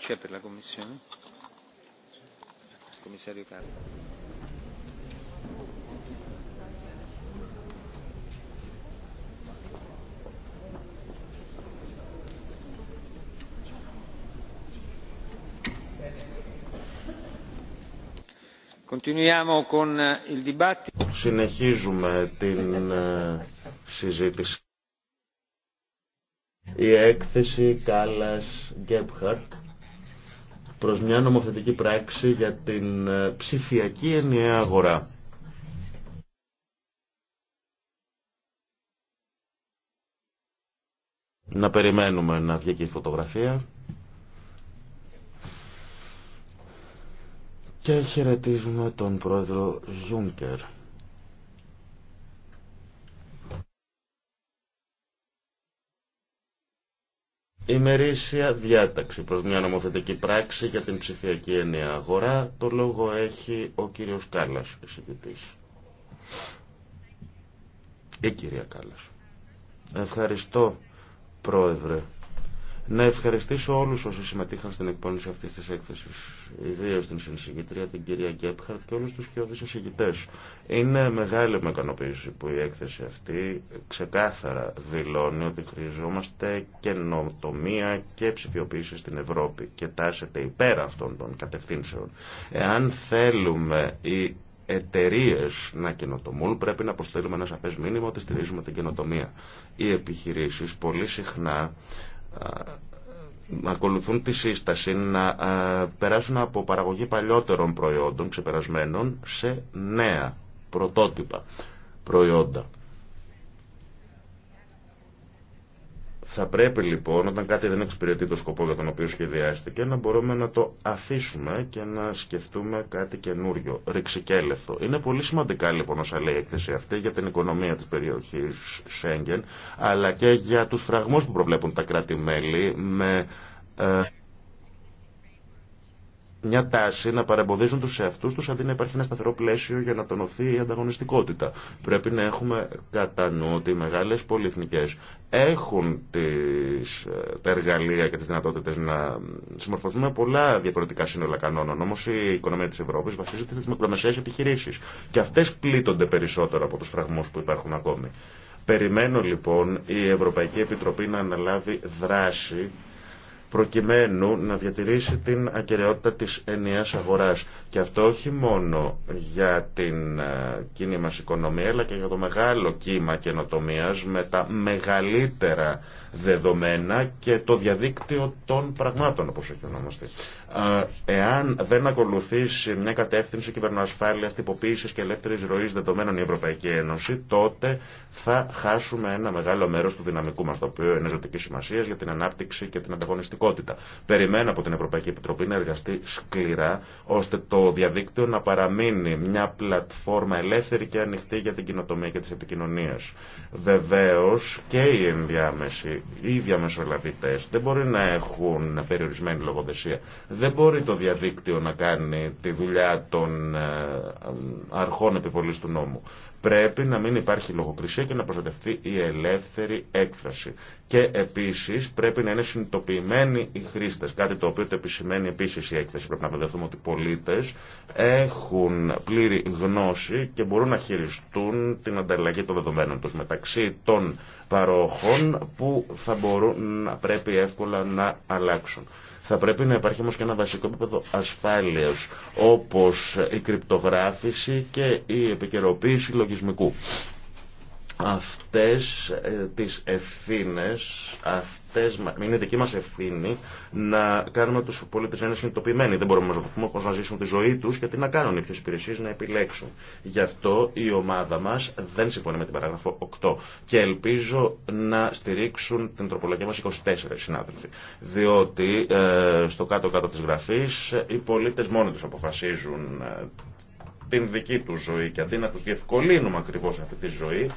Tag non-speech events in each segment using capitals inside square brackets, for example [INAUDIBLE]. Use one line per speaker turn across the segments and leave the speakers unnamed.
Il
Συνεχίζουμε την ε, συζήτηση. Η έκθεση Κάλλας προς μια νομοθετική πράξη για την ε, ψηφιακή ενιαία αγορά. Να περιμένουμε να βγει και η φωτογραφία. Και χαιρετίζουμε τον πρόεδρο Γιούνκερ. ημερήσια διάταξη προς μια νομοθετική πράξη για την ψηφιακή ενιαία αγορά. Το λόγο έχει ο κύριος Κάλλας, εισηγητής. Η κυρία Κάλλας. Ευχαριστώ, Πρόεδρε. Να ευχαριστήσω όλους όσοι συμμετείχαν στην εκπόνηση αυτής της έκθεσης, ιδίως την συνεισηγητρία, την κυρία Γκέπχαρτ και όλους τους κοιόδης εισηγητές. Είναι μεγάλη με ικανοποίηση που η έκθεση αυτή ξεκάθαρα δηλώνει ότι χρειαζόμαστε καινοτομία και ψηφιοποίηση στην Ευρώπη και τάσεται υπέρ αυτών των κατευθύνσεων. Εάν θέλουμε οι εταιρείε να καινοτομούν, πρέπει να αποστέλουμε ένα σαφέ μήνυμα ότι στηρίζουμε την καινοτομία. Οι επιχειρήσει πολύ συχνά να ακολουθούν τη σύσταση να ε, περάσουν από παραγωγή παλιότερων προϊόντων ξεπερασμένων σε νέα πρωτότυπα προϊόντα. Θα πρέπει λοιπόν όταν κάτι δεν εξυπηρετεί το σκοπό για τον οποίο σχεδιάστηκε να μπορούμε να το αφήσουμε και να σκεφτούμε κάτι καινούριο, ρηξικέλευθο. Είναι πολύ σημαντικά λοιπόν όσα λέει η έκθεση αυτή για την οικονομία της περιοχής Σέγγεν αλλά και για τους φραγμούς που προβλέπουν τα κράτη-μέλη με... Ε, μια τάση να παρεμποδίζουν τους εαυτούς τους αντί να υπάρχει ένα σταθερό πλαίσιο για να τονωθεί η ανταγωνιστικότητα. Πρέπει να έχουμε κατά νου ότι οι μεγάλες πολυεθνικές έχουν τις, ε, τα εργαλεία και τις δυνατότητες να συμμορφωθούν με πολλά διαφορετικά σύνολα κανόνων. Όμως η οικονομία της Ευρώπης βασίζεται στις μικρομεσαίες επιχειρήσεις και αυτές πλήττονται περισσότερο από τους φραγμούς που υπάρχουν ακόμη. Περιμένω λοιπόν η Ευρωπαϊκή Επιτροπή να αναλάβει δράση προκειμένου να διατηρήσει την ακαιρεότητα της ενιαίας αγοράς. Και αυτό όχι μόνο για την ε, κοινή μας οικονομία, αλλά και για το μεγάλο κύμα καινοτομίας με τα μεγαλύτερα δεδομένα και το διαδίκτυο των πραγμάτων, όπως έχει ονομαστεί. Εάν δεν ακολουθήσει μια κατεύθυνση κυβερνοασφάλειας, τυποποίησης και ελεύθερης ροής δεδομένων η Ευρωπαϊκή Ένωση, τότε θα χάσουμε ένα μεγάλο μέρος του δυναμικού μας, το οποίο είναι ζωτική σημασία για την ανάπτυξη και την ανταγωνιστικότητα. Περιμένω από την Ευρωπαϊκή Επιτροπή να εργαστεί σκληρά, ώστε το διαδίκτυο να παραμείνει μια πλατφόρμα ελεύθερη και ανοιχτή για την κοινοτομία και τις επικοινωνίες. Βεβαίως και η ενδιάμεση οι ίδιοι αμεσολαβητέ δεν μπορεί να έχουν περιορισμένη λογοδεσία. Δεν μπορεί το διαδίκτυο να κάνει τη δουλειά των ε, αρχών επιβολή του νόμου. Πρέπει να μην υπάρχει λογοκρισία και να προστατευτεί η ελεύθερη έκφραση. Και επίση πρέπει να είναι συνειδητοποιημένοι οι χρήστε. Κάτι το οποίο το επισημαίνει επίση η έκθεση. Πρέπει να βεβαιωθούμε ότι οι πολίτε έχουν πλήρη γνώση και μπορούν να χειριστούν την ανταλλαγή των δεδομένων του μεταξύ των παρόχων που θα μπορούν να πρέπει εύκολα να αλλάξουν. Θα πρέπει να υπάρχει όμω και ένα βασικό επίπεδο ασφάλεια, όπως η κρυπτογράφηση και η επικαιροποίηση λογισμικού αυτές ε, τις ευθύνες, αυτές, είναι δική μας ευθύνη να κάνουμε τους πολίτες να είναι συνειδητοποιημένοι. Δεν μπορούμε να πούμε πώς να ζήσουν τη ζωή τους και τι να κάνουν οι ποιες υπηρεσίες να επιλέξουν. Γι' αυτό η ομάδα μας δεν συμφωνεί με την παράγραφο 8 και ελπίζω να στηρίξουν την τροπολογία μας 24 συνάδελφοι. Διότι ε, στο κάτω-κάτω της γραφής οι πολίτες μόνοι τους αποφασίζουν ε, την δική του ζωή και αντί να τους διευκολύνουμε ακριβώς αυτή τη ζωή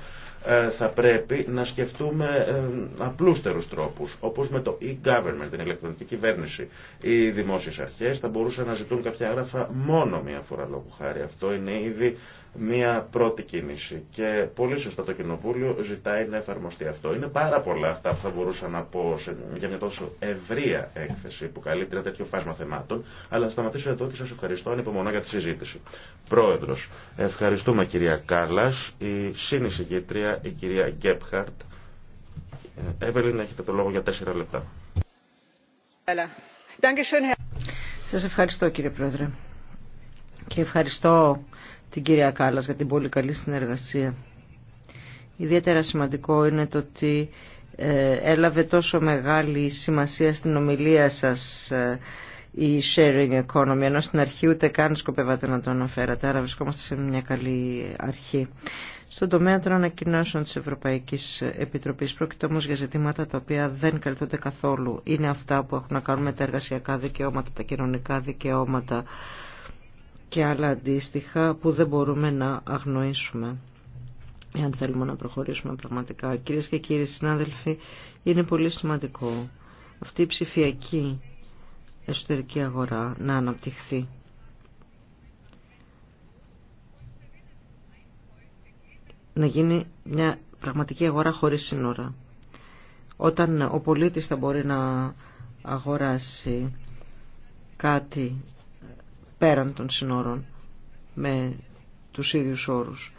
ε, θα πρέπει να σκεφτούμε ε, απλούστερους τρόπους, όπως με το e-government, την ηλεκτρονική κυβέρνηση. Οι δημόσιες αρχές θα μπορούσαν να ζητούν κάποια άγραφα μόνο μία φορά λόγου χάρη. Αυτό είναι ήδη μία πρώτη κίνηση. Και πολύ σωστά το Κοινοβούλιο ζητάει να εφαρμοστεί αυτό. Είναι πάρα πολλά αυτά που θα μπορούσα να πω σε, για μια τόσο ευρία έκθεση που καλύπτει ένα τέτοιο φάσμα θεμάτων. Αλλά θα σταματήσω εδώ και σα ευχαριστώ ανυπομονώ για τη συζήτηση. Πρόεδρο, ευχαριστούμε κυρία Κάλλα. Η συνεισηγήτρια, η κυρία Γκέπχαρτ. Εύελιν, έχετε το λόγο για τέσσερα λεπτά.
Σας ευχαριστώ κύριε Πρόεδρε και ευχαριστώ την κυρία Κάλλας για την πολύ καλή συνεργασία. Ιδιαίτερα σημαντικό είναι το ότι ε, έλαβε τόσο μεγάλη σημασία στην ομιλία σας ε, η sharing economy, ενώ στην αρχή ούτε καν σκοπεύατε να το αναφέρατε, άρα βρισκόμαστε σε μια καλή αρχή. Στον τομέα των ανακοινώσεων της Ευρωπαϊκής Επιτροπής πρόκειται όμως για ζητήματα τα οποία δεν καλύπτονται καθόλου. Είναι αυτά που έχουν να κάνουν με τα εργασιακά δικαιώματα, τα κοινωνικά δικαιώματα, και άλλα αντίστοιχα που δεν μπορούμε να αγνοήσουμε εάν θέλουμε να προχωρήσουμε πραγματικά. Κυρίες και κύριοι συνάδελφοι, είναι πολύ σημαντικό αυτή η ψηφιακή εσωτερική αγορά να αναπτυχθεί. Να γίνει μια πραγματική αγορά χωρίς σύνορα. Όταν ο πολίτης θα μπορεί να αγοράσει κάτι πέραν των συνόρων με τους ίδιους όρους.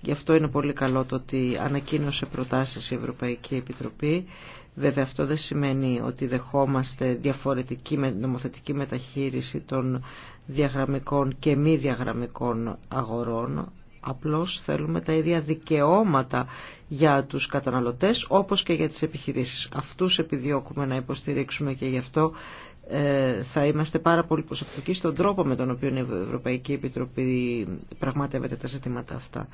Γι' αυτό είναι πολύ καλό το ότι ανακοίνωσε προτάσεις η Ευρωπαϊκή Επιτροπή. Βέβαια αυτό δεν σημαίνει ότι δεχόμαστε διαφορετική νομοθετική μεταχείριση των διαγραμμικών και μη διαγραμμικών αγορών. Απλώς θέλουμε τα ίδια δικαιώματα για τους καταναλωτές όπως και για τις επιχειρήσεις. Αυτούς επιδιώκουμε να υποστηρίξουμε και γι' αυτό ε, θα είμαστε πάρα πολύ προσεκτικοί στον τρόπο με τον οποίο η Ευρωπαϊκή Επιτροπή πραγματεύεται τα ζητήματα αυτά.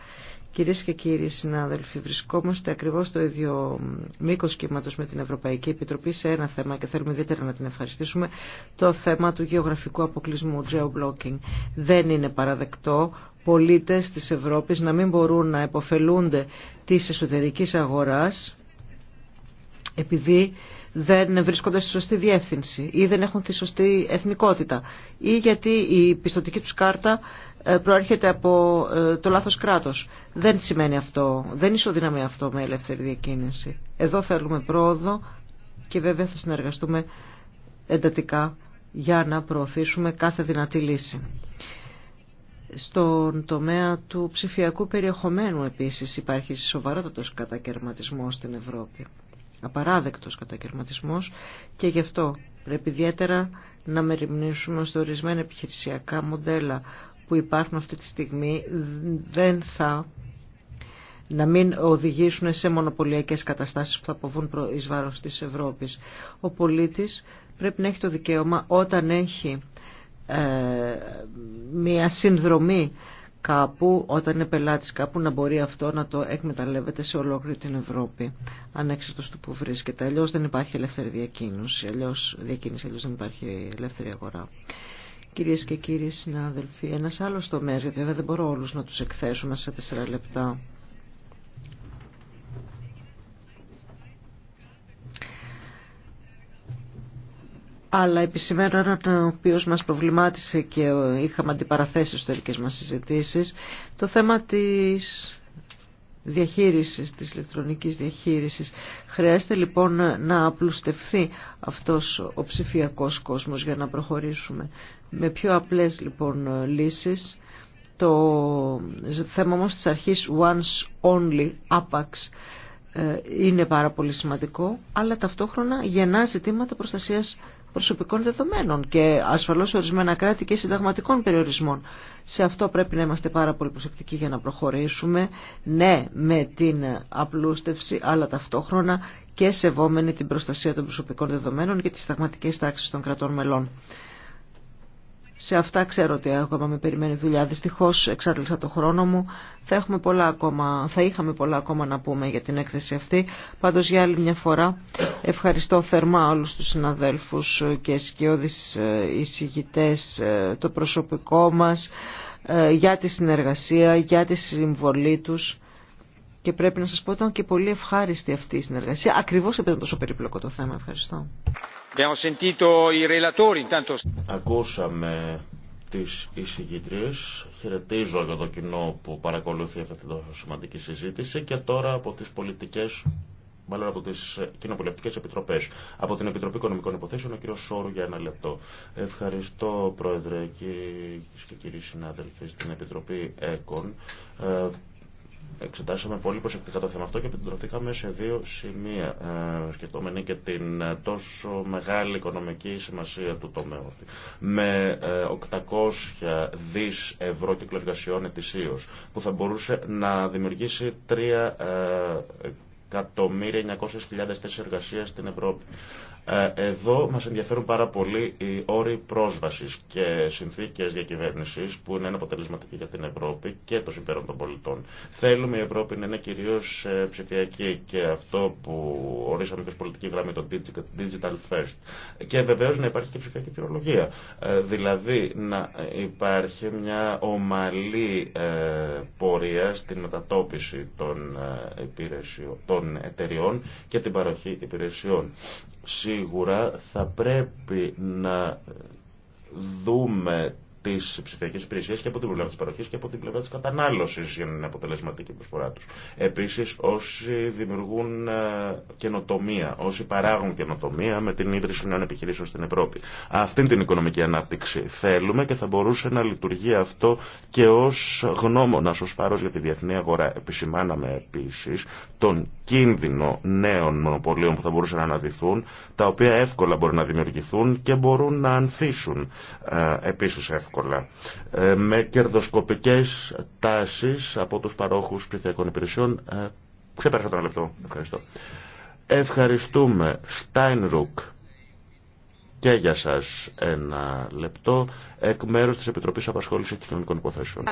Κυρίε και κύριοι συνάδελφοι, βρισκόμαστε ακριβώ στο ίδιο μήκο κύματο με την Ευρωπαϊκή Επιτροπή σε ένα θέμα και θέλουμε ιδιαίτερα να την ευχαριστήσουμε, το θέμα του γεωγραφικού αποκλεισμού, geo-blocking. Δεν είναι παραδεκτό πολίτε τη Ευρώπη να μην μπορούν να επωφελούνται τη εσωτερική αγορά επειδή δεν βρίσκονται στη σωστή διεύθυνση ή δεν έχουν τη σωστή εθνικότητα ή γιατί η πιστοτική τους κάρτα ε, προέρχεται από ε, το λάθος κράτος. Δεν σημαίνει αυτό, δεν ισοδυναμεί αυτό με ελεύθερη διακίνηση. Εδώ θέλουμε πρόοδο και βέβαια θα συνεργαστούμε εντατικά για να προωθήσουμε κάθε δυνατή λύση. Στον τομέα του ψηφιακού περιεχομένου επίσης υπάρχει σοβαρότατος κατακαιρματισμός στην Ευρώπη απαράδεκτος κατακαιρματισμός και γι' αυτό πρέπει ιδιαίτερα να μεριμνήσουμε ότι ορισμένα επιχειρησιακά μοντέλα που υπάρχουν αυτή τη στιγμή δεν θα να μην οδηγήσουν σε μονοπωλιακές καταστάσεις που θα αποβούν εις βάρος της Ευρώπης. Ο πολίτης πρέπει να έχει το δικαίωμα όταν έχει ε, μια συνδρομή κάπου, όταν είναι πελάτης κάπου, να μπορεί αυτό να το εκμεταλλεύεται σε ολόκληρη την Ευρώπη, ανέξαρτος του που βρίσκεται. Αλλιώ δεν υπάρχει ελεύθερη διακίνηση, Αλλιώ διακίνηση, αλλιώ δεν υπάρχει ελεύθερη αγορά. Κυρίες και κύριοι συνάδελφοι, ένας άλλο τομέα, γιατί βέβαια δεν μπορώ όλους να τους εκθέσω μέσα σε τέσσερα λεπτά. αλλά επισημαίνω έναν ο οποίο μας προβλημάτισε και είχαμε αντιπαραθέσει στις τελικέ μα συζητήσεις, το θέμα της διαχείρισης, της ηλεκτρονικής διαχείρισης. Χρειάζεται λοιπόν να απλουστευθεί αυτός ο ψηφιακός κόσμος για να προχωρήσουμε. Με πιο απλές λοιπόν λύσεις, το θέμα όμως της αρχής once only, άπαξ, ε, είναι πάρα πολύ σημαντικό, αλλά ταυτόχρονα γεννά ζητήματα προστασίας προσωπικών δεδομένων και ασφαλώς ορισμένα κράτη και συνταγματικών περιορισμών. Σε αυτό πρέπει να είμαστε πάρα πολύ προσεκτικοί για να προχωρήσουμε, ναι με την απλούστευση αλλά ταυτόχρονα και σεβόμενη την προστασία των προσωπικών δεδομένων και τις συνταγματικές τάξεις των κρατών μελών. Σε αυτά ξέρω ότι ακόμα με περιμένει δουλειά. Δυστυχώ εξάτλησα το χρόνο μου. Θα, έχουμε ακόμα, θα είχαμε πολλά ακόμα να πούμε για την έκθεση αυτή. Παντώ για άλλη μια φορά ευχαριστώ θερμά όλου του συναδέλφου και σκιώδη ε, εισηγητέ, ε, το προσωπικό μα ε, για τη συνεργασία, για τη συμβολή του. Και πρέπει να σας πω ότι ήταν και πολύ ευχάριστη αυτή η συνεργασία. Ακριβώς επειδή ήταν τόσο περίπλοκο το θέμα. Ευχαριστώ.
Ακούσαμε τις εισηγητρίες. Χαιρετίζω για το κοινό που παρακολουθεί αυτή την τόσο σημαντική συζήτηση και τώρα από τις πολιτικές μάλλον από τι κοινοπολιτικές επιτροπέ. Από την Επιτροπή Οικονομικών Υποθέσεων, ο κύριο Σόρου για ένα λεπτό. Ευχαριστώ, Πρόεδρε, κυρίε και κύριοι συνάδελφοι στην Επιτροπή ΕΚΟΝ. Ε, Εξετάσαμε πολύ προσεκτικά το θέμα αυτό και επιτροφήκαμε σε δύο σημεία, ε, σκεφτόμενοι και την ε, τόσο μεγάλη οικονομική σημασία του τομέα αυτή. Με 800 ε, δις ευρώ κυκλοεργασιών ετησίως, που θα μπορούσε να δημιουργήσει 3 ε, εκατομμύρια 900.000 θέσεις εργασία στην Ευρώπη. Ε, εδώ μας ενδιαφέρουν πάρα πολύ οι όροι πρόσβασης και συνθήκες διακυβέρνησης που είναι αποτελεσματικοί για την Ευρώπη και το συμφέρον των πολιτών. Θέλουμε η Ευρώπη να είναι κυρίως ε, ψηφιακή και αυτό που ορίσαμε και ως πολιτική γραμμή το Digital First. Και βεβαίως να υπάρχει και ψηφιακή πυρολογία. Ε, δηλαδή να υπάρχει μια ομαλή πορεία στην μετατόπιση των, των εταιριών και την παροχή υπηρεσιών σίγουρα θα πρέπει να δούμε τι ψηφιακέ υπηρεσίε και από την πλευρά τη παροχή και από την πλευρά τη κατανάλωση για να είναι αποτελεσματική η προσφορά του. Επίση, όσοι δημιουργούν ε, καινοτομία, όσοι παράγουν καινοτομία με την ίδρυση νέων επιχειρήσεων στην Ευρώπη. Αυτή την οικονομική ανάπτυξη θέλουμε και θα μπορούσε να λειτουργεί αυτό και ω γνώμονα, ω φάρο για τη διεθνή αγορά. Επισημάναμε επίση τον κίνδυνο νέων μονοπωλίων που θα μπορούσαν να αναδυθούν, τα οποία εύκολα μπορούν να δημιουργηθούν και μπορούν να ανθίσουν ε, επίσης εύκολα. Ε, με κερδοσκοπικές τάσεις από τους παρόχους ψηφιακών υπηρεσιών, ξεπέρασα το ένα λεπτό. Ευχαριστώ. Ευχαριστούμε. Στάινρουκ και για σας ένα λεπτό εκ μέρους της Επιτροπής Απασχόλησης και Κοινωνικών Υποθέσεων.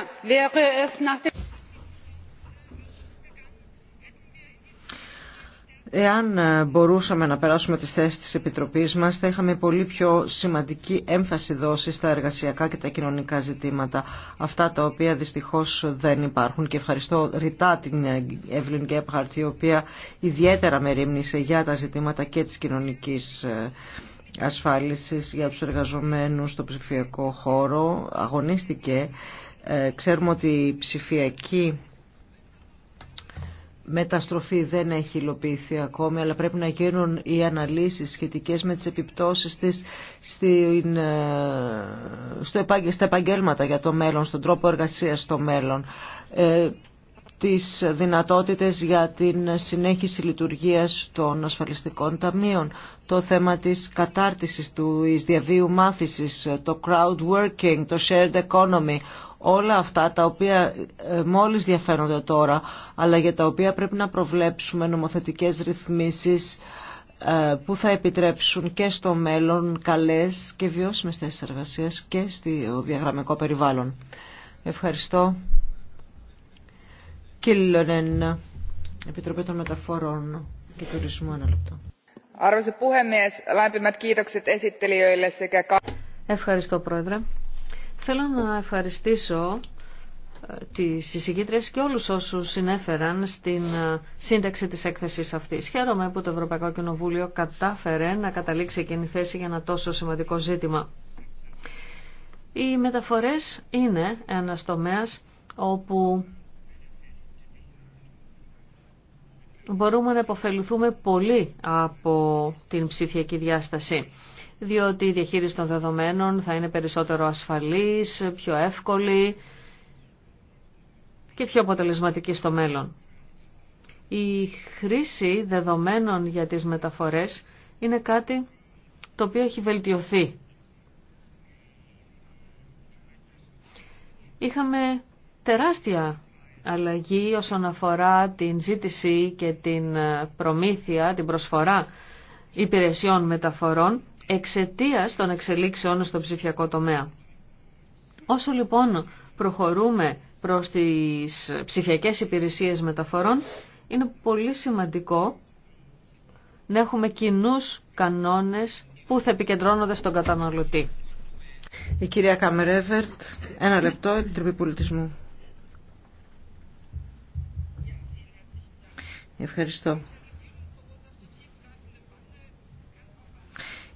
Εάν ε, μπορούσαμε να περάσουμε τις θέσεις της Επιτροπής μας, θα είχαμε πολύ πιο σημαντική έμφαση δώσει στα εργασιακά και τα κοινωνικά ζητήματα, αυτά τα οποία δυστυχώς δεν υπάρχουν. Και ευχαριστώ ρητά την Εύλην Γκέπχαρτ, η οποία ιδιαίτερα με ρίμνησε για τα ζητήματα και της κοινωνικής ε, ασφάλισης για τους εργαζομένους στο ψηφιακό χώρο. Αγωνίστηκε. Ε, ξέρουμε ότι η ψηφιακή μεταστροφή δεν έχει υλοποιηθεί ακόμη, αλλά πρέπει να γίνουν οι αναλύσεις σχετικές με τις επιπτώσεις της ε, στο, στα επαγγέλματα για το μέλλον, στον τρόπο εργασίας στο μέλλον, ε, τις δυνατότητες για την συνέχιση λειτουργίας των ασφαλιστικών ταμείων, το θέμα της κατάρτισης του διαβίου μάθησης, το crowd working, το shared economy, όλα αυτά τα οποία ε, μόλις διαφαίνονται τώρα, αλλά για τα οποία πρέπει να προβλέψουμε νομοθετικές ρυθμίσεις ε, που θα επιτρέψουν και στο μέλλον καλές και βιώσιμες θέσεις εργασίας και στο διαγραμμικό περιβάλλον. Ευχαριστώ. Επιτροπή των
Μεταφορών και Τουρισμού, ένα λεπτό. Ευχαριστώ, Πρόεδρε. Θέλω να ευχαριστήσω ε, τις συζητήτρε και όλου όσου συνέφεραν στην ε, σύνταξη της έκθεσης αυτής. Χαίρομαι που το Ευρωπαϊκό Κοινοβούλιο κατάφερε να καταλήξει εκείνη θέση για ένα τόσο σημαντικό ζήτημα. Οι μεταφορές είναι ένας τομέας όπου μπορούμε να υποφεληθούμε πολύ από την ψηφιακή διάσταση διότι η διαχείριση των δεδομένων θα είναι περισσότερο ασφαλής, πιο εύκολη και πιο αποτελεσματική στο μέλλον. Η χρήση δεδομένων για τις μεταφορές είναι κάτι το οποίο έχει βελτιωθεί. Είχαμε τεράστια αλλαγή όσον αφορά την ζήτηση και την προμήθεια, την προσφορά υπηρεσιών μεταφορών εξαιτία των εξελίξεων στο ψηφιακό τομέα. Όσο λοιπόν προχωρούμε προς τις ψηφιακές υπηρεσίες μεταφορών, είναι πολύ σημαντικό να έχουμε κοινού κανόνες που θα επικεντρώνονται στον καταναλωτή. Η κυρία Καμερέβερτ, ένα λεπτό, Επιτροπή
Πολιτισμού. Ευχαριστώ.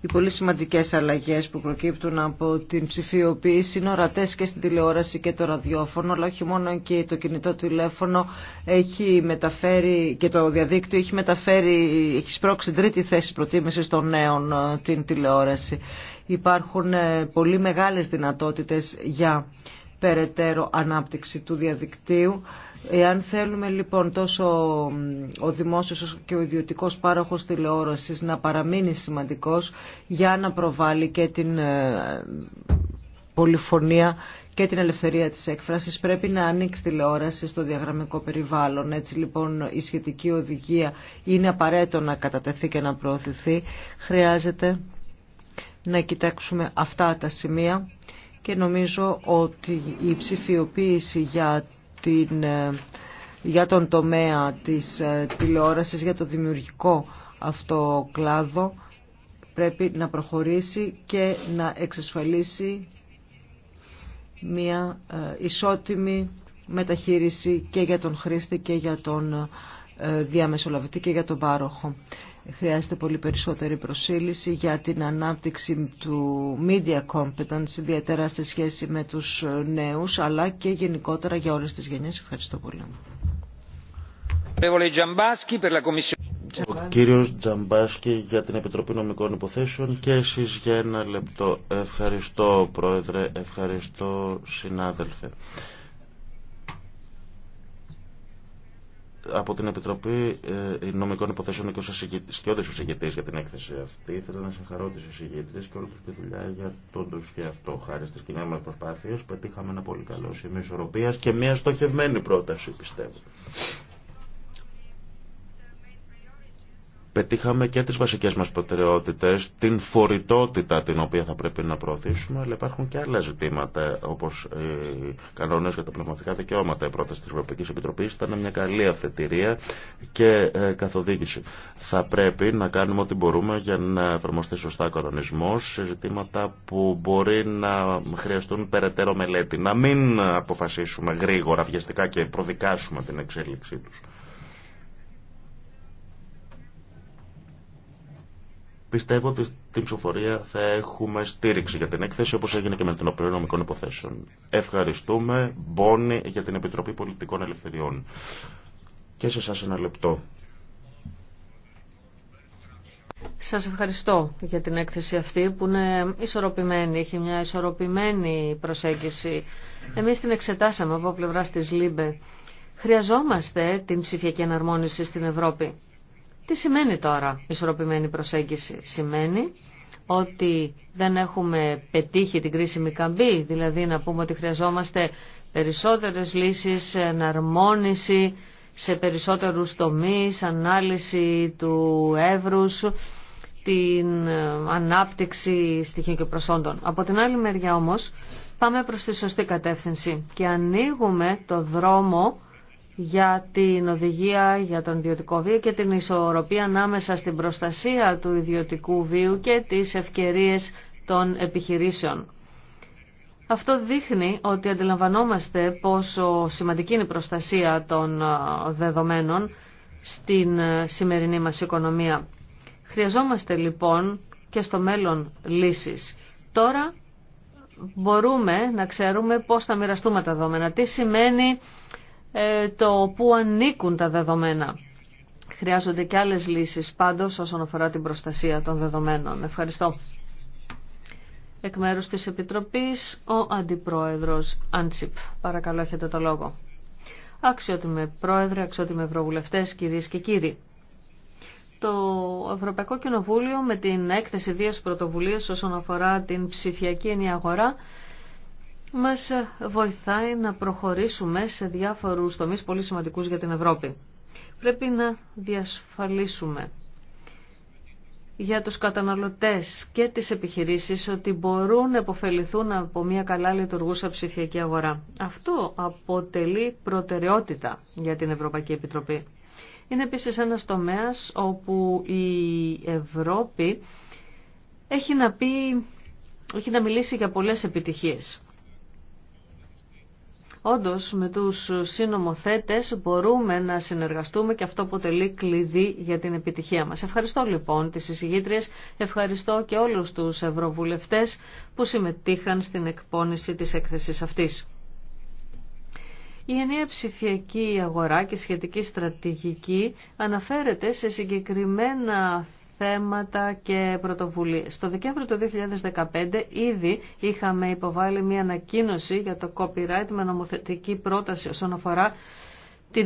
οι πολύ σημαντικές αλλαγές που προκύπτουν από την ψηφιοποίηση είναι ορατές και στην τηλεόραση και το ραδιόφωνο, αλλά όχι μόνο και το κινητό τηλέφωνο έχει μεταφέρει και το διαδίκτυο έχει μεταφέρει, έχει σπρώξει τρίτη θέση προτίμησης των νέων ε, την τηλεόραση. Υπάρχουν ε, πολύ μεγάλες δυνατότητες για περαιτέρω ανάπτυξη του διαδικτύου. Εάν θέλουμε λοιπόν τόσο ο δημόσιος και ο ιδιωτικός πάροχος τηλεόρασης να παραμείνει σημαντικός για να προβάλλει και την ε, πολυφωνία και την ελευθερία της έκφρασης πρέπει να ανοίξει τηλεόραση στο διαγραμμικό περιβάλλον. Έτσι λοιπόν η σχετική οδηγία είναι απαραίτητο να κατατεθεί και να προωθηθεί. Χρειάζεται να κοιτάξουμε αυτά τα σημεία και νομίζω ότι η ψηφιοποίηση για την ε, για τον τομέα της ε, τηλεόρασης, για το δημιουργικό αυτό κλάδο πρέπει να προχωρήσει και να εξασφαλίσει μια ε, ισότιμη μεταχείριση και για τον χρήστη και για τον διαμεσολαβητή και για τον πάροχο. Χρειάζεται πολύ περισσότερη προσήλυση για την ανάπτυξη του media competence, ιδιαίτερα σε σχέση με τους νέους, αλλά και γενικότερα για όλες τις γενιές. Ευχαριστώ πολύ.
Ο
κύριος Τζαμπάσκι για την Επιτροπή Νομικών Υποθέσεων και εσείς για ένα λεπτό. Ευχαριστώ πρόεδρε, ευχαριστώ συνάδελφε. από την Επιτροπή ε, Νομικών Υποθέσεων και ως ο για την έκθεση αυτή. ήθελα να συγχαρώ τις εισηγητές και όλη τους τη δουλειά για τον τους και αυτό. Χάρη στις κοινές μας προσπάθειες πετύχαμε ένα πολύ καλό σημείο ισορροπίας και μια στοχευμένη πρόταση πιστεύω. πετύχαμε και τις βασικές μας προτεραιότητες, την φορητότητα την οποία θα πρέπει να προωθήσουμε, αλλά υπάρχουν και άλλα ζητήματα, όπως οι κανόνες για τα πνευματικά δικαιώματα. Η πρόταση της Ευρωπαϊκής Επιτροπής ήταν μια καλή αφετηρία και ε, καθοδήγηση. Θα πρέπει να κάνουμε ό,τι μπορούμε για να εφαρμοστεί σωστά ο κανονισμός σε ζητήματα που μπορεί να χρειαστούν περαιτέρω μελέτη. Να μην αποφασίσουμε γρήγορα, βιαστικά και προδικάσουμε την εξέλιξή τους. Πιστεύω ότι στην ψηφοφορία θα έχουμε στήριξη για την έκθεση όπως έγινε και με την Οπλή Νομικών Υποθέσεων. Ευχαριστούμε, Μπόνι, για την Επιτροπή Πολιτικών Ελευθεριών. Και σε σας ένα λεπτό.
Σας ευχαριστώ για την έκθεση αυτή που είναι ισορροπημένη, έχει μια ισορροπημένη προσέγγιση. Εμείς την εξετάσαμε από πλευρά της ΛΥΜΠΕ. Χρειαζόμαστε την ψηφιακή εναρμόνιση στην Ευρώπη. Τι σημαίνει τώρα ισορροπημένη προσέγγιση. Σημαίνει ότι δεν έχουμε πετύχει την κρίσιμη καμπή, δηλαδή να πούμε ότι χρειαζόμαστε περισσότερες λύσεις, εναρμόνιση σε περισσότερους τομείς, ανάλυση του εύρους, την ε, ανάπτυξη στοιχείων και προσόντων. Από την άλλη μεριά όμως πάμε προς τη σωστή κατεύθυνση και ανοίγουμε το δρόμο για την οδηγία για τον ιδιωτικό βίο και την ισορροπία ανάμεσα στην προστασία του ιδιωτικού βίου και τις ευκαιρίες των επιχειρήσεων. Αυτό δείχνει ότι αντιλαμβανόμαστε πόσο σημαντική είναι η προστασία των δεδομένων στην σημερινή μας οικονομία. Χρειαζόμαστε λοιπόν και στο μέλλον λύσεις. Τώρα μπορούμε να ξέρουμε πώς θα μοιραστούμε τα δεδομένα. Τι σημαίνει ε, το που ανήκουν τα δεδομένα. Χρειάζονται και άλλες λύσεις πάντως όσον αφορά την προστασία των δεδομένων. Ευχαριστώ. Εκ μέρους της Επιτροπής, ο Αντιπρόεδρος Άντσιπ. Παρακαλώ, έχετε το λόγο. Αξιότιμε Πρόεδρε, αξιότιμε Ευρωβουλευτέ, κυρίες και κύριοι. Το Ευρωπαϊκό Κοινοβούλιο με την έκθεση δύο πρωτοβουλίες όσον αφορά την ψηφιακή ενιαγορά μας βοηθάει να προχωρήσουμε σε διάφορους τομείς πολύ σημαντικούς για την Ευρώπη. Πρέπει να διασφαλίσουμε για τους καταναλωτές και τις επιχειρήσεις ότι μπορούν να επωφεληθούν από μια καλά λειτουργούσα ψηφιακή αγορά. Αυτό αποτελεί προτεραιότητα για την Ευρωπαϊκή Επιτροπή. Είναι επίσης ένας τομέας όπου η Ευρώπη έχει να, πει, έχει να μιλήσει για πολλές επιτυχίες. Όντως με τους συνομοθέτες μπορούμε να συνεργαστούμε και αυτό αποτελεί κλειδί για την επιτυχία μας. Ευχαριστώ λοιπόν τις εισηγήτριες, ευχαριστώ και όλους τους ευρωβουλευτές που συμμετείχαν στην εκπόνηση της έκθεσης αυτής. Η ενιαία ψηφιακή αγορά και σχετική στρατηγική αναφέρεται σε συγκεκριμένα θέματα και πρωτοβουλίες. Στο Δεκέμβριο του 2015 ήδη είχαμε υποβάλει μια ανακοίνωση για το copyright με νομοθετική πρόταση όσον αφορά τη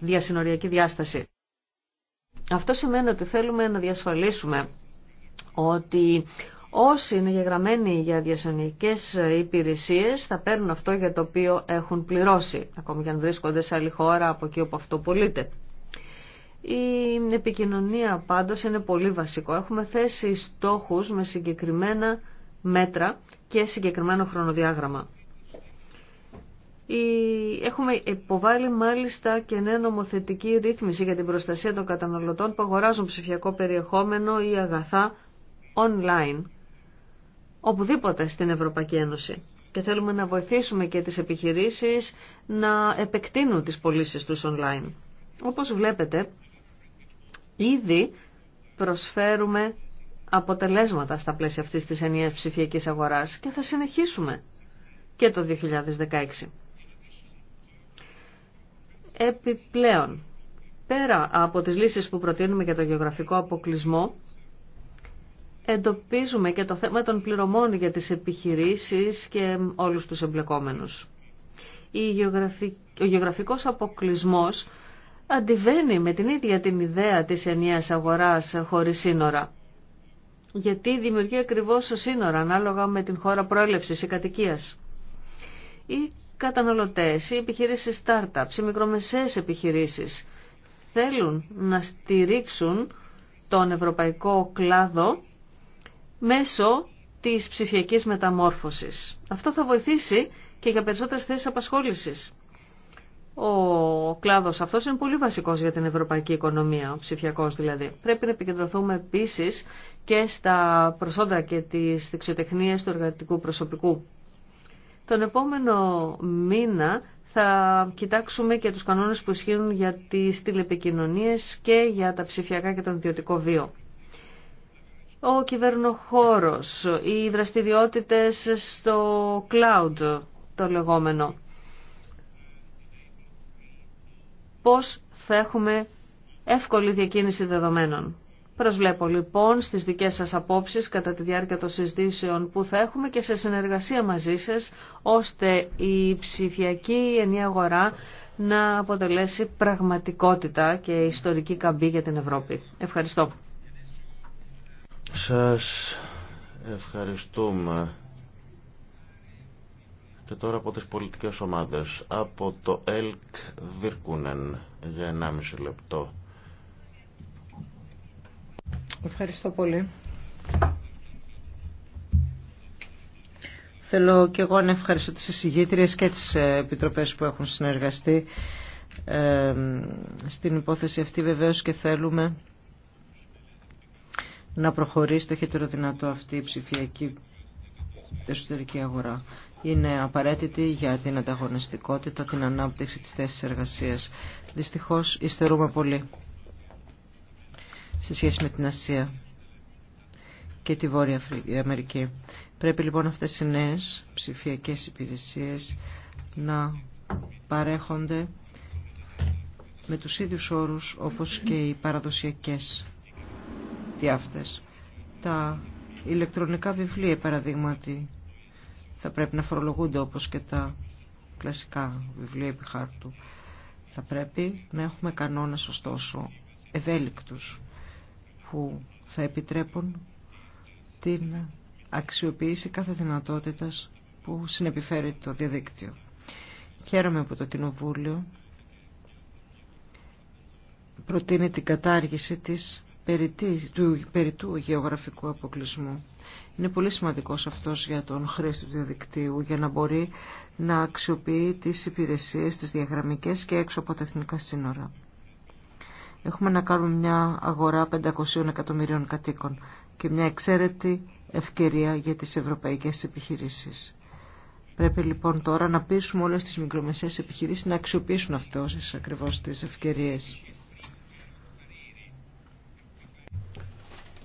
διασυνοριακή διάσταση. Αυτό σημαίνει ότι θέλουμε να διασφαλίσουμε ότι όσοι είναι γεγραμμένοι για διασυνοριακές υπηρεσίες θα παίρνουν αυτό για το οποίο έχουν πληρώσει, ακόμη και αν βρίσκονται σε άλλη χώρα από εκεί όπου αυτό πωλείται. Η επικοινωνία πάντως είναι πολύ βασικό. Έχουμε θέσει στόχους με συγκεκριμένα μέτρα και συγκεκριμένο χρονοδιάγραμμα. Έχουμε υποβάλει μάλιστα και νέα νομοθετική ρύθμιση για την προστασία των καταναλωτών που αγοράζουν ψηφιακό περιεχόμενο ή αγαθά online οπουδήποτε στην Ευρωπαϊκή Ένωση. Και θέλουμε να βοηθήσουμε και τις επιχειρήσεις να επεκτείνουν τις πωλήσει τους online. Όπως βλέπετε, Ήδη προσφέρουμε αποτελέσματα στα πλαίσια αυτής της ενιαίας ψηφιακής αγοράς και θα συνεχίσουμε και το 2016. Επιπλέον, πέρα από τις λύσεις που προτείνουμε για το γεωγραφικό αποκλεισμό, εντοπίζουμε και το θέμα των πληρωμών για τις επιχειρήσεις και όλους τους εμπλεκόμενους. Ο γεωγραφικός αποκλεισμός αντιβαίνει με την ίδια την ιδέα της ενιαίας αγοράς χωρίς σύνορα. Γιατί δημιουργεί ακριβώ σύνορα ανάλογα με την χώρα προέλευσης ή κατοικίας. Οι καταναλωτέ οι επιχειρήσεις startups, οι μικρομεσαίες επιχειρήσεις θέλουν να στηρίξουν τον ευρωπαϊκό κλάδο μέσω της ψηφιακής μεταμόρφωσης. Αυτό θα βοηθήσει και για περισσότερες θέσεις απασχόλησης. Ο κλάδο αυτό είναι πολύ βασικό για την ευρωπαϊκή οικονομία, ο ψηφιακό δηλαδή. Πρέπει να επικεντρωθούμε επίση και στα προσόντα και τι δεξιοτεχνίε του εργατικού προσωπικού. Τον επόμενο μήνα θα κοιτάξουμε και τους κανόνες που ισχύουν για τις τηλεπικοινωνίες και για τα ψηφιακά και τον ιδιωτικό βίο. Ο κυβερνοχώρος, οι δραστηριότητες στο cloud, το λεγόμενο. πώς θα έχουμε εύκολη διακίνηση δεδομένων. Προσβλέπω λοιπόν στις δικές σας απόψεις κατά τη διάρκεια των συζητήσεων που θα έχουμε και σε συνεργασία μαζί σας, ώστε η ψηφιακή ενιαία αγορά να αποτελέσει πραγματικότητα και ιστορική καμπή για την Ευρώπη. Ευχαριστώ.
Σας ευχαριστούμε και τώρα από τις πολιτικές ομάδες. Από το ΕΛΚ Βίρκουνεν για 1,5 λεπτό.
Ευχαριστώ πολύ. Θέλω και εγώ να ευχαριστώ τις εισηγήτριες και τις ε, επιτροπές που έχουν συνεργαστεί ε, στην υπόθεση αυτή βεβαίως και θέλουμε να προχωρήσει το χετεροδυνατό αυτή η ψηφιακή εσωτερική αγορά είναι απαραίτητη για την ανταγωνιστικότητα, την ανάπτυξη της θέσης εργασίας. Δυστυχώς υστερούμε πολύ σε σχέση με την Ασία και τη Βόρεια Αμερική. Πρέπει λοιπόν αυτές οι νέες ψηφιακές υπηρεσίες να παρέχονται με τους ίδιους όρους όπως και οι παραδοσιακές διάφτες. Τα ηλεκτρονικά βιβλία, παραδείγματι, θα πρέπει να φορολογούνται όπως και τα κλασικά βιβλία επί Θα πρέπει να έχουμε κανόνες ωστόσο ευέλικτους που θα επιτρέπουν την αξιοποίηση κάθε δυνατότητας που συνεπιφέρει το διαδίκτυο. Χαίρομαι που το Κοινοβούλιο προτείνει την κατάργηση της του περιτού γεωγραφικού αποκλεισμού. Είναι πολύ σημαντικός αυτός για τον χρήστη του διαδικτύου για να μπορεί να αξιοποιεί τις υπηρεσίες, τις διαγραμμικές και έξω από τα εθνικά σύνορα. Έχουμε να κάνουμε μια αγορά 500 εκατομμυρίων κατοίκων και μια εξαίρετη ευκαιρία για τις ευρωπαϊκές επιχειρήσεις. Πρέπει λοιπόν τώρα να πείσουμε όλες τις μικρομεσαίες επιχειρήσεις να αξιοποιήσουν αυτές ακριβώς τις ευκαιρίες.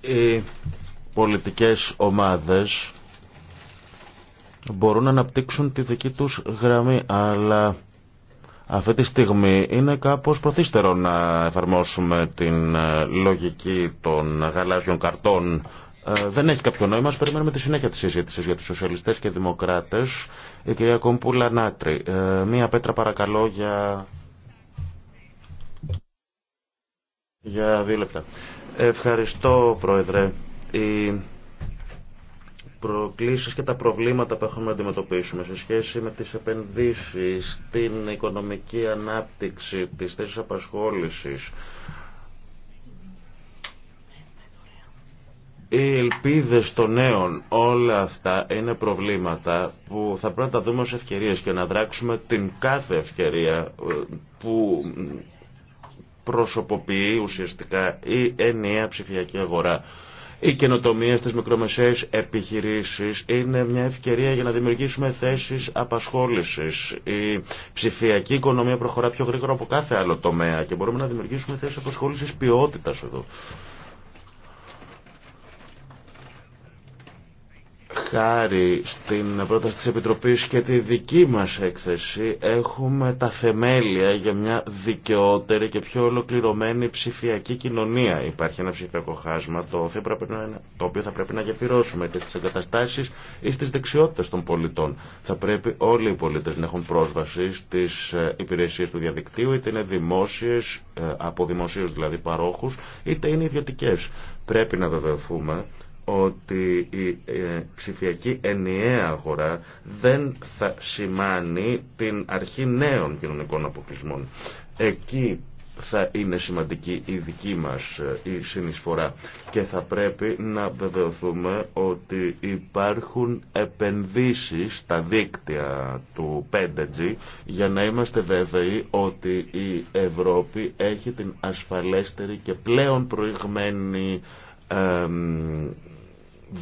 Οι πολιτικές ομάδες μπορούν να αναπτύξουν τη δική τους γραμμή, αλλά αυτή τη στιγμή είναι κάπως προθύστερο να εφαρμόσουμε την ε, λογική των γαλάζιων καρτών ε, δεν έχει κάποιο νόημα. περιμένουμε τη συνέχεια της συζήτηση για τους σοσιαλιστές και δημοκράτες. Η κυρία Κομπούλα Νάτρη. Ε, μία πέτρα παρακαλώ για. Για δύο λεπτά. Ευχαριστώ, Πρόεδρε. Οι προκλήσεις και τα προβλήματα που έχουμε να αντιμετωπίσουμε σε σχέση με τις επενδύσεις, την οικονομική ανάπτυξη, τις θέσεις απασχόλησης, οι ελπίδες των νέων, όλα αυτά είναι προβλήματα που θα πρέπει να τα δούμε ως ευκαιρίες και να δράξουμε την κάθε ευκαιρία ε, που προσωποποιεί ουσιαστικά η ενιαία ψηφιακή αγορά. Οι καινοτομίε στι μικρομεσαίε επιχειρήσει είναι μια ευκαιρία για να δημιουργήσουμε θέσει απασχόληση. Η ψηφιακή οικονομία προχωρά πιο γρήγορα από κάθε άλλο τομέα και μπορούμε να δημιουργήσουμε θέσει απασχόληση ποιότητα εδώ. χάρη στην πρόταση της Επιτροπής και τη δική μας έκθεση έχουμε τα θεμέλια για μια δικαιότερη και πιο ολοκληρωμένη ψηφιακή κοινωνία. Υπάρχει ένα ψηφιακό χάσμα το οποίο θα πρέπει να γεφυρώσουμε και στις εγκαταστάσεις ή στις δεξιότητες των πολιτών. Θα πρέπει όλοι οι πολίτες να έχουν πρόσβαση στις ε, υπηρεσίες του διαδικτύου είτε είναι δημόσιες, ε, από δημοσίους δηλαδή παρόχους, είτε είναι ιδιωτικές. Πρέπει να βεβαιωθούμε ότι η ε, ψηφιακή ενιαία αγορά δεν θα σημάνει την αρχή νέων κοινωνικών αποκλεισμών. Εκεί θα είναι σημαντική η δική μας ε, η συνεισφορά και θα πρέπει να βεβαιωθούμε ότι υπάρχουν επενδύσεις στα δίκτυα του 5G για να είμαστε βέβαιοι ότι η Ευρώπη έχει την ασφαλέστερη και πλέον προηγμένη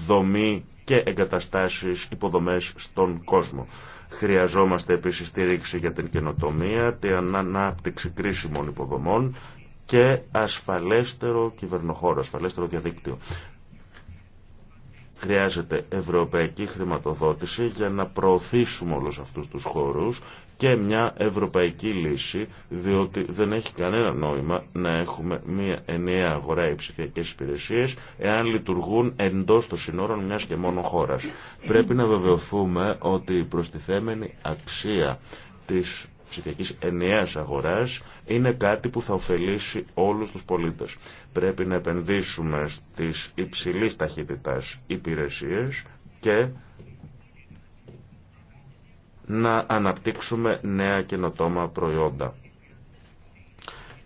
δομή και εγκαταστάσεις υποδομές στον κόσμο. Χρειαζόμαστε επίσης στήριξη για την καινοτομία, την ανάπτυξη κρίσιμων υποδομών και ασφαλέστερο κυβερνοχώρο, ασφαλέστερο διαδίκτυο. Χρειάζεται ευρωπαϊκή χρηματοδότηση για να προωθήσουμε όλους αυτούς τους χώρους και μια ευρωπαϊκή λύση, διότι δεν έχει κανένα νόημα να έχουμε μια ενιαία αγορά ψηφιακέ υπηρεσίε, εάν λειτουργούν εντό των συνόρων μιας και μόνο χώρα. Πρέπει να βεβαιωθούμε ότι η προστιθέμενη αξία της ψηφιακή ενιαία αγορά είναι κάτι που θα ωφελήσει όλου του πολίτε. Πρέπει να επενδύσουμε στις υψηλή ταχύτητα υπηρεσίε και να αναπτύξουμε νέα καινοτόμα προϊόντα.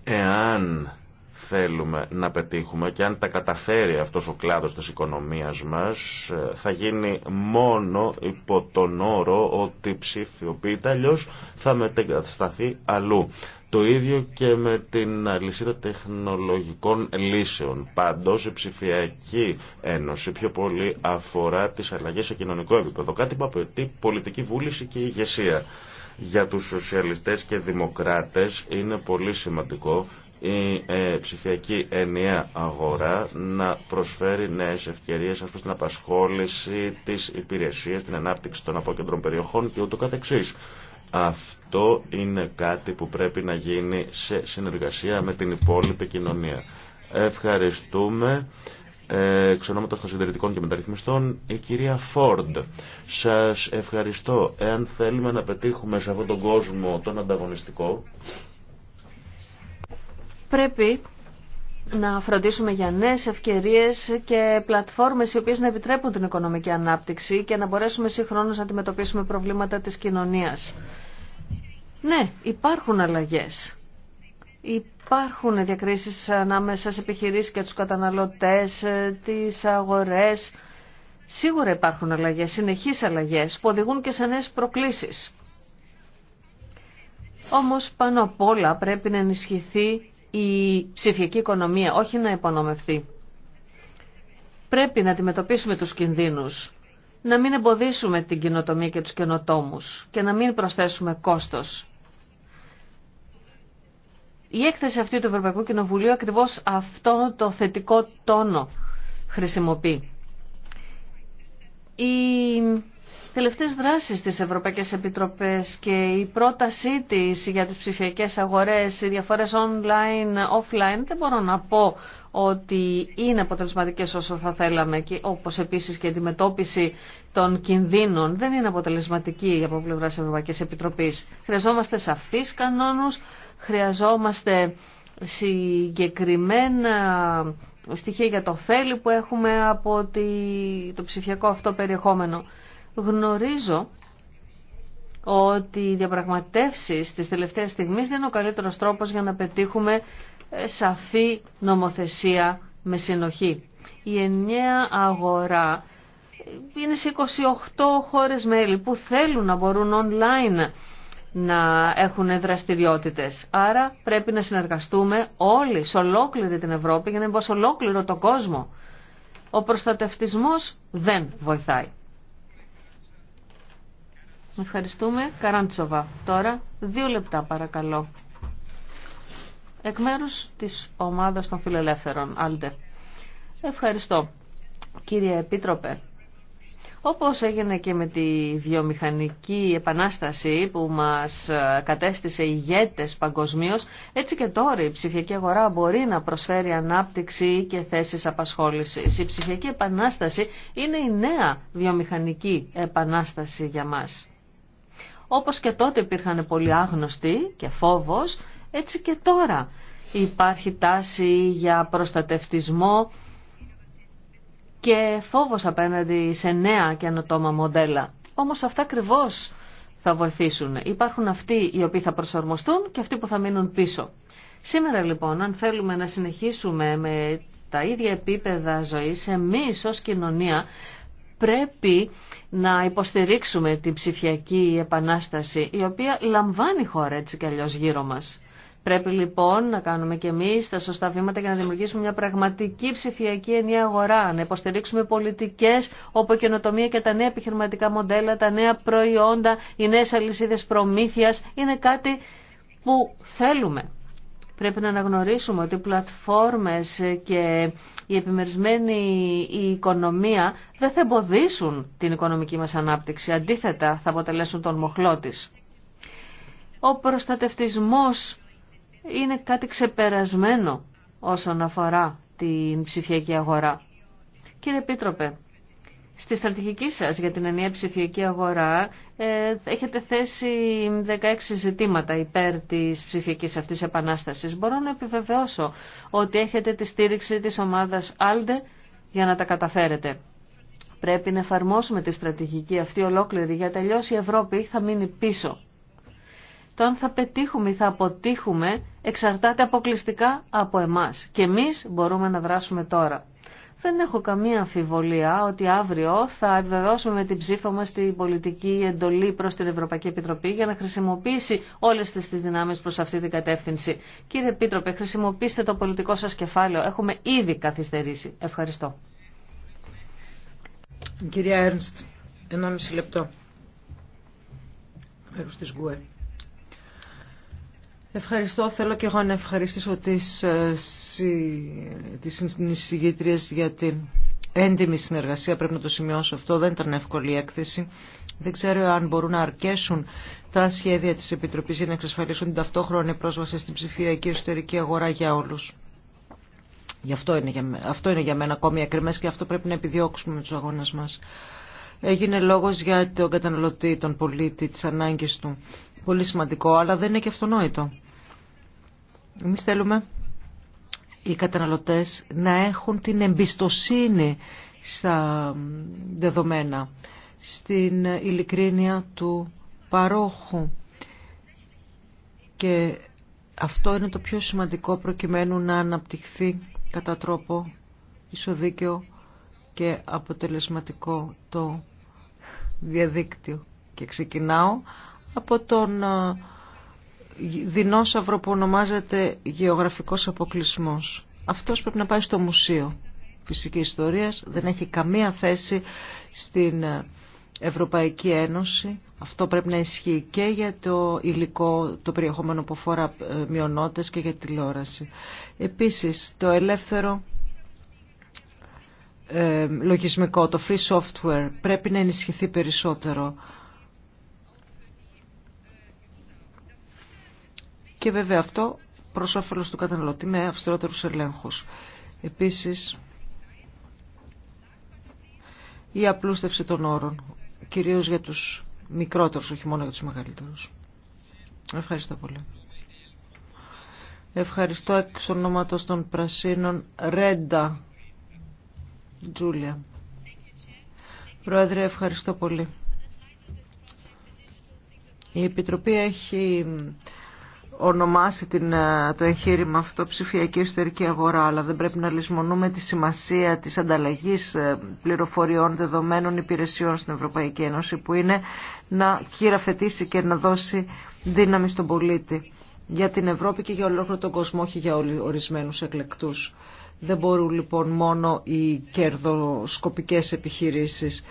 Εάν θέλουμε να πετύχουμε και αν τα καταφέρει αυτός ο κλάδος της οικονομίας μας ε, θα γίνει μόνο υπό τον όρο ότι ψηφιοποιείται αλλιώ θα μετεγκατασταθεί αλλού. Το ίδιο και με την αλυσίδα τεχνολογικών λύσεων. Πάντως, η ψηφιακή ένωση πιο πολύ αφορά τις αλλαγές σε κοινωνικό επίπεδο. Κάτι που απαιτεί πολιτική βούληση και ηγεσία. Για τους σοσιαλιστές και δημοκράτες είναι πολύ σημαντικό η ε, ψηφιακή ενιαία αγορά να προσφέρει νέες ευκαιρίες ας την απασχόληση, τις υπηρεσίες, την ανάπτυξη των απόκεντρων περιοχών και ούτω καθεξής. Αυτό είναι κάτι που πρέπει να γίνει σε συνεργασία με την υπόλοιπη κοινωνία. Ευχαριστούμε Ε, των συντηρητικών και μεταρρυθμιστών, η κυρία Φόρντ. Σας ευχαριστώ. Εάν θέλουμε να πετύχουμε σε αυτόν τον κόσμο τον ανταγωνιστικό,
πρέπει να φροντίσουμε για νέες ευκαιρίες και πλατφόρμες οι οποίες να επιτρέπουν την οικονομική ανάπτυξη και να μπορέσουμε συγχρόνως να αντιμετωπίσουμε προβλήματα της κοινωνίας. Ναι, υπάρχουν αλλαγές. Υπάρχουν διακρίσεις ανάμεσα σε επιχειρήσεις και τους καταναλωτές, τις αγορές. Σίγουρα υπάρχουν αλλαγές, συνεχείς αλλαγές που οδηγούν και σε νέες προκλήσεις. Όμως πάνω απ' όλα πρέπει να ενισχυθεί η ψηφιακή οικονομία, όχι να υπονομευθεί. Πρέπει να αντιμετωπίσουμε τους κινδύνους, να μην εμποδίσουμε την κοινοτομία και τους καινοτόμους και να μην προσθέσουμε κόστος. Η έκθεση αυτή του Ευρωπαϊκού Κοινοβουλίου ακριβώς αυτό το θετικό τόνο χρησιμοποιεί τελευταίες δράσεις της Ευρωπαϊκής Επιτροπής και η πρότασή της για τις ψηφιακές αγορές, οι διαφορές online, offline, δεν μπορώ να πω ότι είναι αποτελεσματικές όσο θα θέλαμε και όπως επίσης και η αντιμετώπιση των κινδύνων δεν είναι αποτελεσματική από πλευρά της Ευρωπαϊκής Επιτροπής. Χρειαζόμαστε σαφείς κανόνους, χρειαζόμαστε συγκεκριμένα στοιχεία για το ωφέλη που έχουμε από το ψηφιακό αυτό περιεχόμενο. Γνωρίζω ότι οι διαπραγματεύσεις τη τελευταίες στιγμή δεν είναι ο καλύτερος τρόπος για να πετύχουμε ε, σαφή νομοθεσία με συνοχή. Η ενιαία αγορά ε, είναι σε 28 χώρες μέλη που θέλουν να μπορούν online να έχουν δραστηριότητες. Άρα πρέπει να συνεργαστούμε όλοι, σε ολόκληρη την Ευρώπη, για να είναι σε ολόκληρο τον κόσμο. Ο προστατευτισμός δεν βοηθάει. Ευχαριστούμε. Καράντσοβα. Τώρα, δύο λεπτά παρακαλώ. Εκ μέρους της ομάδας των φιλελεύθερων, Άλτε. Ευχαριστώ. Κύριε Επίτροπε, όπως έγινε και με τη βιομηχανική επανάσταση που μας ε, κατέστησε ηγέτες παγκοσμίω, έτσι και τώρα η ψηφιακή αγορά μπορεί να προσφέρει ανάπτυξη και θέσεις απασχόληση. Η ψηφιακή επανάσταση είναι η νέα βιομηχανική επανάσταση για μα. Όπως και τότε υπήρχαν πολλοί άγνωστοι και φόβος, έτσι και τώρα υπάρχει τάση για προστατευτισμό και φόβος απέναντι σε νέα καινοτόμα μοντέλα. Όμως αυτά ακριβώ θα βοηθήσουν. Υπάρχουν αυτοί οι οποίοι θα προσαρμοστούν και αυτοί που θα μείνουν πίσω. Σήμερα λοιπόν, αν θέλουμε να συνεχίσουμε με τα ίδια επίπεδα ζωής, εμείς ως κοινωνία πρέπει να υποστηρίξουμε την ψηφιακή επανάσταση, η οποία λαμβάνει χώρα έτσι κι αλλιώς γύρω μας. Πρέπει λοιπόν να κάνουμε και εμείς τα σωστά βήματα για να δημιουργήσουμε μια πραγματική ψηφιακή ενιαία αγορά, να υποστηρίξουμε πολιτικές όπου η καινοτομία και τα νέα επιχειρηματικά μοντέλα, τα νέα προϊόντα, οι νέες αλυσίδες προμήθειας είναι κάτι που θέλουμε. Πρέπει να αναγνωρίσουμε ότι οι πλατφόρμες και η επιμερισμένη οικονομία δεν θα εμποδίσουν την οικονομική μας ανάπτυξη. Αντίθετα, θα αποτελέσουν τον μοχλό της. Ο προστατευτισμός είναι κάτι ξεπερασμένο όσον αφορά την ψηφιακή αγορά. Κύριε Επίτροπε, Στη στρατηγική σας για την ενιαία ψηφιακή αγορά ε, έχετε θέσει 16 ζητήματα υπέρ της ψηφιακής αυτής επανάστασης. Μπορώ να επιβεβαιώσω ότι έχετε τη στήριξη της ομάδας ALDE για να τα καταφέρετε. Πρέπει να εφαρμόσουμε τη στρατηγική αυτή ολόκληρη γιατί τελειώς η Ευρώπη θα μείνει πίσω. Το αν θα πετύχουμε ή θα αποτύχουμε εξαρτάται αποκλειστικά από εμάς και εμείς μπορούμε να δράσουμε τώρα. Δεν έχω καμία αμφιβολία ότι αύριο θα επιβεβαιώσουμε με την ψήφο μας την πολιτική εντολή προς την Ευρωπαϊκή Επιτροπή για να χρησιμοποιήσει όλες τις, δυνάμει δυνάμεις προς αυτή την κατεύθυνση. Κύριε Επίτροπε, χρησιμοποιήστε το πολιτικό σας κεφάλαιο. Έχουμε ήδη καθυστερήσει. Ευχαριστώ. Κυρία Έρνστ,
ένα μισή λεπτό. Ευχαριστώ. Θέλω και εγώ να ευχαριστήσω τις, ε, τις συνεισηγήτριες για την έντιμη συνεργασία. Πρέπει να το σημειώσω αυτό. Δεν ήταν εύκολη η έκθεση. Δεν ξέρω αν μπορούν να αρκέσουν τα σχέδια της Επιτροπής για να εξασφαλίσουν την ταυτόχρονη πρόσβαση στην ψηφιακή εσωτερική αγορά για όλους. Γι αυτό, είναι για, αυτό είναι για μένα ακόμη ακριμές και αυτό πρέπει να επιδιώξουμε με τους αγώνες μας. Έγινε λόγος για τον καταναλωτή, τον πολίτη, τις ανάγκες του. Πολύ σημαντικό, αλλά δεν είναι και αυτονόητο. Εμεί θέλουμε οι καταναλωτές να έχουν την εμπιστοσύνη στα δεδομένα, στην ειλικρίνεια του παρόχου. Και αυτό είναι το πιο σημαντικό προκειμένου να αναπτυχθεί κατά τρόπο ισοδίκαιο και αποτελεσματικό το διαδίκτυο. Και ξεκινάω από τον δεινόσαυρο που ονομάζεται γεωγραφικός αποκλεισμός. Αυτός πρέπει να πάει στο μουσείο φυσικής ιστορίας, δεν έχει καμία θέση στην Ευρωπαϊκή Ένωση. Αυτό πρέπει να ισχύει και για το υλικό, το περιεχόμενο που αφορά ε, μειονότητες και για τηλεόραση. Επίσης, το ελεύθερο ε, λογισμικό, το free software, πρέπει να ενισχυθεί περισσότερο. και βέβαια αυτό προς όφελος του καταναλωτή με αυστηρότερους ελέγχους. Επίσης, η απλούστευση των όρων, κυρίως για τους μικρότερους, όχι μόνο για τους μεγαλύτερους. Ευχαριστώ πολύ. Ευχαριστώ εξ ονόματος των Πρασίνων Ρέντα Τζούλια. Πρόεδρε, ευχαριστώ πολύ. Η Επιτροπή έχει ονομάσει την, ε, το εγχείρημα αυτό ψηφιακή εσωτερική αγορά, αλλά δεν πρέπει να λησμονούμε τη σημασία της ανταλλαγής ε, πληροφοριών δεδομένων υπηρεσιών στην Ευρωπαϊκή Ένωση, που είναι να χειραφετήσει και να δώσει δύναμη στον πολίτη για την Ευρώπη και για ολόκληρο τον κόσμο, όχι για ορισμένους εκλεκτούς. Δεν μπορούν λοιπόν μόνο οι κερδοσκοπικές επιχειρήσεις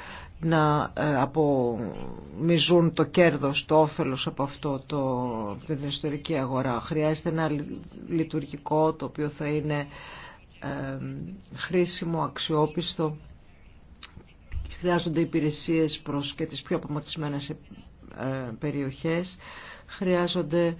να ε, απομιζούν το κέρδος, το όφελος από αυτό το, την ιστορική αγορά. Χρειάζεται ένα λειτουργικό το οποίο θα είναι χρήσιμο, αξιόπιστο. Χρειάζονται υπηρεσίες προς και τις πιο απομακρυσμένες ε, περιοχές. Χρειάζονται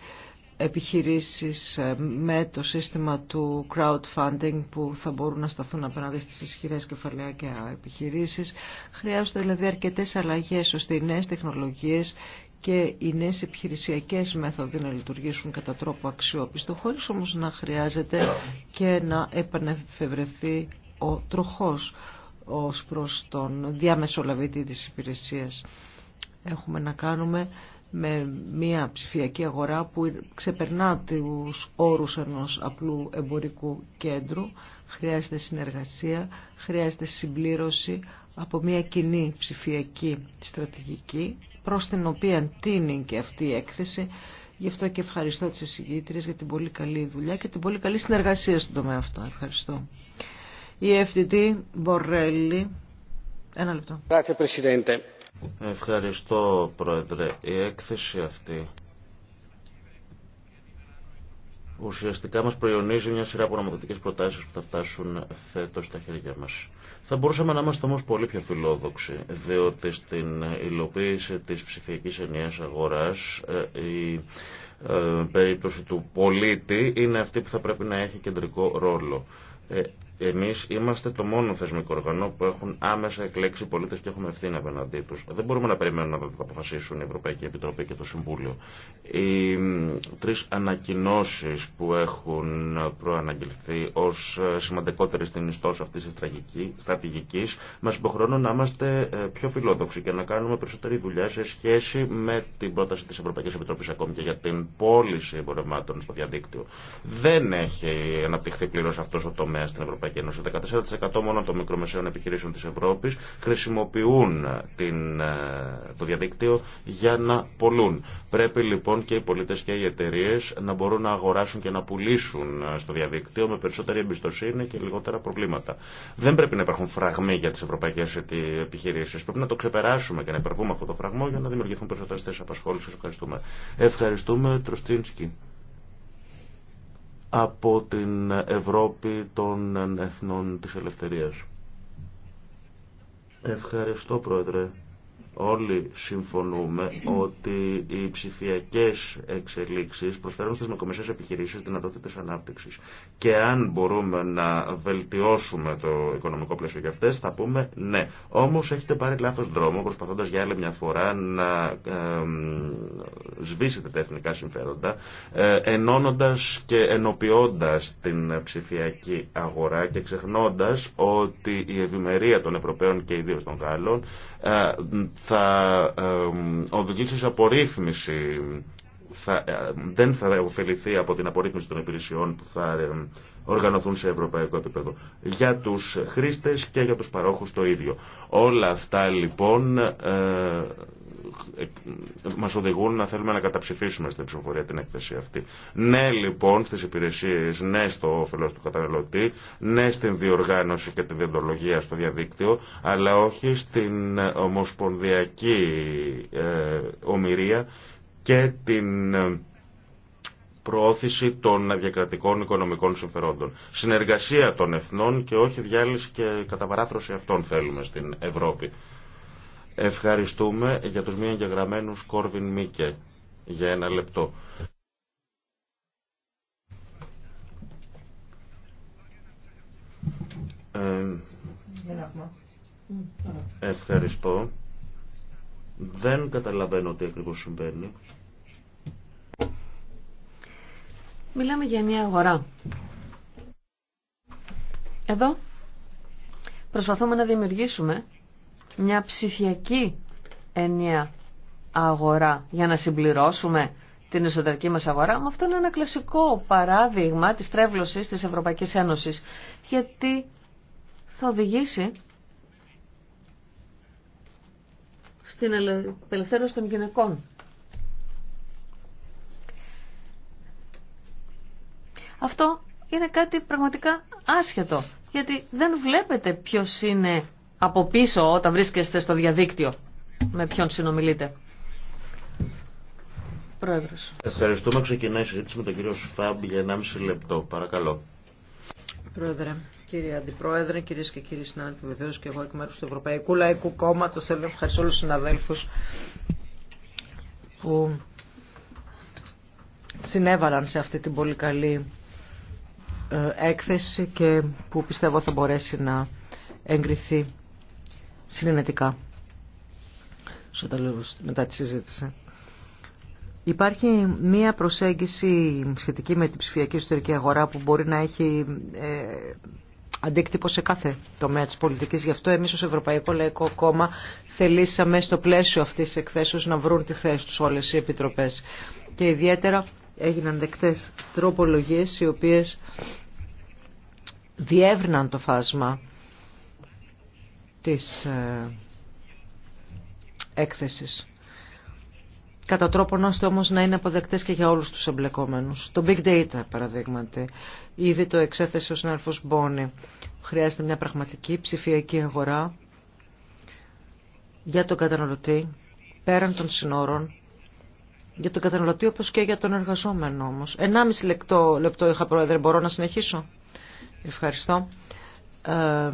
επιχειρήσεις ε, με το σύστημα του crowdfunding που θα μπορούν να σταθούν απέναντι στις ισχυρές κεφαλαία και επιχειρήσεις. Χρειάζονται δηλαδή αρκετές αλλαγές ώστε οι νέες τεχνολογίες και οι νέες επιχειρησιακές μέθοδοι να λειτουργήσουν κατά τρόπο αξιόπιστο, χωρίς όμως να χρειάζεται και να επανεφευρεθεί ο τροχός ως προς τον διαμεσολαβητή της υπηρεσίας. Έχουμε να κάνουμε με μια ψηφιακή αγορά που ξεπερνά τους όρους ενός απλού εμπορικού κέντρου. Χρειάζεται συνεργασία, χρειάζεται συμπλήρωση από μια κοινή ψηφιακή στρατηγική προς την οποία τίνει και αυτή η έκθεση. Γι' αυτό και ευχαριστώ τις εισηγήτριες για την πολύ καλή δουλειά και την πολύ καλή συνεργασία στον τομέα αυτό. Ευχαριστώ. Η FDD Μπορέλη. Ένα λεπτό.
Ευχαριστώ, Πρόεδρε. Η έκθεση αυτή ουσιαστικά μας προϊονίζει μια σειρά από νομοθετικές προτάσεις που θα φτάσουν φέτος στα χέρια μας. Θα μπορούσαμε να είμαστε όμως πολύ πιο φιλόδοξοι, διότι στην υλοποίηση της ψηφιακής ενιαίας αγοράς ε, η ε, περίπτωση του πολίτη είναι αυτή που θα πρέπει να έχει κεντρικό ρόλο. Ε, Εμεί είμαστε το μόνο θεσμικό οργανό που έχουν άμεσα εκλέξει πολίτε και έχουμε ευθύνη απέναντί του. Δεν μπορούμε να περιμένουμε να το αποφασίσουν η Ευρωπαϊκή Επιτροπή και το Συμβούλιο. Οι τρει ανακοινώσει που έχουν προαναγγελθεί ω ε, σημαντικότερε στην ιστόση αυτή τη στρατηγική, μα μας υποχρεώνουν να είμαστε ε, πιο φιλόδοξοι και να κάνουμε περισσότερη δουλειά σε σχέση με την πρόταση τη Ευρωπαϊκή Επιτροπή, ακόμη και για την πώληση εμπορευμάτων στο διαδίκτυο. Δεν έχει αναπτυχθεί πλήρω αυτό ο τομέα στην Ευρωπαϊκή Ευρωπαϊκή Ένωση. 14% μόνο των μικρομεσαίων επιχειρήσεων τη Ευρώπη χρησιμοποιούν ε, την, ε, το διαδίκτυο για να πολλούν. Πρέπει λοιπόν και οι πολίτε και οι εταιρείε να μπορούν να αγοράσουν και να πουλήσουν ε, στο διαδίκτυο με περισσότερη εμπιστοσύνη και λιγότερα προβλήματα. Δεν πρέπει να υπάρχουν φραγμοί για τι ευρωπαϊκέ επιχειρήσει, Πρέπει να το ξεπεράσουμε και να υπερβούμε αυτό το φραγμό για να δημιουργηθούν περισσότερες θέσει απασχόληση. Ευχαριστούμε. Ευχαριστούμε Τροστίνσκι από την Ευρώπη των Εθνών της Ελευθερίας. Ευχαριστώ Πρόεδρε. Όλοι συμφωνούμε ότι οι ψηφιακέ εξελίξει προσφέρουν στι μικρομεσαίε επιχειρήσει δυνατότητε ανάπτυξη. Και αν μπορούμε να βελτιώσουμε το οικονομικό πλαίσιο για αυτέ, θα πούμε ναι. Όμω έχετε πάρει λάθο δρόμο, προσπαθώντα για άλλη μια φορά να σβήσετε τα εθνικά συμφέροντα, ε, ενώνοντα και ενοποιώντα την ψηφιακή αγορά και ξεχνώντα ότι η ευημερία των Ευρωπαίων και ιδίω των Γάλλων ε, θα οδηγήσει σε απορρίθμιση θα, ε, δεν θα ωφεληθεί από την απορρίθμιση των υπηρεσιών που θα οργανωθούν σε ευρωπαϊκό επίπεδο. Για τους χρήστες και για τους παρόχους το ίδιο. Όλα αυτά λοιπόν ε, ε, μας οδηγούν να θέλουμε να καταψηφίσουμε στην ψηφοφορία την έκθεση αυτή. Ναι λοιπόν στις υπηρεσίες, ναι στο όφελος του καταναλωτή, ναι στην διοργάνωση και τη διεντολογία στο διαδίκτυο, αλλά όχι στην ομοσπονδιακή ε, ομοιρία και την ε, προώθηση των διακρατικών οικονομικών συμφερόντων. Συνεργασία των εθνών και όχι διάλυση και καταπαράθρωση αυτών θέλουμε στην Ευρώπη. Ευχαριστούμε για τους μη εγγεγραμμένους Κόρβιν Μίκε για ένα λεπτό. Ε, ευχαριστώ. Δεν καταλαβαίνω τι ακριβώς συμβαίνει.
Μιλάμε για μια αγορά. Εδώ προσπαθούμε να δημιουργήσουμε μια ψηφιακή ενιαία αγορά για να συμπληρώσουμε την εσωτερική μας αγορά. Μα αυτό είναι ένα κλασικό παράδειγμα της τρέβλωσης της Ευρωπαϊκής Ένωσης γιατί θα οδηγήσει στην απελευθέρωση των γυναικών. Αυτό είναι κάτι πραγματικά άσχετο, γιατί δεν βλέπετε ποιος είναι από πίσω όταν βρίσκεστε στο διαδίκτυο με ποιον συνομιλείτε. Πρόεδρος.
Ευχαριστούμε. Ξεκινάει η συζήτηση με τον κύριο Σφάμπ για 1,5 λεπτό. Παρακαλώ.
Πρόεδρε,
κύριε Αντιπρόεδρε, κυρίε και κύριοι συνάδελφοι, βεβαίω και εγώ εκ μέρου του Ευρωπαϊκού Λαϊκού Κόμματο θέλω να ευχαριστώ όλου του συναδέλφου που συνέβαλαν σε αυτή την πολύ καλή ε, έκθεση και που πιστεύω θα μπορέσει να εγκριθεί συνενετικά τα λέω μετά τη συζήτηση. Υπάρχει μία προσέγγιση σχετική με την ψηφιακή ιστορική αγορά που μπορεί να έχει ε, αντίκτυπο σε κάθε τομέα της πολιτικής. Γι' αυτό εμείς ως Ευρωπαϊκό Λαϊκό Κόμμα θελήσαμε στο πλαίσιο αυτής της εκθέσεως να βρουν τη θέση τους όλες οι επιτροπές. Και ιδιαίτερα έγιναν δεκτές τροπολογίες οι οποίες διεύρυναν το φάσμα της ε, έκθεσης. Κατά τρόπον ώστε όμως να είναι αποδεκτές και για όλους τους εμπλεκόμενους. Το Big Data παραδείγματι. Ήδη το εξέθεσε ο συναρφός Μπόνι. Χρειάζεται μια πραγματική ψηφιακή αγορά για τον καταναλωτή, πέραν των συνόρων, για τον καταναλωτή όπως και για τον εργαζόμενο όμως. 1,5 λεπτό, λεπτό είχα πρόεδρε, μπορώ να συνεχίσω. Ευχαριστώ. Ε,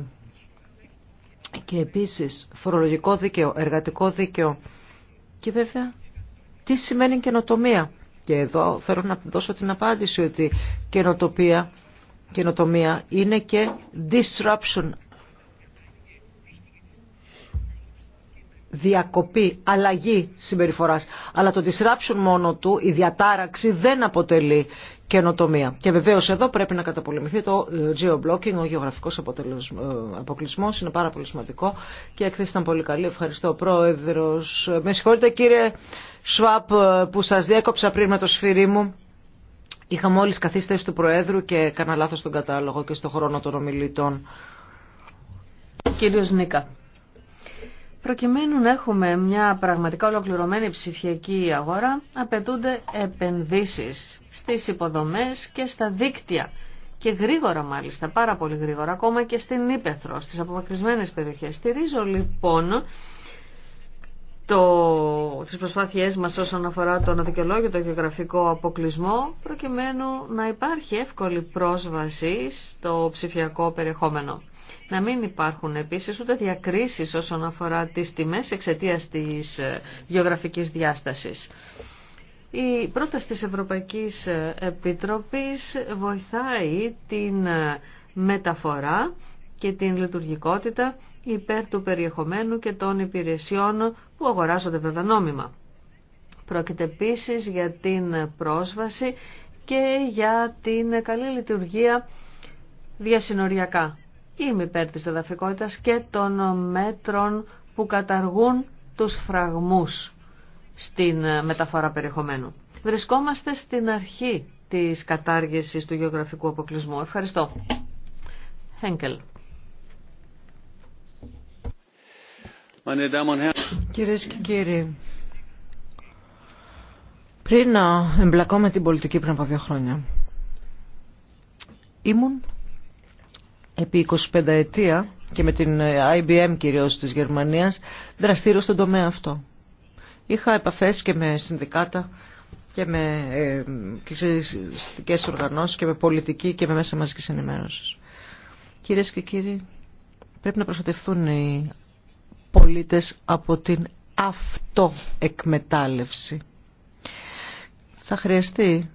και επίσης φορολογικό δίκαιο, εργατικό δίκαιο και βέβαια τι σημαίνει καινοτομία. Και εδώ θέλω να δώσω την απάντηση ότι καινοτομία είναι και disruption διακοπή, αλλαγή συμπεριφοράς. Αλλά το disruption μόνο του, η διατάραξη δεν αποτελεί καινοτομία. Και βεβαίως εδώ πρέπει να καταπολεμηθεί το ε, geo-blocking, ο γεωγραφικός ε, αποκλεισμός, είναι πάρα πολύ σημαντικό και η εκθέση ήταν πολύ καλή. Ευχαριστώ πρόεδρος. Με συγχωρείτε κύριε Σουάπ, ε, που σας διέκοψα πριν με το σφυρί μου. Είχα μόλις καθίστες του Προέδρου και έκανα λάθος στον κατάλογο και στον χρόνο των ομιλητών.
Κύριος Νίκα. Προκειμένου να έχουμε μια πραγματικά ολοκληρωμένη ψηφιακή αγορά, απαιτούνται επενδύσεις στις υποδομές και στα δίκτυα. Και γρήγορα μάλιστα, πάρα πολύ γρήγορα, ακόμα και στην Ήπεθρο, στις απομακρυσμένες περιοχές. Στηρίζω λοιπόν το, τις προσπάθειές μας όσον αφορά τον αδικαιολόγητο γεωγραφικό αποκλεισμό, προκειμένου να υπάρχει εύκολη πρόσβαση στο ψηφιακό περιεχόμενο να μην υπάρχουν επίσης ούτε διακρίσεις όσον αφορά τις τιμές εξαιτίας της ε, γεωγραφικής διάστασης. Η πρόταση της Ευρωπαϊκής ε, Επιτροπής βοηθάει την ε, μεταφορά και την λειτουργικότητα υπέρ του περιεχομένου και των υπηρεσιών που αγοράζονται βέβαια νόμιμα. Πρόκειται επίσης για την πρόσβαση και για την καλή λειτουργία διασυνοριακά Είμαι υπέρ της εδαφικότητας και των μέτρων που καταργούν τους φραγμούς στην ε, μεταφορά περιεχομένου. Βρισκόμαστε στην αρχή της κατάργησης του γεωγραφικού αποκλεισμού. Ευχαριστώ. Henkel.
Κυρίες και κύριοι, πριν να εμπλακώ με την πολιτική πριν από δύο χρόνια, ήμουν επί 25 ετία και με την IBM κυρίως της Γερμανίας δραστήριο στον τομέα αυτό. Είχα επαφές και με συνδικάτα και με ε, κλησιαστικές οργανώσεις και με πολιτική και με μέσα μαζικής ενημέρωσης. Κυρίες και κύριοι, πρέπει να προστατευτούν οι πολίτες από την αυτοεκμετάλλευση. Θα χρειαστεί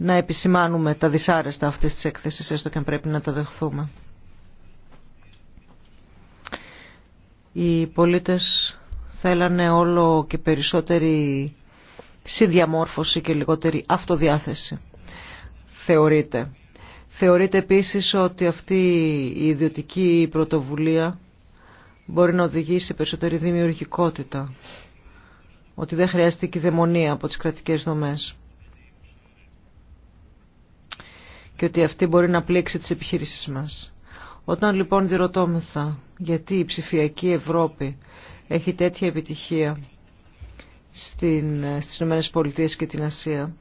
να επισημάνουμε τα δυσάρεστα αυτής της έκθεσης, έστω και αν πρέπει να τα δεχθούμε. Οι πολίτες θέλανε όλο και περισσότερη συνδιαμόρφωση και λιγότερη αυτοδιάθεση. Θεωρείται. Θεωρείται επίσης ότι αυτή η ιδιωτική πρωτοβουλία μπορεί να οδηγήσει σε περισσότερη δημιουργικότητα. Ότι δεν χρειάζεται δαιμονία από τις κρατικές δομές. και ότι αυτή μπορεί να πλήξει τις επιχείρησεις μας. Όταν λοιπόν διρωτώμεθα γιατί η ψηφιακή Ευρώπη έχει τέτοια επιτυχία στην, στις ΗΠΑ και την Ασία,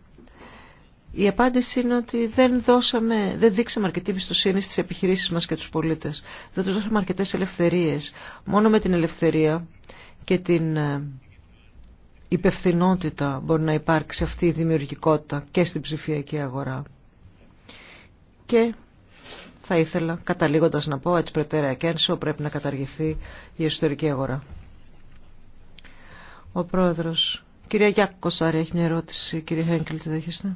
η απάντηση είναι ότι δεν, δώσαμε, δεν δείξαμε αρκετή εμπιστοσύνη στις επιχειρήσεις μας και τους πολίτες. Δεν τους δώσαμε αρκετές ελευθερίες. Μόνο με την ελευθερία και την ε, υπευθυνότητα μπορεί να υπάρξει αυτή η δημιουργικότητα και στην ψηφιακή αγορά και θα ήθελα καταλήγοντας να πω έτσι προτέρα κένσο πρέπει να καταργηθεί η εσωτερική αγορά. Ο πρόεδρος. Κυρία Γιάκο Κοσάρη έχει μια ερώτηση. Κύριε Χένκελ, τη δέχεστε.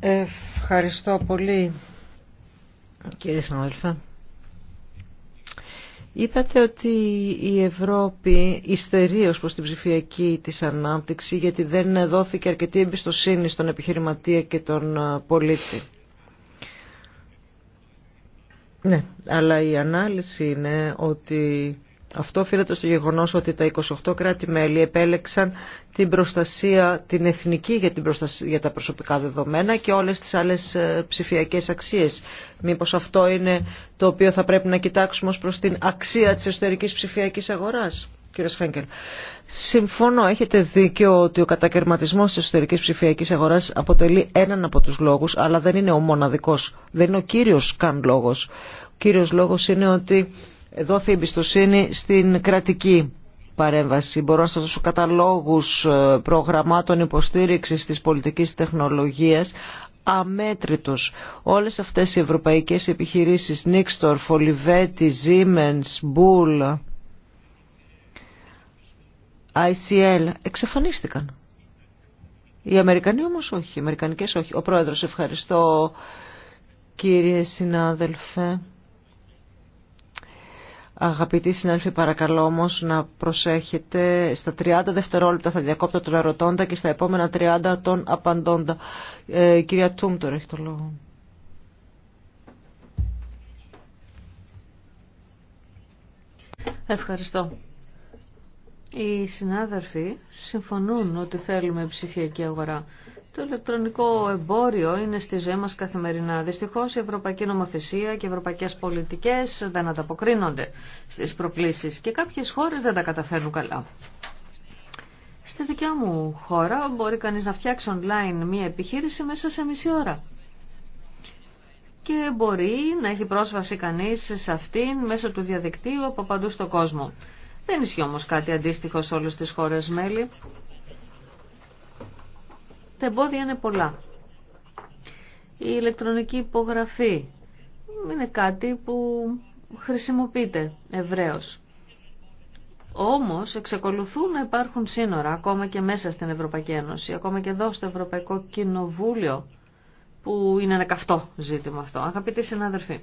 Ευχαριστώ πολύ κύριε συνάδελφε. Είπατε ότι η Ευρώπη υστερεί ως προς την ψηφιακή της ανάπτυξη γιατί δεν δόθηκε αρκετή εμπιστοσύνη στον επιχειρηματία και τον πολίτη. Ναι, αλλά η ανάλυση είναι ότι αυτό οφείλεται στο γεγονός ότι τα 28 κράτη-μέλη επέλεξαν την προστασία, την εθνική για, την για τα προσωπικά δεδομένα και όλες τις άλλες ε, ψηφιακές αξίες. Μήπως αυτό είναι το οποίο θα πρέπει να κοιτάξουμε ως προς την αξία της εσωτερικής ψηφιακής αγοράς. Κύριε Σφέγκελ, συμφωνώ, έχετε δίκιο ότι ο κατακαιρματισμός της εσωτερικής ψηφιακής αγοράς αποτελεί έναν από τους λόγους, αλλά δεν είναι ο μοναδικός, δεν είναι ο κύριος καν λόγος. Ο κύριος λόγος είναι ότι δόθη εμπιστοσύνη στην κρατική παρέμβαση. Μπορώ να σας δώσω καταλόγους ε, προγραμμάτων υποστήριξης της πολιτικής τεχνολογίας αμέτρητος. Όλες αυτές οι ευρωπαϊκές επιχειρήσεις, Νίξτορ, Φολιβέτη, Siemens, Μπούλ, ICL, εξαφανίστηκαν. Οι Αμερικανοί όμως όχι, οι Αμερικανικές όχι. Ο Πρόεδρος, ευχαριστώ κύριε συνάδελφε. Αγαπητοί συνάδελφοι, παρακαλώ όμω να προσέχετε. Στα 30 δευτερόλεπτα θα διακόπτω τον ερωτώντα και στα επόμενα 30 τον απαντώντα. Ε, κυρία Τούμτορ
έχει το λόγο. Ευχαριστώ. Οι συνάδελφοι συμφωνούν ότι θέλουμε ψηφιακή αγορά. Το ηλεκτρονικό εμπόριο είναι στη ζωή μας καθημερινά. Δυστυχώς η ευρωπαϊκή νομοθεσία και οι ευρωπαϊκές πολιτικές δεν ανταποκρίνονται στις προκλήσεις και κάποιες χώρες δεν τα καταφέρνουν καλά. Στη δικιά μου χώρα μπορεί κανείς να φτιάξει online μία επιχείρηση μέσα σε μισή ώρα. Και μπορεί να έχει πρόσβαση κανείς σε αυτήν μέσω του διαδικτύου από παντού στον κόσμο. Δεν ισχύει όμως κάτι αντίστοιχο σε όλες τις χώρες μέλη. Τα εμπόδια είναι πολλά. Η ηλεκτρονική υπογραφή είναι κάτι που χρησιμοποιείται ευρέως. Όμως εξακολουθούν να υπάρχουν σύνορα ακόμα και μέσα στην Ευρωπαϊκή Ένωση, ακόμα και εδώ στο Ευρωπαϊκό Κοινοβούλιο, που είναι ένα καυτό ζήτημα αυτό. Αγαπητοί συνάδελφοι,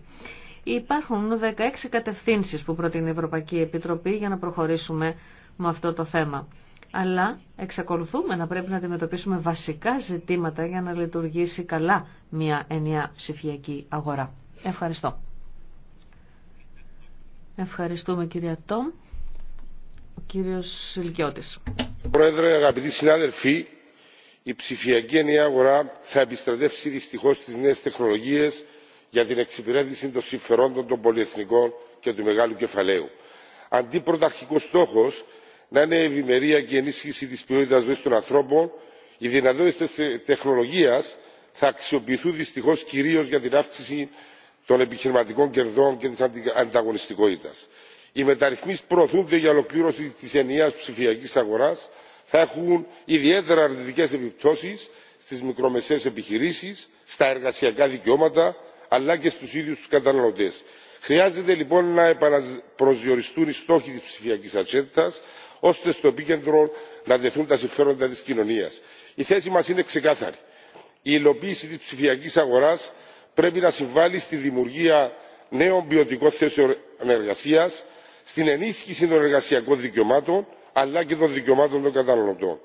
υπάρχουν 16 κατευθύνσεις που προτείνει η Ευρωπαϊκή Επιτροπή για να προχωρήσουμε με αυτό το θέμα αλλά εξακολουθούμε να πρέπει να αντιμετωπίσουμε βασικά ζητήματα για να λειτουργήσει καλά μια ενιαία ψηφιακή αγορά. Ευχαριστώ. Ευχαριστούμε κυρία Τόμ. Ο κύριος Ιλκιώτης.
Πρόεδρε, αγαπητοί συνάδελφοι, η ψηφιακή ενιαία αγορά θα επιστρατεύσει δυστυχώ τι νέε τεχνολογίε για την εξυπηρέτηση των συμφερόντων των πολυεθνικών και του μεγάλου κεφαλαίου. Αντί πρωταρχικός στόχο να είναι ευημερία και ενίσχυση τη ποιότητα ζωή των ανθρώπων οι δυνατότητε τεχνολογία θα αξιοποιηθούν δυστυχώ κυρίω για την αύξηση των επιχειρηματικών κερδών και τη ανταγωνιστικότητα. οι μεταρρυθμίσει που προωθούνται για ολοκλήρωση τη ενιαία ψηφιακή αγορά θα έχουν ιδιαίτερα αρνητικέ επιπτώσει στι μικρομεσαίε επιχειρήσει στα εργασιακά δικαιώματα αλλά και στου ίδιου του καταναλωτέ. χρειάζεται λοιπόν να επαναπροσδιοριστούν οι στόχοι τη ψηφιακή ατζέντα ώστε στο επίκεντρο να τεθούν τα συμφέροντα τη κοινωνία. η θέση μα είναι ξεκάθαρη η υλοποίηση τη ψηφιακή αγορά πρέπει να συμβάλλει στη δημιουργία νέων ποιοτικών θέσεων εργασία στην ενίσχυση των εργασιακών δικαιωμάτων αλλά και των δικαιωμάτων των καταναλωτών.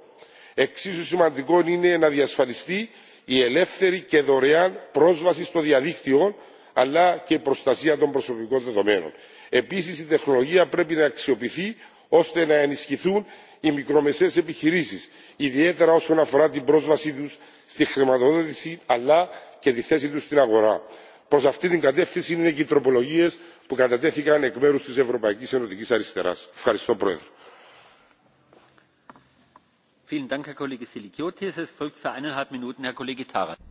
εξίσου σημαντικό είναι να διασφαλιστεί η ελεύθερη και δωρεάν πρόσβαση στο διαδίκτυο αλλά και η προστασία των προσωπικών δεδομένων. επίση η τεχνολογία πρέπει να αξιοποιηθεί ώστε να ενισχυθούν οι μικρομεσαίες επιχειρήσεις ιδιαίτερα όσον αφορά την πρόσβασή τους στη χρηματοδότηση αλλά και τη θέση τους στην αγορά. προς αυτή την κατεύθυνση είναι και οι τροπολογίες που κατατέθηκαν εκ μέρους της ευρωπαϊκής ενωτικής αριστεράς. ευχαριστώ πρόεδρε.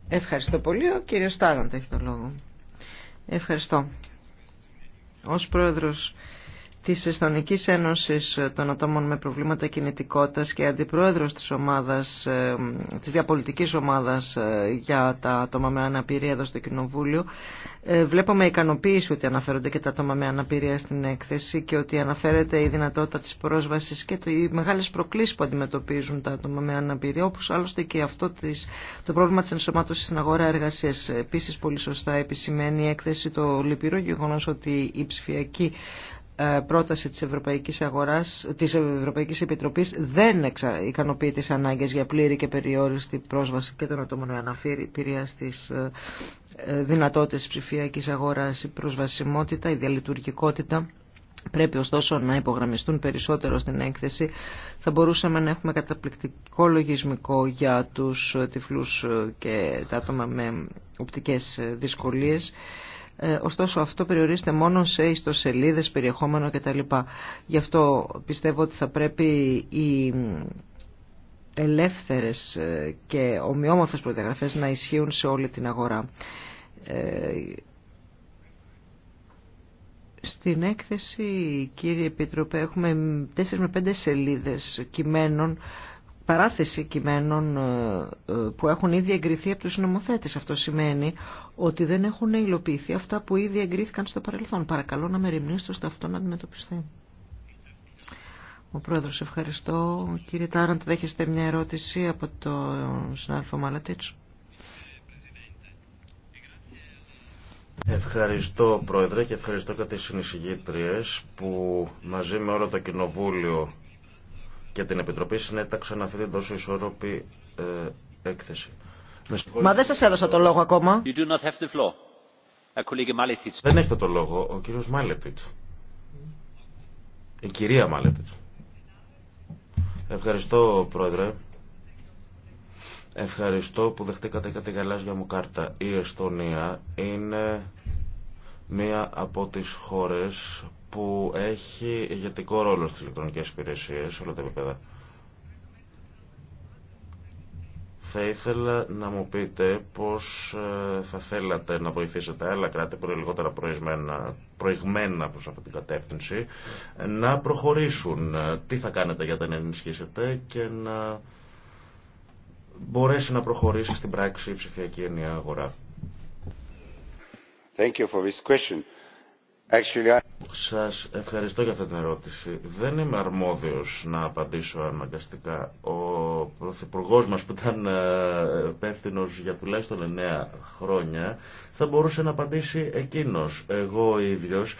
Ευχαριστώ πολύ.
Ο κύριος Τάραντ έχει το λόγο. Ευχαριστώ. Ως πρόεδρος της Εσθονικής Ένωσης ε, των Ατόμων με Προβλήματα Κινητικότητας και αντιπρόεδρος της, ομάδας, ε, της διαπολιτικής ομάδας ε, για τα άτομα με αναπηρία εδώ στο Κοινοβούλιο. Βλέπουμε ικανοποίηση ότι αναφέρονται και τα άτομα με αναπηρία στην έκθεση και ότι αναφέρεται η δυνατότητα της πρόσβασης και οι μεγάλες προκλήσεις που αντιμετωπίζουν τα άτομα με αναπηρία, όπως άλλωστε και αυτό της, το πρόβλημα της ενσωμάτωσης στην αγορά εργασίας. Επίσης, πολύ σωστά επισημαίνει η έκθεση το λυπηρό γεγονό ότι η ψηφιακή ε, πρόταση της Ευρωπαϊκής, Αγοράς, της Ευρωπαϊκής Επιτροπής δεν ικανοποιεί τις ανάγκες για πλήρη και περιόριστη πρόσβαση και των ατόμων με αναφήρεια στις ε, ε, δυνατότητες ψηφιακής αγοράς, η προσβασιμότητα, η διαλειτουργικότητα. Πρέπει ωστόσο να υπογραμμιστούν περισσότερο στην έκθεση. Θα μπορούσαμε να έχουμε καταπληκτικό λογισμικό για τους τυφλούς και τα άτομα με οπτικές δυσκολίες. Ε, ωστόσο αυτό περιορίζεται μόνο σε ιστοσελίδες, περιεχόμενο κτλ. Γι' αυτό πιστεύω ότι θα πρέπει οι ελεύθερες ε, και ομοιόμορφες προδιαγραφές να ισχύουν σε όλη την αγορά. Ε, στην έκθεση, κύριε Επίτροπε, έχουμε 4 με 5 σελίδες κειμένων παράθεση κειμένων ε, ε, που έχουν ήδη εγκριθεί από τους νομοθέτες. Αυτό σημαίνει ότι δεν έχουν υλοποιηθεί αυτά που ήδη εγκρίθηκαν στο παρελθόν. Παρακαλώ να με ρημνήσετε στο αυτό να αντιμετωπιστεί. Ο πρόεδρος, ευχαριστώ. Κύριε Τάραντ, δέχεστε μια ερώτηση από τον συνάδελφο Μαλατίτς.
Ευχαριστώ Πρόεδρε και ευχαριστώ και τις συνεισηγήτριες που μαζί με όλο το Κοινοβούλιο και την Επιτροπή Συνέταξα να την τόσο ισόρροπη ε, έκθεση. Μα δεν σας έδωσα το λόγο ακόμα. Δεν έχετε το λόγο, ο κύριος Μάλετιτς. Η κυρία Μάλετιτς. Ευχαριστώ, Πρόεδρε. Ευχαριστώ που δεχτήκατε και τη γαλάζια μου κάρτα. Η Εστονία είναι μία από τις χώρες που έχει ηγετικό ρόλο στις ηλεκτρονικές υπηρεσίες σε όλα τα επίπεδα. Θα ήθελα να μου πείτε πώς ε, θα θέλατε να βοηθήσετε άλλα κράτη που είναι λιγότερα προηγμένα, προηγμένα προς αυτή την κατεύθυνση να προχωρήσουν. Ε, τι θα κάνετε για να ενισχύσετε και να μπορέσει να προχωρήσει στην πράξη η ψηφιακή ενιαία αγορά. Σας ευχαριστώ για αυτή την ερώτηση. Δεν είμαι αρμόδιος να απαντήσω αναγκαστικά. Ο Πρωθυπουργός μας που ήταν ε, υπεύθυνο για τουλάχιστον 9 χρόνια θα μπορούσε να απαντήσει εκείνος. Εγώ ίδιος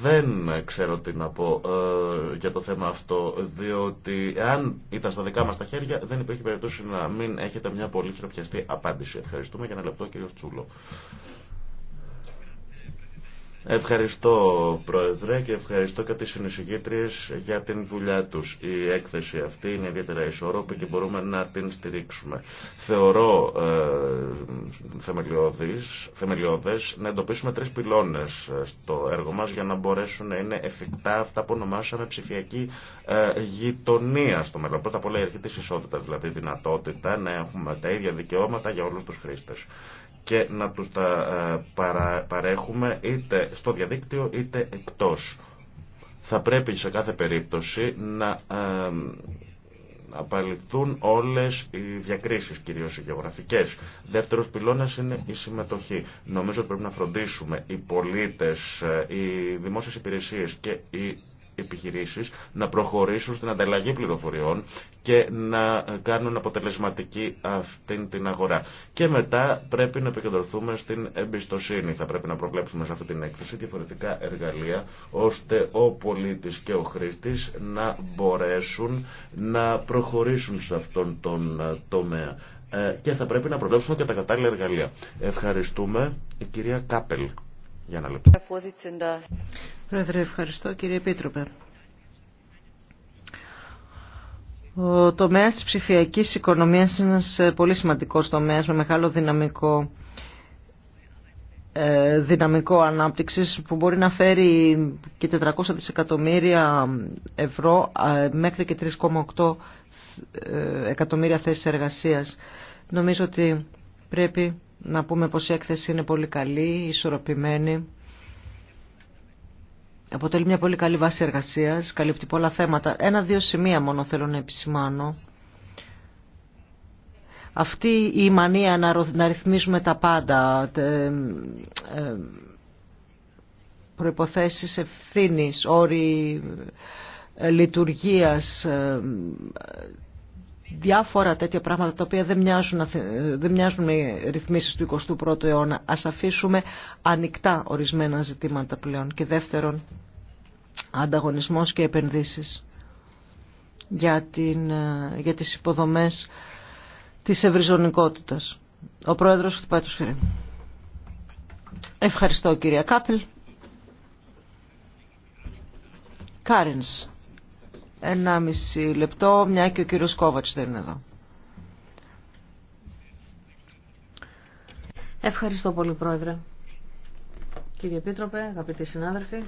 δεν ξέρω τι να πω ε, για το θέμα αυτό διότι αν ήταν στα δικά μας τα χέρια δεν υπήρχε περιπτώσει να μην έχετε μια πολύ χειροπιαστή απάντηση. Ευχαριστούμε για ένα λεπτό κύριο Τσούλο. Ευχαριστώ Πρόεδρε και ευχαριστώ και τις συνεισηγήτριες για την δουλειά τους. Η έκθεση αυτή είναι ιδιαίτερα ισορροπή και μπορούμε να την στηρίξουμε. Θεωρώ ε, θεμελιώδες να εντοπίσουμε τρεις πυλώνες ε, στο έργο μας για να μπορέσουν να είναι εφικτά αυτά που ονομάσαμε ψηφιακή ε, γειτονία στο μέλλον. Πρώτα απ' όλα η αρχή της ισότητας, δηλαδή δυνατότητα να έχουμε τα ίδια δικαιώματα για όλους τους χρήστες και να τους τα ε, παρέχουμε είτε στο διαδίκτυο είτε εκτός. Θα πρέπει σε κάθε περίπτωση να ε, απαλληθούν όλες οι διακρίσεις, κυρίως οι γεωγραφικές. Δεύτερος πυλώνας είναι η συμμετοχή. Νομίζω ότι πρέπει να φροντίσουμε οι πολίτες, ε, οι δημόσιες υπηρεσίες και οι επιχειρήσεις να προχωρήσουν στην ανταλλαγή πληροφοριών και να κάνουν αποτελεσματική αυτή την αγορά. Και μετά πρέπει να επικεντρωθούμε στην εμπιστοσύνη. Θα πρέπει να προβλέψουμε σε αυτή την έκθεση διαφορετικά εργαλεία ώστε ο πολίτης και ο χρήστης να μπορέσουν να προχωρήσουν σε αυτόν τον ε, τομέα. Ε, και θα πρέπει να προβλέψουμε και τα κατάλληλα εργαλεία. Ευχαριστούμε η κυρία Κάπελ.
Πρόεδρε, ευχαριστώ κύριε Επίτροπε. Ο τομέας της ψηφιακής οικονομίας είναι ένας ε, πολύ σημαντικός τομέας με μεγάλο δυναμικό ε, δυναμικό ανάπτυξης που μπορεί να φέρει και 400 δισεκατομμύρια ευρώ ε, μέχρι και 3,8 εκατομμύρια θέσεις εργασίας. Νομίζω ότι πρέπει να πούμε πως η έκθεση είναι πολύ καλή, ισορροπημένη. Αποτελεί μια πολύ καλή βάση εργασίας, καλύπτει πολλά θέματα. Ένα-δύο σημεία μόνο θέλω να επισημάνω. Αυτή η μανία να ρυθμίζουμε τα πάντα, ε, προϋποθέσεις ευθύνης, όροι ε, λειτουργίας, ε, διάφορα τέτοια πράγματα τα οποία δεν μοιάζουν, δεν μοιάζουν με ρυθμίσεις του 21ου αιώνα. Ας αφήσουμε ανοιχτά ορισμένα ζητήματα πλέον. Και δεύτερον, ανταγωνισμός και επενδύσεις για, την, ε, για τις υποδομές της ευρυζωνικότητας. Ο Πρόεδρος χτυπάει το σφυρί. Ευχαριστώ κυρία Κάπελ. κάρενς ένα μιση λεπτό, μια και ο κύριος Κόβατς δεν είναι εδώ.
Ευχαριστώ πολύ, Πρόεδρε. Κύριε Επίτροπε, αγαπητοί συνάδελφοι,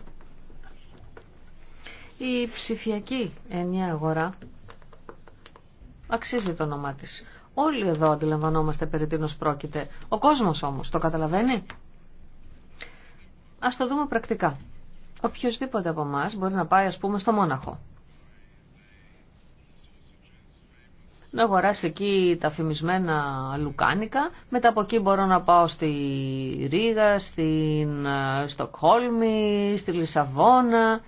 η ψηφιακή ενιαία αγορά αξίζει το όνομά της. Όλοι εδώ αντιλαμβανόμαστε περί τίνος πρόκειται. Ο κόσμος όμως το καταλαβαίνει. Ας το δούμε πρακτικά. Οποιοςδήποτε από εμά μπορεί να πάει ας πούμε στο Μόναχο να αγοράσει εκεί τα φημισμένα λουκάνικα. Μετά από εκεί μπορώ να πάω στη Ρίγα, στην ε, Στοκχόλμη, στη Λισαβόνα.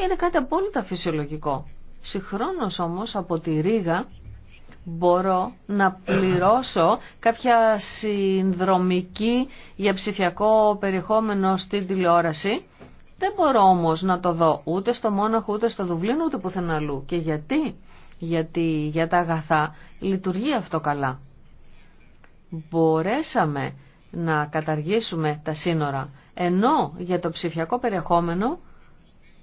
Είναι κάτι απόλυτα φυσιολογικό. Συγχρόνως όμως από τη Ρίγα, μπορώ να πληρώσω κάποια συνδρομική για ψηφιακό περιεχόμενο στην τηλεόραση. Δεν μπορώ όμως να το δω ούτε στο Μόναχο, ούτε στο Δουβλίνο, ούτε πουθενά αλλού. Και γιατί? γιατί για τα αγαθά λειτουργεί αυτό καλά. Μπορέσαμε να καταργήσουμε τα σύνορα, ενώ για το ψηφιακό περιεχόμενο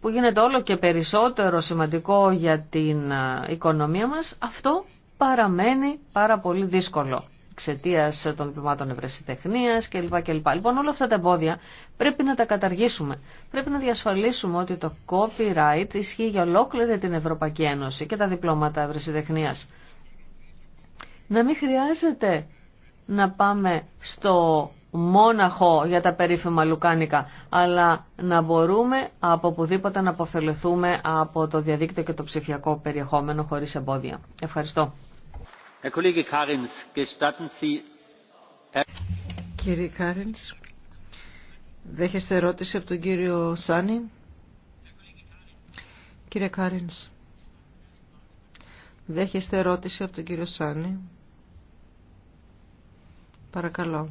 που γίνεται όλο και περισσότερο σημαντικό για την ε, οικονομία μας, αυτό παραμένει πάρα πολύ δύσκολο εξαιτία των διπλωμάτων ευρεσιτεχνία κλπ. κλπ. Λοιπόν, όλα αυτά τα εμπόδια πρέπει να τα καταργήσουμε. Πρέπει να διασφαλίσουμε ότι το copyright ισχύει για ολόκληρη την Ευρωπαϊκή Ένωση και τα διπλώματα ευρεσιτεχνία. Να μην χρειάζεται να πάμε στο μόναχο για τα περίφημα λουκάνικα, αλλά να μπορούμε από οπουδήποτε να αποφελεθούμε από το διαδίκτυο και το ψηφιακό περιεχόμενο χωρίς εμπόδια. Ευχαριστώ. Κύριε
Κάρινς, δέχεστε ερώτηση από τον κύριο Σάνι. Κύριε Κάρινς, δέχεστε ερώτηση από τον κύριο Σάνι. Παρακαλώ.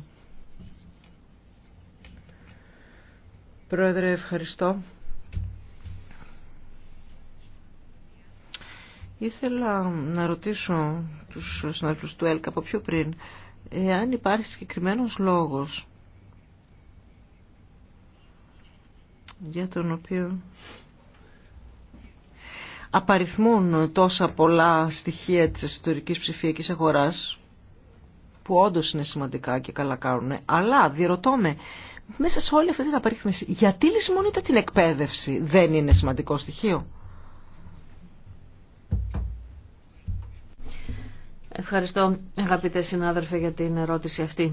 Πρόεδρε, ευχαριστώ. Ήθελα να ρωτήσω τους συναδέλφους του ΕΛΚ από πιο πριν εάν υπάρχει συγκεκριμένος λόγος για τον οποίο απαριθμούν τόσα πολλά στοιχεία της ιστορικής ψηφιακής αγοράς που όντως είναι σημαντικά και καλά κάνουν αλλά διερωτώ με μέσα σε όλη αυτή την απαρίθμηση γιατί λησμονείται την εκπαίδευση δεν είναι σημαντικό στοιχείο
Ευχαριστώ αγαπητέ συνάδελφε για την ερώτηση αυτή.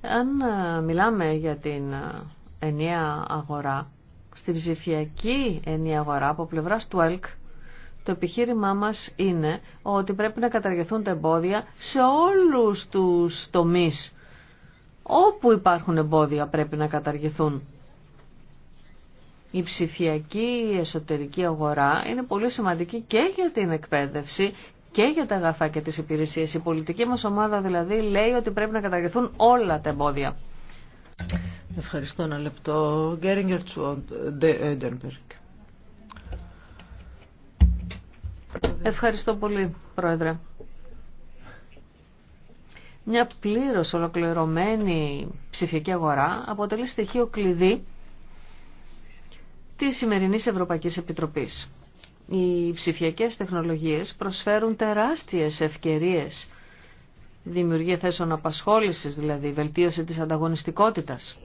Αν ε, μιλάμε για την ε, ενιαία αγορά, στη ψηφιακή ενιαία αγορά από πλευράς του ΕΛΚ, το επιχείρημά μας είναι ότι πρέπει να καταργηθούν τα εμπόδια σε όλους τους τομείς. Όπου υπάρχουν εμπόδια πρέπει να καταργηθούν. Η ψηφιακή εσωτερική αγορά είναι πολύ σημαντική και για την εκπαίδευση και για τα αγαθά και τις υπηρεσίες. Η πολιτική μας ομάδα δηλαδή λέει ότι πρέπει να καταργηθούν όλα τα εμπόδια.
Ευχαριστώ ένα λεπτό.
Ευχαριστώ πολύ, Πρόεδρε. Μια πλήρως ολοκληρωμένη ψηφιακή αγορά αποτελεί στοιχείο κλειδί της σημερινής Ευρωπαϊκής Επιτροπής. Οι ψηφιακές τεχνολογίες προσφέρουν τεράστιες ευκαιρίες. Δημιουργία θέσεων απασχόλησης, δηλαδή βελτίωση της ανταγωνιστικότητας.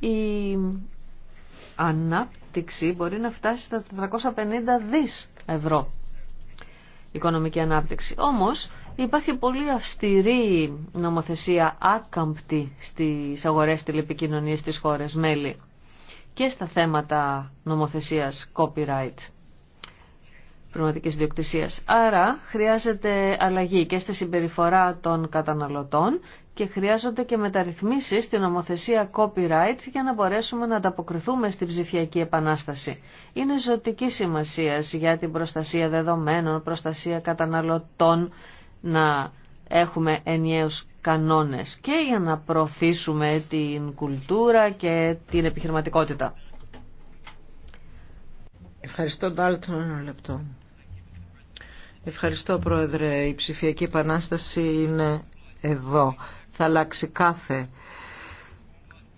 Η ανάπτυξη μπορεί να φτάσει στα 450 δις ευρώ. Οικονομική ανάπτυξη. Όμως υπάρχει πολύ αυστηρή νομοθεσία άκαμπτη στις αγορές τηλεπικοινωνίας της χώρες μέλη και στα θέματα νομοθεσίας copyright πνευματικής διοκτησίας. Άρα χρειάζεται αλλαγή και στη συμπεριφορά των καταναλωτών και χρειάζονται και μεταρρυθμίσεις στη νομοθεσία copyright για να μπορέσουμε να ανταποκριθούμε στην ψηφιακή επανάσταση. Είναι ζωτική σημασία για την προστασία δεδομένων, προστασία καταναλωτών να έχουμε ενιαίους κανόνες και για να προωθήσουμε την κουλτούρα και την επιχειρηματικότητα. Ευχαριστώ,
Ντάλτον, ένα λεπτό. Ευχαριστώ, Πρόεδρε. Η ψηφιακή επανάσταση είναι εδώ. Θα αλλάξει κάθε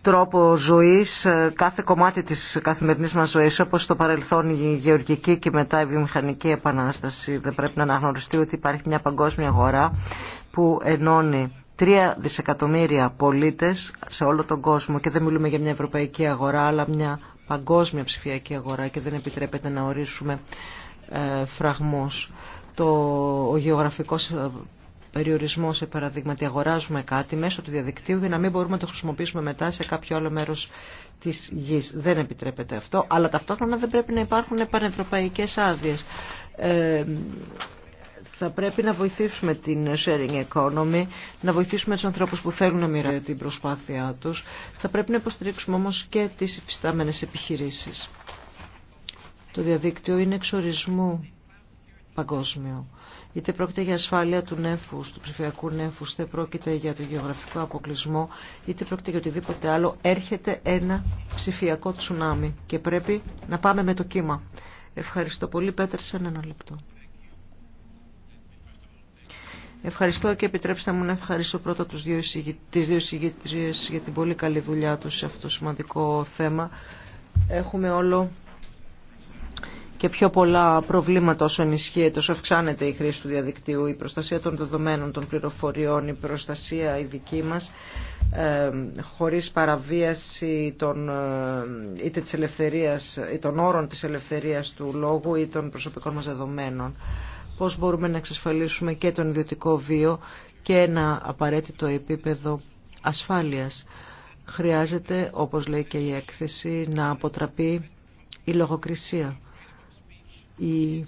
τρόπο ζωής, κάθε κομμάτι της καθημερινής μας ζωής, όπως στο παρελθόν η γεωργική και μετά η βιομηχανική επανάσταση. Δεν πρέπει να αναγνωριστεί ότι υπάρχει μια παγκόσμια αγορά που ενώνει Τρία δισεκατομμύρια πολίτες σε όλο τον κόσμο και δεν μιλούμε για μια ευρωπαϊκή αγορά αλλά μια παγκόσμια ψηφιακή αγορά και δεν επιτρέπεται να ορίσουμε ε, φραγμούς. Το, ο γεωγραφικός ε, περιορισμό σε ότι αγοράζουμε κάτι μέσω του διαδικτύου για να μην μπορούμε να το χρησιμοποιήσουμε μετά σε κάποιο άλλο μέρο της γη. Δεν επιτρέπεται αυτό, αλλά ταυτόχρονα δεν πρέπει να υπάρχουν πανευρωπαϊκές άδειε. Ε, θα πρέπει να βοηθήσουμε την sharing economy, να βοηθήσουμε τους ανθρώπους που θέλουν να μοιραίουν την προσπάθειά τους. Θα πρέπει να υποστηρίξουμε όμως και τις υφιστάμενες επιχειρήσεις. Το διαδίκτυο είναι εξορισμού παγκόσμιο. Είτε πρόκειται για ασφάλεια του νεφούς, του ψηφιακού νεφούς, είτε πρόκειται για το γεωγραφικό αποκλεισμό, είτε πρόκειται για οτιδήποτε άλλο, έρχεται ένα ψηφιακό τσουνάμι και πρέπει να πάμε με το κύμα. Ευχαριστώ πολύ. ένα λεπτό. Ευχαριστώ και επιτρέψτε μου να ευχαριστώ πρώτα τους δύο τις δύο για την πολύ καλή δουλειά τους σε αυτό το σημαντικό θέμα. Έχουμε όλο και πιο πολλά προβλήματα όσο ενισχύεται, όσο αυξάνεται η χρήση του διαδικτύου, η προστασία των δεδομένων, των πληροφοριών, η προστασία η δική μας, ε, χωρίς παραβίαση των, ε, είτε της ελευθερίας, των όρων της ελευθερίας του λόγου ή των προσωπικών μας δεδομένων πώς μπορούμε να εξασφαλίσουμε και τον ιδιωτικό βίο και ένα απαραίτητο επίπεδο ασφάλειας. Χρειάζεται, όπως λέει και η έκθεση, να αποτραπεί η λογοκρισία, η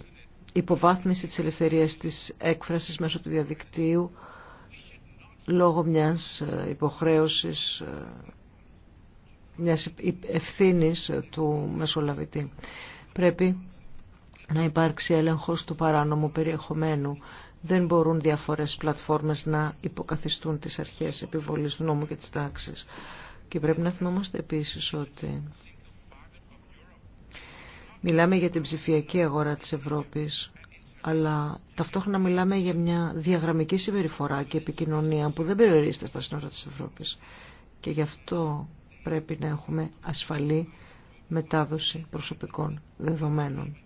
υποβάθμιση της ελευθερίας της έκφρασης μέσω του διαδικτύου λόγω μιας ε, υποχρέωσης, ε, μιας ευθύνης του μεσολαβητή. Πρέπει να υπάρξει έλεγχος του παράνομου περιεχομένου. Δεν μπορούν διαφορές πλατφόρμες να υποκαθιστούν τις αρχές επιβολής του νόμου και της τάξης. Και πρέπει να θυμόμαστε επίσης ότι μιλάμε για την ψηφιακή αγορά της Ευρώπης, αλλά ταυτόχρονα μιλάμε για μια διαγραμμική συμπεριφορά και επικοινωνία που δεν περιορίζεται στα σύνορα της Ευρώπης. Και γι' αυτό πρέπει να έχουμε ασφαλή μετάδοση προσωπικών δεδομένων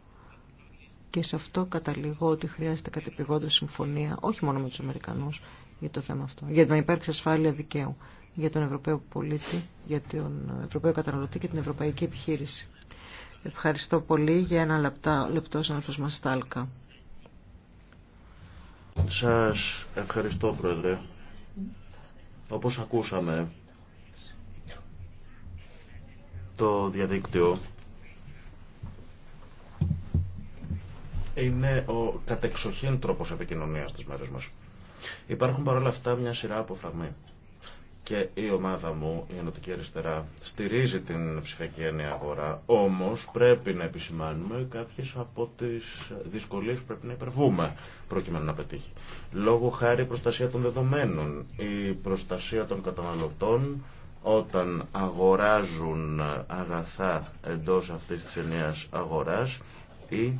και σε αυτό καταλήγω ότι χρειάζεται κατεπηγόντως συμφωνία, όχι μόνο με τους Αμερικανούς για το θέμα αυτό, για να υπάρξει ασφάλεια δικαίου για τον Ευρωπαίο πολίτη, για τον Ευρωπαίο καταναλωτή και την Ευρωπαϊκή επιχείρηση. Ευχαριστώ πολύ για ένα λεπτά, λεπτό συνάδελφος Στάλκα.
Σας ευχαριστώ Πρόεδρε. Όπως ακούσαμε, το διαδίκτυο είναι ο κατεξοχήν τρόπος επικοινωνίας της μέρες μας. Υπάρχουν παρόλα αυτά μια σειρά από Και η ομάδα μου, η Ενωτική Αριστερά, στηρίζει την ψηφιακή ενιαία αγορά, όμως πρέπει να επισημάνουμε κάποιες από τις δυσκολίες που πρέπει να υπερβούμε προκειμένου να πετύχει. Λόγω χάρη προστασία των δεδομένων, η προστασία των καταναλωτών, όταν αγοράζουν αγαθά εντός αυτής της ενιαίας αγοράς ή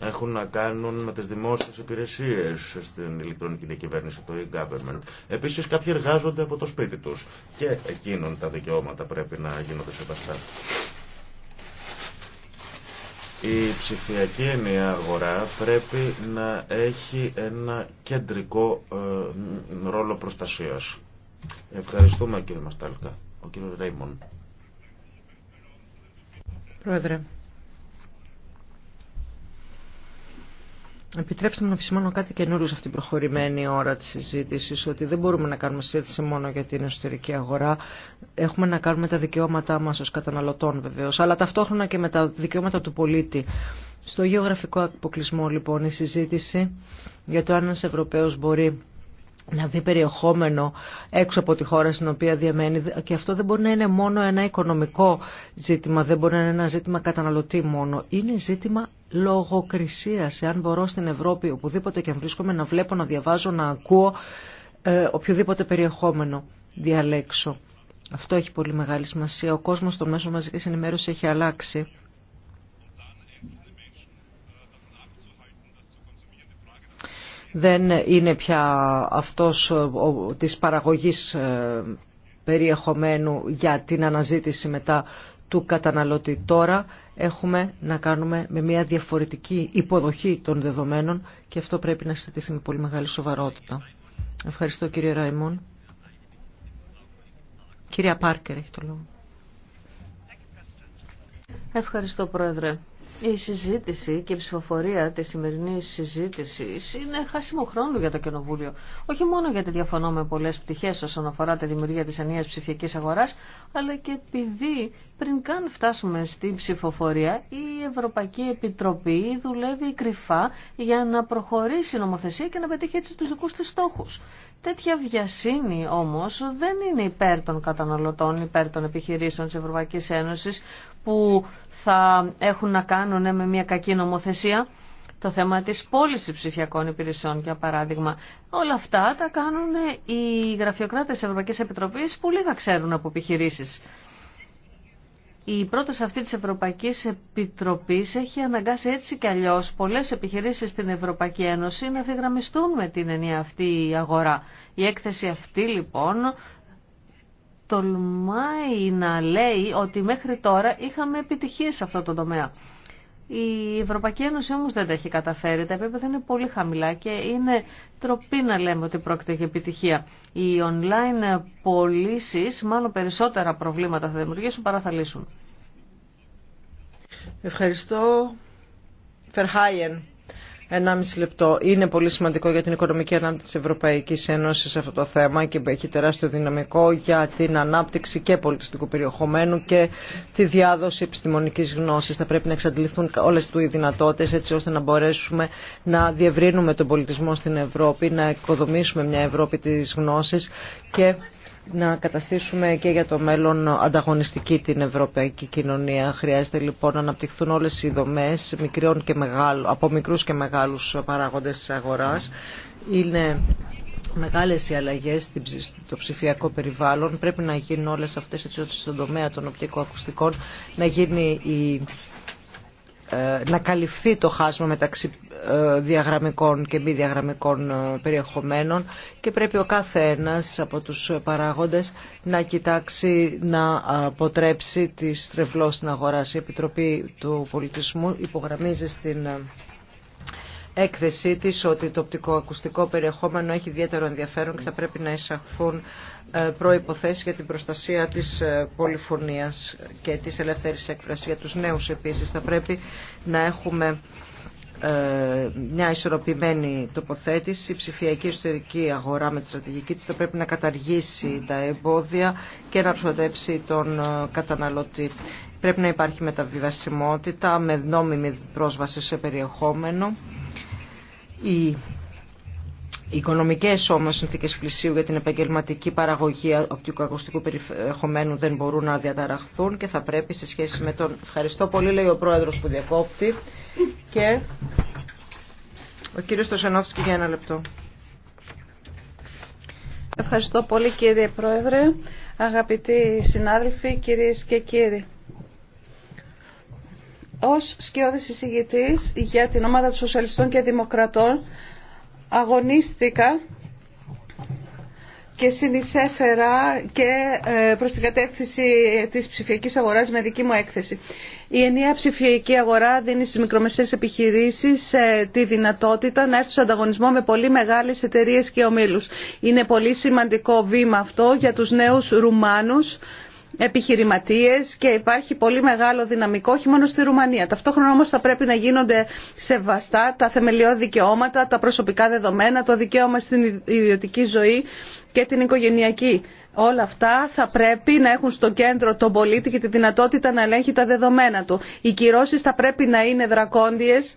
έχουν να κάνουν με τις δημόσιες υπηρεσίες στην ηλεκτρονική διακυβέρνηση, το e-government. Επίσης κάποιοι εργάζονται από το σπίτι τους και εκείνων τα δικαιώματα πρέπει να γίνονται σεβαστά. Η ψηφιακή ενιαία αγορά πρέπει να έχει ένα κεντρικό ε, ρόλο προστασίας. Ευχαριστούμε κύριε Μαστάλκα. Ο κύριος Ρέιμον.
Πρόεδρε, Επιτρέψτε μου να επισημάνω κάτι καινούριο σε αυτήν την προχωρημένη ώρα της συζήτηση, ότι δεν μπορούμε να κάνουμε συζήτηση μόνο για την εσωτερική αγορά. Έχουμε να κάνουμε τα δικαιώματά μας ως καταναλωτών βεβαίω, αλλά ταυτόχρονα και με τα δικαιώματα του πολίτη. Στο γεωγραφικό αποκλεισμό λοιπόν η συζήτηση για το αν ένα Ευρωπαίος μπορεί να δει περιεχόμενο έξω από τη χώρα στην οποία διαμένει. Και αυτό δεν μπορεί να είναι μόνο ένα οικονομικό ζήτημα, δεν μπορεί να είναι ένα ζήτημα καταναλωτή μόνο. Είναι ζήτημα λογοκρισίας. Εάν μπορώ στην Ευρώπη, οπουδήποτε και αν βρίσκομαι, να βλέπω, να διαβάζω, να ακούω ε, οποιοδήποτε περιεχόμενο διαλέξω. Αυτό έχει πολύ μεγάλη σημασία. Ο κόσμος στο μέσο μαζικής ενημέρωσης έχει αλλάξει. δεν είναι πια αυτός ε, ο, της παραγωγής ε, περιεχομένου για την αναζήτηση μετά του καταναλωτή. Τώρα έχουμε να κάνουμε με μια διαφορετική υποδοχή των δεδομένων και αυτό πρέπει να συζητηθεί με πολύ μεγάλη σοβαρότητα. Ευχαριστώ κύριε Ραϊμόν. Κυρία Πάρκερ έχει το λόγο.
Ευχαριστώ πρόεδρε. Η συζήτηση και η ψηφοφορία τη σημερινή συζήτηση είναι χάσιμο χρόνο για το Κοινοβούλιο. Όχι μόνο γιατί διαφωνώ με πολλέ πτυχέ όσον αφορά τη δημιουργία τη ενιαία ψηφιακή αγορά, αλλά και επειδή πριν καν φτάσουμε στην ψηφοφορία, η Ευρωπαϊκή Επιτροπή δουλεύει κρυφά για να προχωρήσει η νομοθεσία και να πετύχει έτσι του δικού τη στόχου. Τέτοια βιασύνη όμω δεν είναι υπέρ των καταναλωτών, υπέρ των επιχειρήσεων τη Ευρωπαϊκή Ένωση που θα έχουν να κάνουν ε, με μια κακή νομοθεσία. Το θέμα της πώληση ψηφιακών υπηρεσιών, για παράδειγμα. Όλα αυτά τα κάνουν ε, οι γραφειοκράτες της Ευρωπαϊκής Επιτροπής που λίγα ξέρουν από επιχειρήσει. Η πρόταση αυτή της Ευρωπαϊκής Επιτροπής έχει αναγκάσει έτσι κι αλλιώς πολλές επιχειρήσεις στην Ευρωπαϊκή Ένωση να διγραμμιστούν με την ενία αυτή η αγορά. Η έκθεση αυτή λοιπόν τολμάει να λέει ότι μέχρι τώρα είχαμε επιτυχίε σε αυτό το τομέα. Η Ευρωπαϊκή Ένωση όμως δεν τα έχει καταφέρει. Τα επίπεδα είναι πολύ χαμηλά και είναι τροπή να λέμε ότι πρόκειται για επιτυχία. Οι online πωλήσει μάλλον περισσότερα προβλήματα θα δημιουργήσουν παρά θα λύσουν. Ευχαριστώ. Φερχάιεν. 1,5 λεπτό.
Είναι πολύ σημαντικό για την οικονομική ανάπτυξη της Ευρωπαϊκής Ένωσης αυτό το θέμα και έχει τεράστιο δυναμικό για την ανάπτυξη και πολιτιστικού περιεχομένου και τη διάδοση επιστημονικής γνώσης. Θα πρέπει να εξαντληθούν όλες του οι δυνατότητες έτσι ώστε να μπορέσουμε να διευρύνουμε τον πολιτισμό στην Ευρώπη, να οικοδομήσουμε μια Ευρώπη της γνώσης και να καταστήσουμε και για το μέλλον ανταγωνιστική την ευρωπαϊκή κοινωνία. Χρειάζεται λοιπόν να αναπτυχθούν όλες οι δομές και από μικρούς και μεγάλους παράγοντες της αγοράς. Είναι μεγάλες οι αλλαγές στο ψηφιακό περιβάλλον. Πρέπει να γίνουν όλες αυτές έτσι ώστε στον τομέα των οπτικοακουστικών να γίνει η ε, να καλυφθεί το χάσμα μεταξύ ε, διαγραμμικών και μη διαγραμμικών ε, περιεχομένων και πρέπει ο κάθε ένας από τους παράγοντες να κοιτάξει να αποτρέψει τη τρεφλός στην αγορά. Η Επιτροπή του Πολιτισμού υπογραμμίζει στην έκθεσή τη ότι το οπτικοακουστικό περιεχόμενο έχει ιδιαίτερο ενδιαφέρον και θα πρέπει να εισαχθούν ε, προϋποθέσεις για την προστασία της ε, πολυφωνίας και της ελεύθερης έκφρασης. Για τους νέους επίσης θα πρέπει να έχουμε ε, μια ισορροπημένη τοποθέτηση. Η ψηφιακή εσωτερική αγορά με τη στρατηγική της θα πρέπει να καταργήσει τα εμπόδια και να προστατεύσει τον καταναλωτή. Πρέπει να υπάρχει μεταβιβασιμότητα με νόμιμη πρόσβαση σε περιεχόμενο οι οικονομικές όμως συνθήκες πλησίου για την επαγγελματική παραγωγή οπτικοακουστικού περιεχομένου δεν μπορούν να διαταραχθούν και θα πρέπει σε σχέση με τον... Ευχαριστώ πολύ λέει ο πρόεδρος που διακόπτει και ο κύριος Στοσενόφσκι για ένα λεπτό.
Ευχαριστώ πολύ κύριε Πρόεδρε, αγαπητοί συνάδελφοι, κυρίες και κύριοι ως σκιώδης εισηγητής για την ομάδα των Σοσιαλιστών και Δημοκρατών αγωνίστηκα και συνεισέφερα και ε, προς την κατεύθυνση της ψηφιακής αγοράς με δική μου έκθεση. Η ενιαία ψηφιακή αγορά δίνει στις μικρομεσαίες επιχειρήσεις ε, τη δυνατότητα να έρθουν σε ανταγωνισμό με πολύ μεγάλες εταιρείες και ομίλους. Είναι πολύ σημαντικό βήμα αυτό για τους νέους Ρουμάνους επιχειρηματίες και υπάρχει πολύ μεγάλο δυναμικό όχι μόνο στη Ρουμανία. Ταυτόχρονα όμως θα πρέπει να γίνονται σεβαστά τα θεμελιώδη δικαιώματα, τα προσωπικά δεδομένα, το δικαίωμα στην ιδιωτική ζωή και την οικογενειακή. Όλα αυτά θα πρέπει να έχουν στο κέντρο τον πολίτη και τη δυνατότητα να ελέγχει τα δεδομένα του. Οι κυρώσεις θα πρέπει να είναι δρακόντιες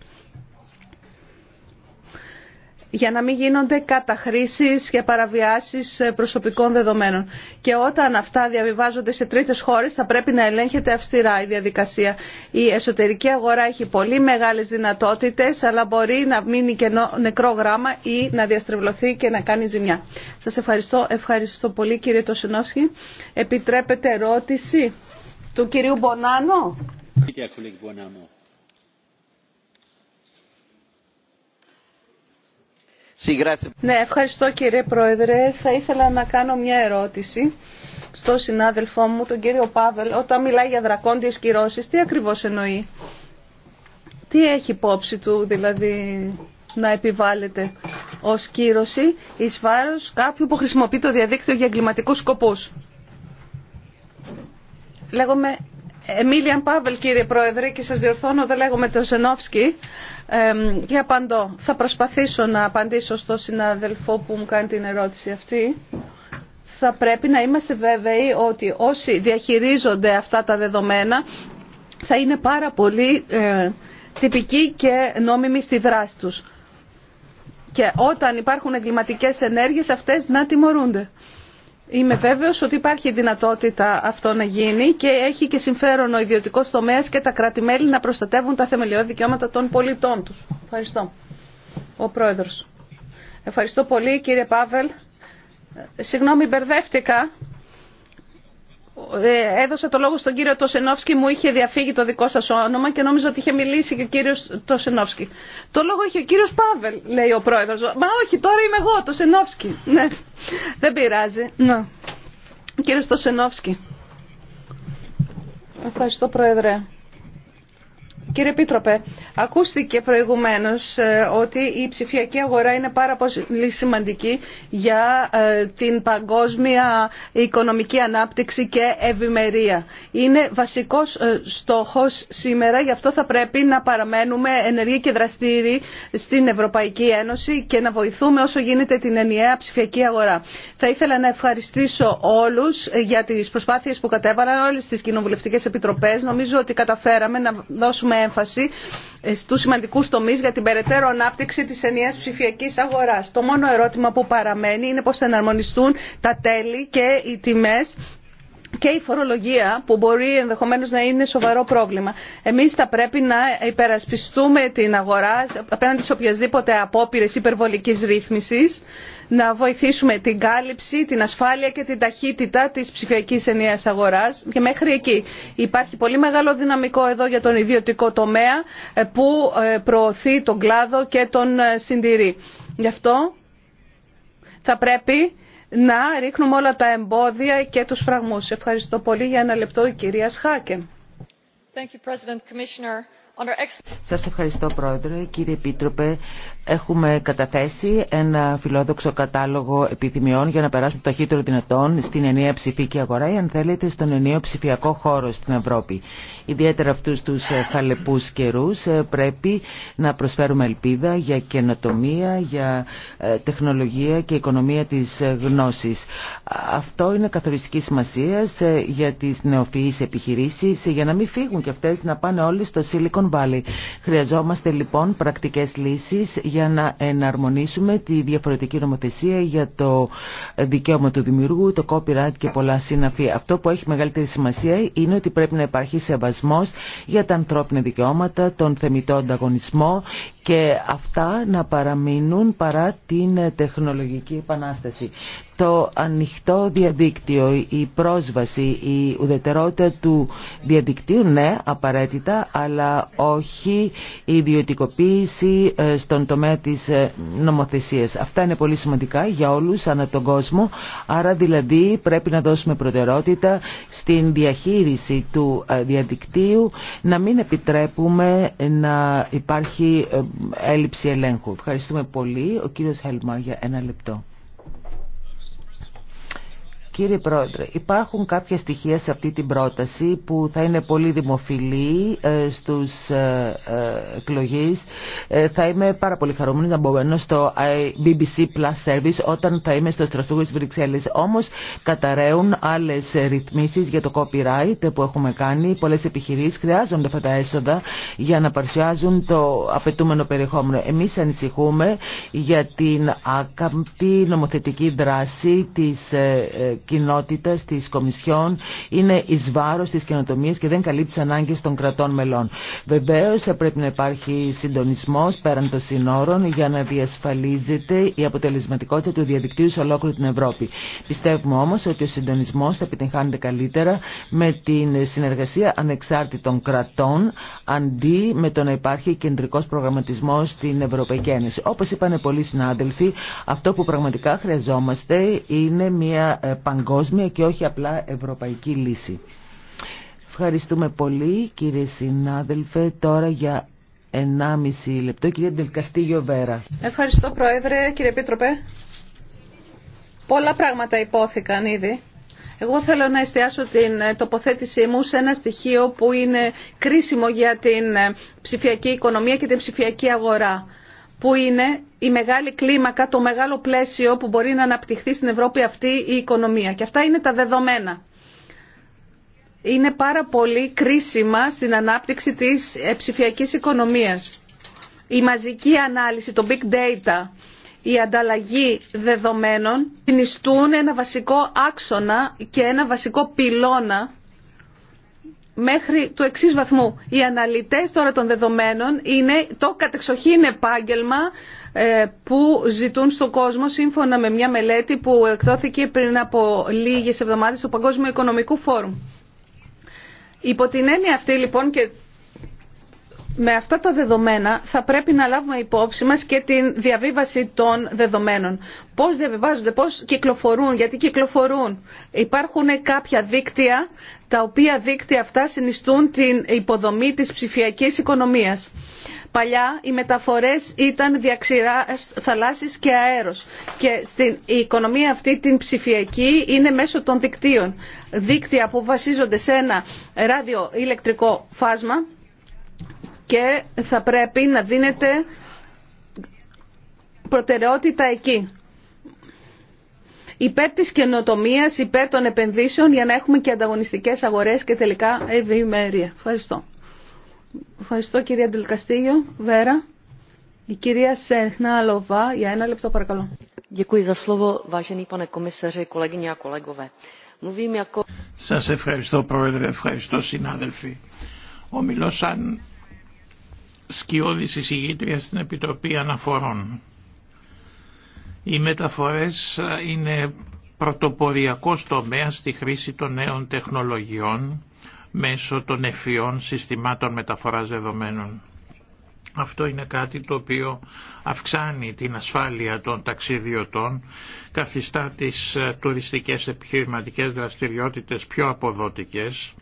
για να μην γίνονται καταχρήσεις και παραβιάσεις προσωπικών δεδομένων. Και όταν αυτά διαβιβάζονται σε τρίτες χώρες θα πρέπει να ελέγχεται αυστηρά η διαδικασία. Η εσωτερική αγορά έχει πολύ μεγάλες δυνατότητες αλλά μπορεί να μείνει και νεκρό γράμμα ή να διαστρεβλωθεί και να κάνει ζημιά. Σας ευχαριστώ, ευχαριστώ πολύ κύριε Τωσενόφσκι. Επιτρέπετε ερώτηση του κυρίου Μπονάνο. Ναι, ευχαριστώ κύριε Πρόεδρε. Θα ήθελα να κάνω μια ερώτηση στον συνάδελφό μου, τον κύριο Πάβελ, όταν μιλάει για δρακόντιες κυρώσεις, τι ακριβώς εννοεί. Τι έχει υπόψη του, δηλαδή, να επιβάλλεται ως κύρωση εις βάρος κάποιου που χρησιμοποιεί το διαδίκτυο για εγκληματικούς σκοπούς. Λέγομαι Εμίλιαν Πάβελ κύριε Πρόεδρε και σας διορθώνω δεν λέγομαι το Ζενόφσκι ε, και απαντώ. Θα προσπαθήσω να απαντήσω στο συναδελφό που μου κάνει την ερώτηση αυτή. Θα πρέπει να είμαστε βέβαιοι ότι όσοι διαχειρίζονται αυτά τα δεδομένα θα είναι πάρα πολύ ε, τυπικοί και νόμιμοι στη δράση τους. Και όταν υπάρχουν εγκληματικές ενέργειες αυτές να τιμωρούνται. Είμαι βέβαιο ότι υπάρχει δυνατότητα αυτό να γίνει και έχει και συμφέρον ο ιδιωτικό τομέα και τα κράτη-μέλη να προστατεύουν τα θεμελιώδη δικαιώματα των πολιτών τους. Ευχαριστώ. Ο Πρόεδρος. Ευχαριστώ πολύ κύριε Πάβελ. Συγγνώμη, μπερδεύτηκα. Ε, έδωσα το λόγο στον κύριο Τοσενόφσκι, μου είχε διαφύγει το δικό σας όνομα και νόμιζα ότι είχε μιλήσει και ο κύριος Τοσενόφσκι. Το λόγο είχε ο κύριος Πάβελ, λέει ο πρόεδρος. Μα όχι, τώρα είμαι εγώ, Τοσενόφσκι. Ναι, δεν πειράζει. Να. Κύριος Τοσενόφσκι. Ευχαριστώ, πρόεδρε. Κύριε Πίτροπε, ακούστηκε προηγουμένως ε, ότι η ψηφιακή αγορά είναι πάρα πολύ σημαντική για ε, την παγκόσμια οικονομική ανάπτυξη και ευημερία. Είναι βασικός ε, στόχος σήμερα, γι' αυτό θα πρέπει να παραμένουμε ενεργοί και δραστήριοι στην Ευρωπαϊκή Ένωση και να βοηθούμε όσο γίνεται την ενιαία ψηφιακή αγορά. Θα ήθελα να ευχαριστήσω όλους για τις προσπάθειες που κατέβαλαν όλες τις κοινοβουλευτικές επιτροπές. Νομίζω ότι καταφέραμε να δώσουμε Στου έμφαση στους σημαντικούς τομείς για την περαιτέρω ανάπτυξη της ενιαίας ψηφιακής αγοράς. Το μόνο ερώτημα που παραμένει είναι πώς θα εναρμονιστούν τα τέλη και οι τιμές και η φορολογία που μπορεί ενδεχομένως να είναι σοβαρό πρόβλημα. Εμείς θα πρέπει να υπερασπιστούμε την αγορά απέναντι σε οποιασδήποτε απόπειρες υπερβολικής ρύθμισης να βοηθήσουμε την κάλυψη, την ασφάλεια και την ταχύτητα της ψηφιακής ενιαίας αγοράς και μέχρι εκεί. Υπάρχει πολύ μεγάλο δυναμικό εδώ για τον ιδιωτικό τομέα ε, που ε, προωθεί τον κλάδο και τον ε, συντηρεί. Γι' αυτό θα πρέπει να ρίχνουμε όλα τα εμπόδια και τους φραγμούς. Ευχαριστώ πολύ για ένα λεπτό η κυρία Σχάκε.
Σας ευχαριστώ Πρόεδρε. Κύριε Επίτροπε, έχουμε καταθέσει ένα φιλόδοξο κατάλογο επιθυμιών για να περάσουμε το ταχύτερο δυνατόν στην ενιαία ψηφική αγορά ή αν θέλετε στον ενιαίο ψηφιακό χώρο στην Ευρώπη. Ιδιαίτερα αυτούς του ε, χαλεπούς καιρούς ε, πρέπει να προσφέρουμε ελπίδα για καινοτομία, για ε, τεχνολογία και οικονομία της γνώσης. Αυτό είναι καθοριστική σημασία για τις νεοφυείς επιχειρήσεις για να μην φύγουν και αυτέ, να πάνε όλοι στο Silicon βάλει. Χρειαζόμαστε λοιπόν πρακτικές λύσεις για να εναρμονίσουμε τη διαφορετική νομοθεσία για το δικαίωμα του δημιουργού, το copyright και πολλά σύναφη. Αυτό που έχει μεγαλύτερη σημασία είναι ότι πρέπει να υπάρχει σεβασμός για τα ανθρώπινα δικαιώματα, τον θεμητό ανταγωνισμό και αυτά να παραμείνουν παρά την τεχνολογική επανάσταση. Το ανοιχτό διαδίκτυο, η πρόσβαση, η ουδετερότητα του διαδικτύου, ναι, απαραίτητα, αλλά όχι η ιδιωτικοποίηση ε, στον τομέα της ε, νομοθεσίας. Αυτά είναι πολύ σημαντικά για όλους ανά τον κόσμο, άρα δηλαδή πρέπει να δώσουμε προτεραιότητα στην διαχείριση του ε, διαδικτύου, να μην επιτρέπουμε να υπάρχει έλλειψη ελέγχου. Ευχαριστούμε πολύ. Ο κύριος Χέλμαρ για ένα λεπτό. Κύριε Πρόεδρε, υπάρχουν κάποια στοιχεία σε αυτή την πρόταση που θα είναι πολύ δημοφιλή ε, στους ε, ε, εκλογείς. Θα είμαι πάρα πολύ χαρούμενη να μπούμε στο BBC Plus Service όταν θα είμαι στο Στρασβούργο της Βρυξέλλης. Όμως καταραίουν άλλες ρυθμίσεις για το copyright που έχουμε κάνει. Πολλές επιχειρήσεις χρειάζονται αυτά τα έσοδα για να παρουσιάζουν το απαιτούμενο περιεχόμενο. Εμείς ανησυχούμε για την άκαμπτη νομοθετική δράση της κοινότητα, της Κομισιόν είναι εις βάρος της καινοτομίας και δεν καλύπτει τις ανάγκες των κρατών μελών. Βεβαίως θα πρέπει να υπάρχει συντονισμός πέραν των συνόρων για να διασφαλίζεται η αποτελεσματικότητα του διαδικτύου σε ολόκληρη την Ευρώπη. Πιστεύουμε όμως ότι ο συντονισμός θα επιτυγχάνεται καλύτερα με την συνεργασία ανεξάρτητων κρατών αντί με το να υπάρχει κεντρικός προγραμματισμός στην Ευρωπαϊκή Ένωση. Όπω είπαν πολλοί συνάδελφοι, αυτό που πραγματικά χρειαζόμαστε είναι μια ε, παγκόσμια και όχι απλά ευρωπαϊκή λύση. Ευχαριστούμε πολύ κύριε συνάδελφε. Τώρα για 1,5 λεπτό κυρία Ντελκαστήγιο Βέρα.
Ευχαριστώ Πρόεδρε, κύριε Επίτροπε. Πολλά πράγματα υπόθηκαν ήδη. Εγώ θέλω να εστιάσω την τοποθέτησή μου σε ένα στοιχείο που είναι κρίσιμο για την ψηφιακή οικονομία και την ψηφιακή αγορά, που είναι η μεγάλη κλίμακα, το μεγάλο πλαίσιο που μπορεί να αναπτυχθεί στην Ευρώπη αυτή η οικονομία. Και αυτά είναι τα δεδομένα. Είναι πάρα πολύ κρίσιμα στην ανάπτυξη της ε, ψηφιακής οικονομίας. Η μαζική ανάλυση, το big data, η ανταλλαγή δεδομένων συνιστούν ένα βασικό άξονα και ένα βασικό πυλώνα μέχρι του εξής βαθμού. Οι αναλυτές τώρα των δεδομένων είναι το κατεξοχήν επάγγελμα ε, που ζητούν στον κόσμο σύμφωνα με μια μελέτη που εκδόθηκε πριν από λίγες εβδομάδες στο Παγκόσμιο Οικονομικό Φόρουμ. Υπό την έννοια αυτή λοιπόν και με αυτά τα δεδομένα θα πρέπει να λάβουμε υπόψη μας και την διαβίβαση των δεδομένων. Πώς διαβιβάζονται, πώς κυκλοφορούν, γιατί κυκλοφορούν. Υπάρχουν κάποια δίκτυα τα οποία δίκτυα αυτά συνιστούν την υποδομή της ψηφιακής οικονομίας. Παλιά οι μεταφορές ήταν διαξηράς θαλάσσης και αέρος και στην, η οικονομία αυτή την ψηφιακή είναι μέσω των δικτύων. Δίκτυα που βασίζονται σε ένα ράδιο ηλεκτρικό φάσμα και θα πρέπει να δίνεται προτεραιότητα εκεί υπέρ της καινοτομίας, υπέρ των επενδύσεων για να έχουμε και ανταγωνιστικές αγορές και τελικά ευημερία. Ευχαριστώ. Ευχαριστώ κυρία Ντελκαστήγιο. Βέρα. Η κυρία Σέχνά Λοβά, για ένα
λεπτό παρακαλώ.
Σα
ευχαριστώ πρόεδρε, ευχαριστώ συνάδελφοι. Ομιλώ σαν σκιώδης εισηγήτρια στην Επιτροπή Αναφορών. Οι μεταφορές ε, είναι πρωτοποριακό τομέα στη χρήση των νέων τεχνολογιών μέσω των ευφυών συστημάτων μεταφοράς δεδομένων. Αυτό είναι κάτι το οποίο αυξάνει την ασφάλεια των ταξιδιωτών, καθιστά τις ε, τουριστικές επιχειρηματικές δραστηριότητες πιο αποδοτικές,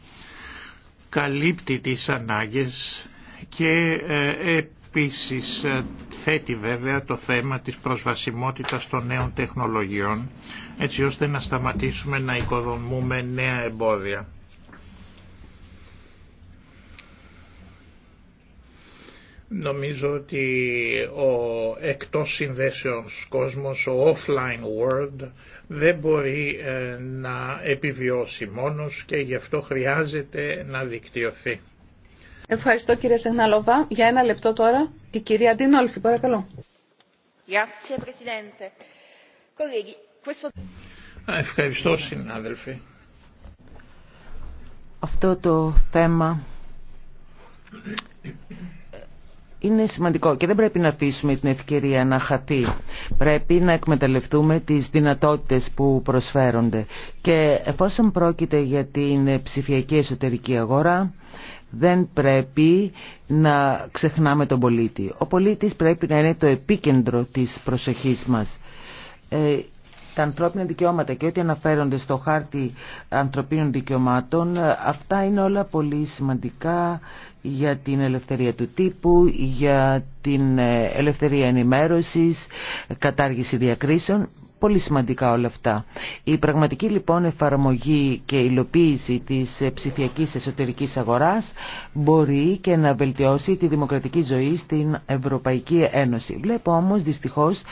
καλύπτει τις ανάγκες και ε, επίσης ε, θέτει βέβαια το θέμα της προσβασιμότητας των νέων τεχνολογιών, έτσι ώστε να σταματήσουμε να οικοδομούμε νέα εμπόδια. Νομίζω ότι ο εκτός συνδέσεων κόσμος, ο offline world, δεν μπορεί ε, να επιβιώσει μόνος και γι' αυτό χρειάζεται να δικτυωθεί.
Ευχαριστώ κύριε Σεγνάλοβα. Για ένα λεπτό τώρα η κυρία Ντίνολφη, παρακαλώ.
Ευχαριστώ συνάδελφοι.
Αυτό το θέμα είναι σημαντικό και δεν πρέπει να αφήσουμε την ευκαιρία να χαθεί. Πρέπει να εκμεταλλευτούμε τις δυνατότητες που προσφέρονται. Και εφόσον πρόκειται για την ψηφιακή εσωτερική αγορά, δεν πρέπει να ξεχνάμε τον πολίτη. Ο πολίτης πρέπει να είναι το επίκεντρο της προσοχής μας. Ε, τα ανθρώπινα δικαιώματα και ό,τι αναφέρονται στο χάρτη ανθρωπίνων δικαιωμάτων, αυτά είναι όλα πολύ σημαντικά για την ελευθερία του τύπου, για την ε, ελευθερία ενημέρωσης, κατάργηση διακρίσεων. Πολύ σημαντικά όλα αυτά. Η πραγματική λοιπόν εφαρμογή και υλοποίηση της ψηφιακής εσωτερικής αγοράς μπορεί και να βελτιώσει τη δημοκρατική ζωή στην Ευρωπαϊκή Ένωση. Βλέπω όμως δυστυχώς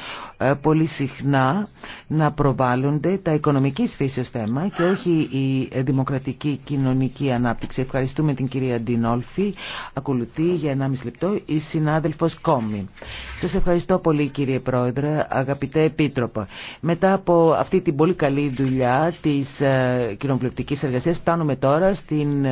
ε, πολύ συχνά να προβάλλονται τα οικονομικής φύσεως θέμα και όχι η ε, δημοκρατική κοινωνική ανάπτυξη. Ευχαριστούμε την κυρία Ντινόλφη. Ακολουθεί για 1,5 λεπτό η συνάδελφος Κόμι. Σας ευχαριστώ πολύ κύριε Πρόεδρε, αγαπητέ Επίτροπο. Μετά από αυτή την πολύ καλή δουλειά της ε, κοινοβουλευτικής εργασίας φτάνουμε τώρα στην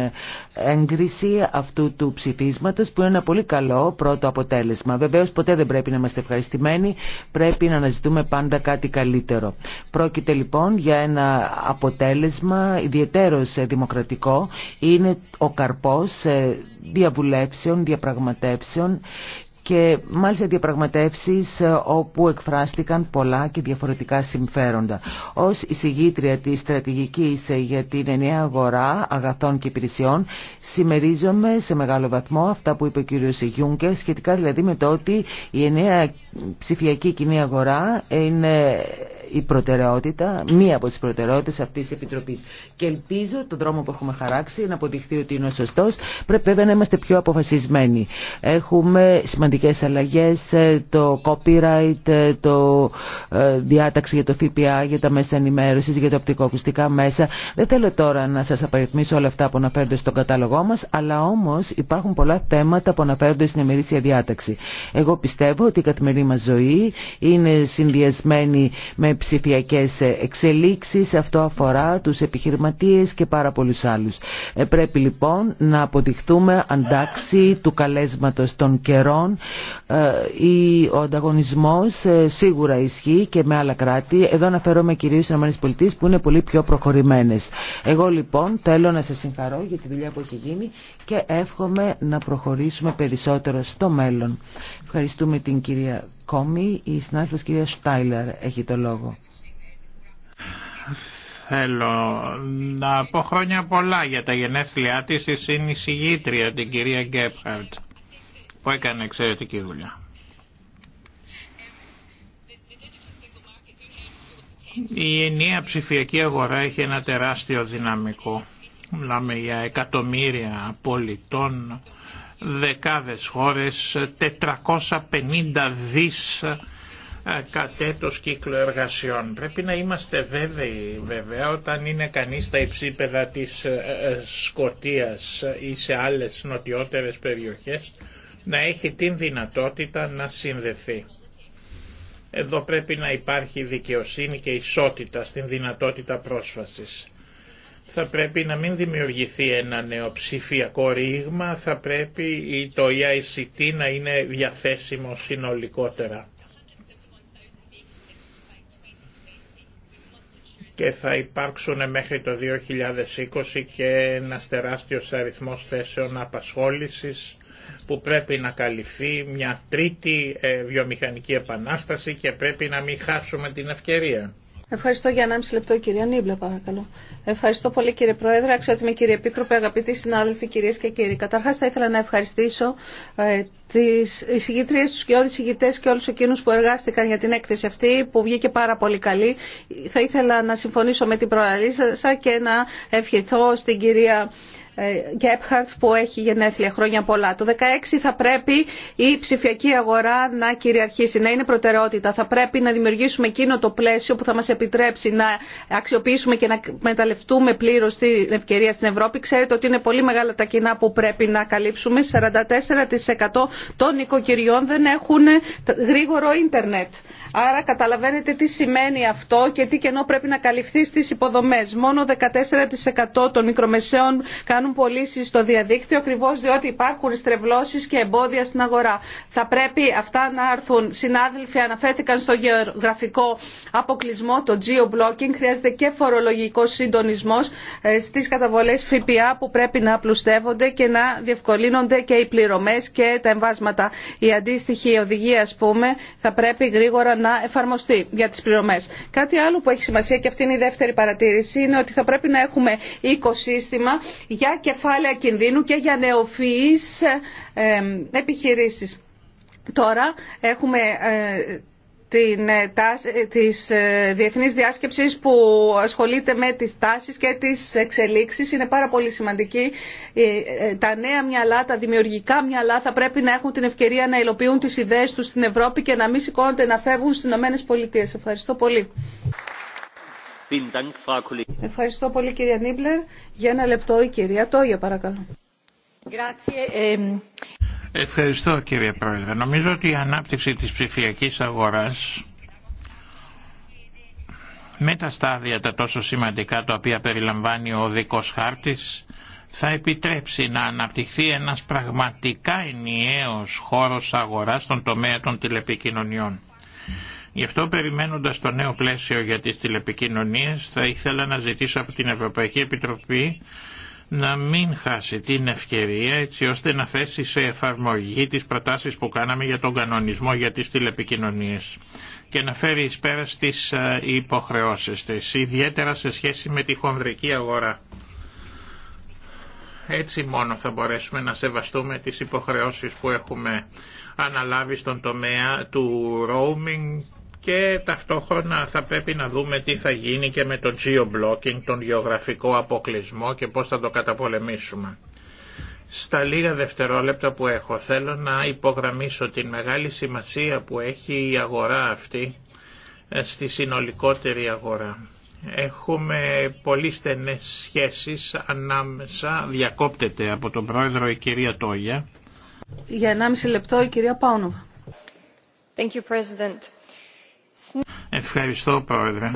έγκριση αυτού του ψηφίσματος που είναι ένα πολύ καλό πρώτο αποτέλεσμα. Βεβαίως ποτέ δεν πρέπει να είμαστε ευχαριστημένοι, πρέπει να ζητούμε πάντα κάτι καλύτερο. Πρόκειται λοιπόν για ένα αποτέλεσμα ιδιαίτερο δημοκρατικό. Είναι ο καρπός ε, διαβουλεύσεων, διαπραγματεύσεων και μάλιστα διαπραγματεύσεις ε, όπου εκφράστηκαν πολλά και διαφορετικά συμφέροντα. Ως εισηγήτρια της στρατηγικής ε, για την ενιαία αγορά αγαθών και υπηρεσιών συμμερίζομαι σε μεγάλο βαθμό αυτά που είπε ο κ. Γιούγκε σχετικά δηλαδή με το ότι η ενιαία ψηφιακή κοινή αγορά είναι η προτεραιότητα, μία από τις προτεραιότητες αυτής της Επιτροπής. Και ελπίζω τον δρόμο που έχουμε χαράξει να αποδειχθεί ότι είναι ο σωστός. Πρέπει βέβαια να είμαστε πιο αποφασισμένοι. Έχουμε σημαντικές αλλαγές, ε, το copyright, ε, το ε, διάταξη για το ΦΠΑ, για τα μέσα ενημέρωσης, για τα οπτικοακουστικά μέσα. Δεν θέλω τώρα να σας απαριθμίσω όλα αυτά που αναφέρονται στον κατάλογό μας, αλλά όμως υπάρχουν πολλά θέματα που αναφέρονται στην εμερήσια διάταξη. Εγώ πιστεύω ότι η καθημερινή ζωή, είναι συνδυασμένη με ψηφιακέ εξελίξεις, αυτό αφορά τους επιχειρηματίες και πάρα πολλούς άλλους. Ε, πρέπει λοιπόν να αποδειχθούμε αντάξει του καλέσματος των καιρών. Ε, ο ανταγωνισμός ε, σίγουρα ισχύει και με άλλα κράτη. Εδώ αναφέρομαι κυρίως στις ΗΠΑ που είναι πολύ πιο προχωρημένες. Εγώ λοιπόν θέλω να σας συγχαρώ για τη δουλειά που έχει γίνει και εύχομαι να προχωρήσουμε περισσότερο στο μέλλον. Ευχαριστούμε την κυρία ακόμη. Η συνάδελφος κυρία Στάιλερ έχει το λόγο.
Θέλω να πω χρόνια πολλά για τα γενέθλιά της η συνεισηγήτρια την κυρία Γκέπχαρτ που έκανε εξαιρετική δουλειά. Η ενιαία ψηφιακή αγορά έχει ένα τεράστιο δυναμικό. Μιλάμε για εκατομμύρια πολιτών δεκάδες χώρες 450 δις ε, κατέτος κύκλο εργασιών. Πρέπει να είμαστε βέβαιοι βέβαια όταν είναι κανείς στα υψίπεδα της ε, ε, Σκοτίας ή σε άλλες νοτιότερες περιοχές να έχει την δυνατότητα να συνδεθεί. Εδώ πρέπει να υπάρχει δικαιοσύνη και ισότητα στην δυνατότητα πρόσφασης θα πρέπει να μην δημιουργηθεί ένα νεοψηφιακό ρήγμα, θα πρέπει το EICT να είναι διαθέσιμο συνολικότερα. και θα υπάρξουν μέχρι το 2020 και ένα τεράστιος αριθμός θέσεων απασχόλησης που πρέπει να καλυφθεί μια τρίτη ε, βιομηχανική επανάσταση και πρέπει να μην χάσουμε την ευκαιρία.
Ευχαριστώ για 1,5 λεπτό, κυρία Νίμπλε, παρακαλώ. Ευχαριστώ πολύ, κύριε Πρόεδρε, αξιότιμη κύριε Επίτροπε, αγαπητοί συνάδελφοι, κυρίε και κύριοι. Καταρχά, θα ήθελα να ευχαριστήσω ε, τι εισηγητρίε, του και όλου και όλου εκείνου που εργάστηκαν για την έκθεση αυτή, που βγήκε πάρα πολύ καλή. Θα ήθελα να συμφωνήσω με την προαλή σα και να ευχηθώ στην κυρία Γκέπχαρτ ε, που έχει γενέθλια χρόνια πολλά. Το 2016 θα πρέπει η ψηφιακή αγορά να κυριαρχήσει, να είναι προτεραιότητα. Θα πρέπει να δημιουργήσουμε εκείνο το πλαίσιο που θα μας επιτρέψει να αξιοποιήσουμε και να μεταλλευτούμε πλήρω την ευκαιρία στην Ευρώπη. Ξέρετε ότι είναι πολύ μεγάλα τα κοινά που πρέπει να καλύψουμε. 44% των οικοκυριών δεν έχουν γρήγορο ίντερνετ. Άρα καταλαβαίνετε τι σημαίνει αυτό και τι κενό πρέπει να καλυφθεί στις υποδομές. Μόνο 14% των μικρομεσαίων κάνουν πωλήσει στο διαδίκτυο ακριβώ διότι υπάρχουν στρεβλώσει και εμπόδια στην αγορά. Θα πρέπει αυτά να έρθουν. Συνάδελφοι αναφέρθηκαν στο γεωγραφικό αποκλεισμό, το geo-blocking. Χρειάζεται και φορολογικό συντονισμό ε, στι καταβολέ ΦΠΑ που πρέπει να απλουστεύονται και να διευκολύνονται και οι πληρωμέ και τα εμβάσματα. Η αντίστοιχη οδηγία, α πούμε, θα πρέπει γρήγορα να εφαρμοστεί για τι πληρωμέ. Κάτι άλλο που έχει σημασία και αυτή είναι η δεύτερη παρατήρηση είναι ότι θα πρέπει να έχουμε οικοσύστημα για κεφάλαια κινδύνου και για νεοφυείς επιχειρήσεις. Τώρα έχουμε ε, την, ε, ε, της Διεθνής Διάσκεψης που ασχολείται με τις τάσεις και τις εξελίξεις. Είναι πάρα πολύ σημαντική. Τα νέα μυαλά, τα δημιουργικά μυαλά θα πρέπει να έχουν την ευκαιρία να υλοποιούν τις ιδέες τους στην Ευρώπη και να μην σηκώνονται να φεύγουν στις Ηνωμένες Ευχαριστώ πολύ. Ευχαριστώ πολύ κυρία Νίμπλερ. Για ένα λεπτό η κυρία Τόγια παρακαλώ.
Ehm.
Ευχαριστώ κύριε Πρόεδρε. Νομίζω ότι η ανάπτυξη της ψηφιακής αγοράς με τα στάδια τα τόσο σημαντικά τα οποία περιλαμβάνει ο δικός χάρτης θα επιτρέψει να αναπτυχθεί ένας πραγματικά ενιαίος χώρος αγοράς στον τομέα των τηλεπικοινωνιών. Γι' αυτό περιμένοντας το νέο πλαίσιο για τις τηλεπικοινωνίες θα ήθελα να ζητήσω από την Ευρωπαϊκή Επιτροπή να μην χάσει την ευκαιρία έτσι ώστε να θέσει σε εφαρμογή τις προτάσεις που κάναμε για τον κανονισμό για τις τηλεπικοινωνίες και να φέρει εις πέρα στις ε, υποχρεώσεις της, ιδιαίτερα σε σχέση με τη χονδρική αγορά. Έτσι μόνο θα μπορέσουμε να σεβαστούμε τις υποχρεώσεις που έχουμε αναλάβει στον τομέα του roaming και ταυτόχρονα θα πρέπει να δούμε τι θα γίνει και με το geo-blocking, τον γεωγραφικό αποκλεισμό και πώς θα το καταπολεμήσουμε. Στα λίγα δευτερόλεπτα που έχω θέλω να υπογραμμίσω την μεγάλη σημασία που έχει η αγορά αυτή ε, στη συνολικότερη αγορά. Έχουμε πολύ στενές σχέσεις ανάμεσα, διακόπτεται από τον πρόεδρο η κυρία Τόγια.
Για 1,5 λεπτό η κυρία Πάουνοβα. Thank you,
Ευχαριστώ Πρόεδρε.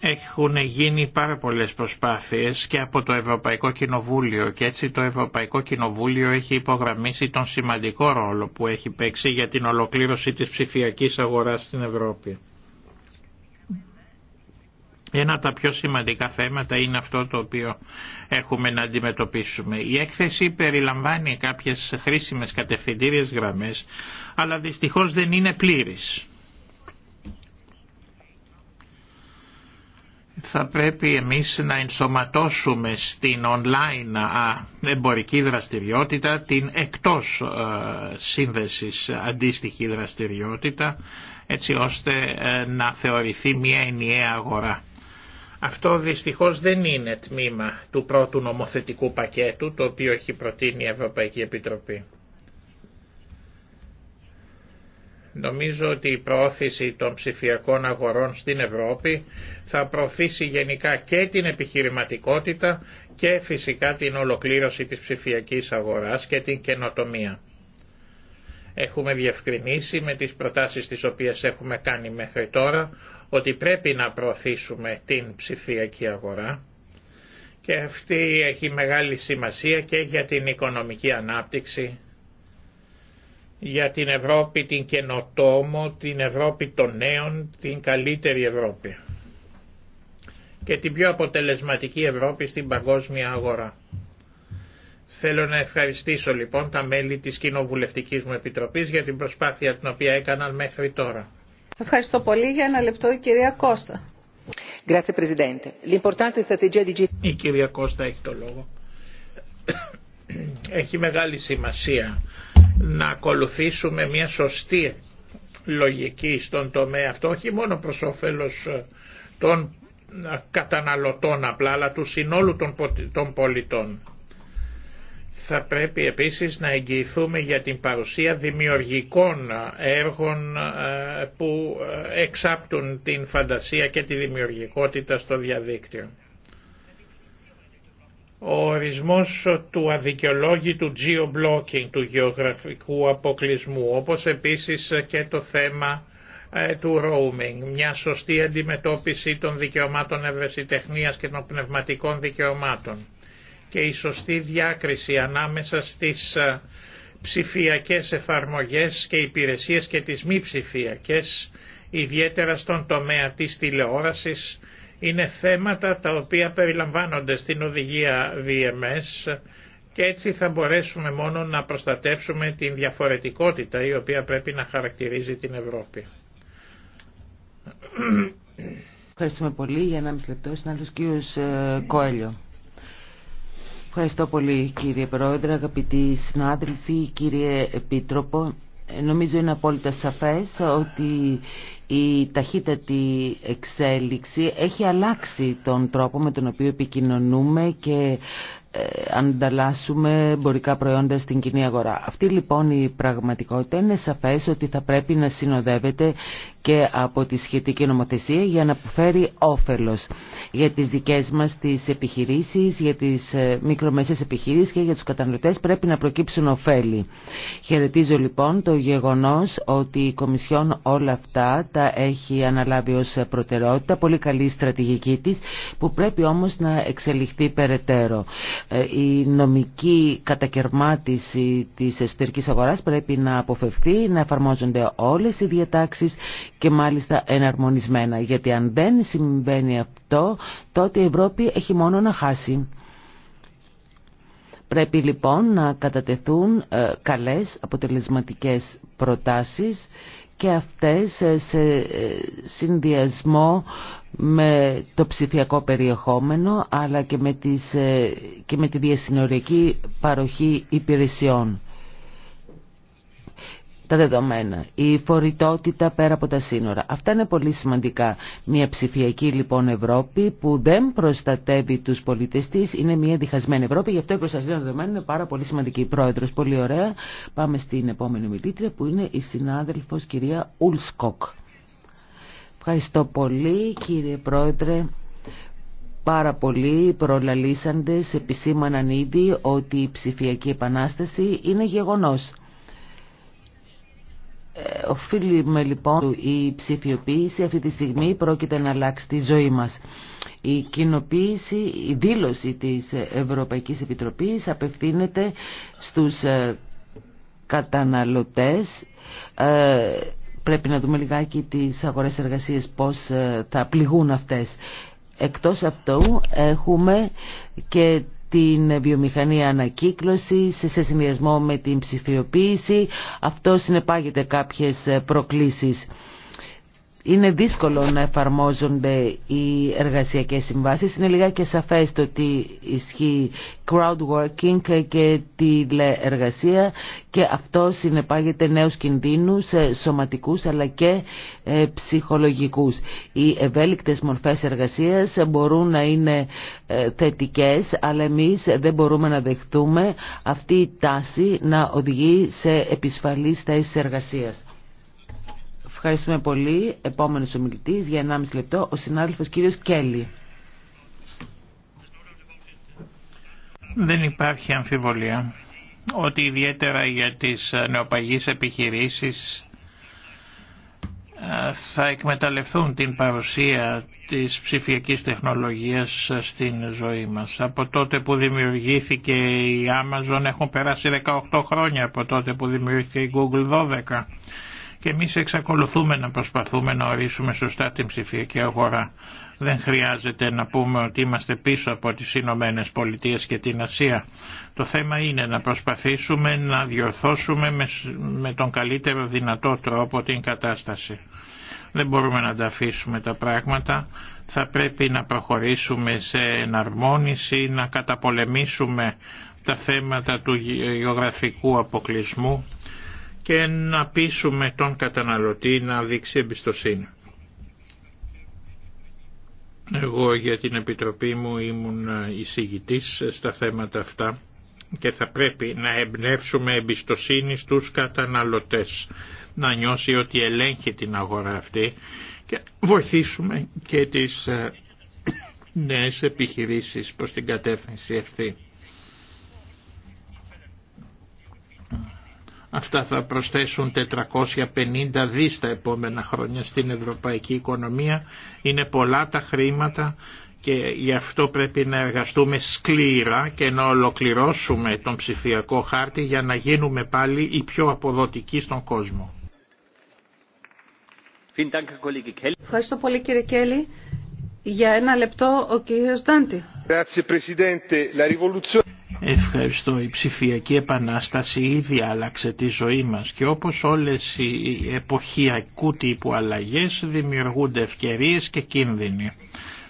Έχουν γίνει πάρα πολλές προσπάθειες και από το Ευρωπαϊκό Κοινοβούλιο και έτσι το Ευρωπαϊκό Κοινοβούλιο έχει υπογραμμίσει τον σημαντικό ρόλο που έχει παίξει για την ολοκλήρωση της ψηφιακής αγοράς στην Ευρώπη. Ένα από τα πιο σημαντικά θέματα είναι αυτό το οποίο έχουμε να αντιμετωπίσουμε. Η έκθεση περιλαμβάνει κάποιες χρήσιμες κατευθυντήριες γραμμές, αλλά δυστυχώς δεν είναι πλήρης. θα πρέπει εμείς να ενσωματώσουμε στην online εμπορική δραστηριότητα την εκτός σύνδεσης αντίστοιχη δραστηριότητα έτσι ώστε ε, να θεωρηθεί μια ενιαία αγορά. Αυτό δυστυχώς δεν είναι τμήμα του πρώτου νομοθετικού πακέτου το οποίο έχει προτείνει η Ευρωπαϊκή Επιτροπή. Νομίζω ότι η προώθηση των ψηφιακών αγορών στην Ευρώπη θα προωθήσει γενικά και την επιχειρηματικότητα και φυσικά την ολοκλήρωση της ψηφιακής αγοράς και την καινοτομία. Έχουμε διευκρινίσει με τις προτάσεις τις οποίες έχουμε κάνει μέχρι τώρα ότι πρέπει να προωθήσουμε την ψηφιακή αγορά και αυτή έχει μεγάλη σημασία και για την οικονομική ανάπτυξη, για την Ευρώπη την καινοτόμο, την Ευρώπη των νέων, την καλύτερη Ευρώπη και την πιο αποτελεσματική Ευρώπη στην παγκόσμια αγορά. Θέλω να ευχαριστήσω λοιπόν τα μέλη της Κοινοβουλευτικής μου Επιτροπής για την προσπάθεια την οποία έκαναν μέχρι τώρα.
Ευχαριστώ πολύ. Για ένα λεπτό η κυρία Κώστα.
Η κυρία Κώστα έχει το λόγο. Έχει μεγάλη σημασία να ακολουθήσουμε μια σωστή λογική στον τομέα αυτό, όχι μόνο προς όφελος ε, των ε, καταναλωτών απλά, αλλά του συνόλου των πολιτών θα πρέπει επίσης να εγγυηθούμε για την παρουσία δημιουργικών έργων ε, που ε, εξάπτουν την φαντασία και τη δημιουργικότητα στο διαδίκτυο. Ο ορισμός του αδικαιολόγητου geo-blocking, του γεωγραφικού αποκλεισμού, όπως επίσης και το θέμα ε, του roaming, μια σωστή αντιμετώπιση των δικαιωμάτων ευρεσιτεχνίας και των πνευματικών δικαιωμάτων και η σωστή διάκριση ανάμεσα στις ε, ψηφιακές εφαρμογές και υπηρεσίες και τις μη ψηφιακές, ιδιαίτερα στον τομέα της τηλεόρασης, είναι θέματα τα οποία περιλαμβάνονται στην οδηγία VMS και έτσι θα μπορέσουμε μόνο να προστατεύσουμε την διαφορετικότητα η οποία πρέπει να χαρακτηρίζει την Ευρώπη.
Ευχαριστούμε πολύ. Για ένα μισή λεπτό, συνάδελφο κύριο ε, Κόελιο. Ευχαριστώ πολύ κύριε Πρόεδρε, αγαπητοί συνάδελφοι, κύριε Επίτροπο. Ε, νομίζω είναι απόλυτα σαφές ότι η ταχύτατη εξέλιξη έχει αλλάξει τον τρόπο με τον οποίο επικοινωνούμε και ε, ανταλλάσσουμε εμπορικά προϊόντα στην κοινή αγορά. Αυτή λοιπόν η πραγματικότητα είναι σαφές ότι θα πρέπει να συνοδεύεται και από τη σχετική νομοθεσία για να φέρει όφελος για τις δικές μας τις επιχειρήσεις, για τις ε, μικρομεσαίες επιχειρήσεις και για τους καταναλωτές πρέπει να προκύψουν ωφέλη. Χαιρετίζω λοιπόν το γεγονός ότι η Κομισιόν όλα αυτά τα έχει αναλάβει ως προτεραιότητα, πολύ καλή στρατηγική της που πρέπει όμως να εξελιχθεί περαιτέρω. Ε, η νομική κατακαιρμάτιση της εσωτερικής αγοράς πρέπει να αποφευθεί, να εφαρμόζονται όλες οι διατάξεις και μάλιστα εναρμονισμένα. Γιατί αν δεν συμβαίνει αυτό, τότε η Ευρώπη έχει μόνο να χάσει. Πρέπει λοιπόν να κατατεθούν ε, καλές αποτελεσματικές προτάσεις και αυτές ε, σε συνδυασμό με το ψηφιακό περιεχόμενο αλλά και με, τις, ε, και με τη διασυνοριακή παροχή υπηρεσιών. Τα δεδομένα, η φορητότητα πέρα από τα σύνορα. Αυτά είναι πολύ σημαντικά. Μια ψηφιακή λοιπόν Ευρώπη που δεν προστατεύει τους πολίτες της είναι μια διχασμένη Ευρώπη. Γι' αυτό η προστασία των δεδομένων είναι πάρα πολύ σημαντική. Πρόεδρος, πολύ ωραία. Πάμε στην επόμενη μιλήτρια που είναι η συνάδελφος κυρία Ουλσκοκ. Ευχαριστώ πολύ κύριε Πρόεδρε. Πάρα πολλοί προλαλήσαντες επισήμαναν ήδη ότι η ψηφιακή επανάσταση είναι γεγονός. Ε, οφείλουμε λοιπόν η ψηφιοποίηση αυτή τη στιγμή πρόκειται να αλλάξει τη ζωή μας. Η κοινοποίηση, η δήλωση της Ευρωπαϊκής Επιτροπής απευθύνεται στους ε, καταναλωτές ε, Πρέπει να δούμε λιγάκι τις αγορές εργασίας πώς ε, θα πληγούν αυτές. Εκτός αυτού έχουμε και την βιομηχανία ανακύκλωση σε συνδυασμό με την ψηφιοποίηση. Αυτό συνεπάγεται κάποιες ε, προκλήσεις είναι δύσκολο να εφαρμόζονται οι εργασιακές συμβάσεις. Είναι και σαφές το ότι ισχύει crowd working και τηλεεργασία και αυτό συνεπάγεται νέους κινδύνους ε, σωματικούς αλλά και ε, ψυχολογικούς. Οι ευέλικτες μορφές εργασίας μπορούν να είναι ε, θετικές αλλά εμείς δεν μπορούμε να δεχτούμε αυτή η τάση να οδηγεί σε επισφαλή θέσεις εργασίας. Ευχαριστούμε πολύ. Επόμενος ομιλητή για 1,5 λεπτό, ο συνάδελφος κύριος
Κέλλη. Δεν υπάρχει αμφιβολία ότι ιδιαίτερα για τις νεοπαγείς επιχειρήσεις ε, θα εκμεταλλευτούν την παρουσία της ψηφιακής τεχνολογίας στην ζωή μας. Από τότε που δημιουργήθηκε η Amazon έχουν περάσει 18 χρόνια από τότε που δημιουργήθηκε η Google 12 και εμείς εξακολουθούμε να προσπαθούμε να ορίσουμε σωστά την ψηφιακή αγορά. Δεν χρειάζεται να πούμε ότι είμαστε πίσω από τις Ηνωμένε Πολιτείες και την Ασία. Το θέμα είναι να προσπαθήσουμε να διορθώσουμε με τον καλύτερο δυνατό τρόπο την κατάσταση. Δεν μπορούμε να τα αφήσουμε τα πράγματα. Θα πρέπει να προχωρήσουμε σε εναρμόνιση, να καταπολεμήσουμε τα θέματα του γεωγραφικού αποκλεισμού και να πείσουμε τον καταναλωτή να δείξει εμπιστοσύνη. Εγώ για την Επιτροπή μου ήμουν εισηγητής στα θέματα αυτά και θα πρέπει να εμπνεύσουμε εμπιστοσύνη στους καταναλωτές, να νιώσει ότι ελέγχει την αγορά αυτή και βοηθήσουμε και τις ε, νέες επιχειρήσεις προς την κατεύθυνση αυτή. Αυτά θα προσθέσουν 450 δις τα επόμενα χρόνια στην ευρωπαϊκή οικονομία. Είναι πολλά τα χρήματα και γι' αυτό πρέπει να εργαστούμε σκλήρα και να ολοκληρώσουμε τον ψηφιακό χάρτη για να γίνουμε πάλι οι πιο αποδοτικοί στον κόσμο.
Ευχαριστώ πολύ κύριε Για ένα λεπτό ο κύριος
Ευχαριστώ.
Η ψηφιακή επανάσταση ήδη άλλαξε τη ζωή μας και όπως όλες οι εποχιακού τύπου αλλαγές δημιουργούνται ευκαιρίες και κίνδυνοι.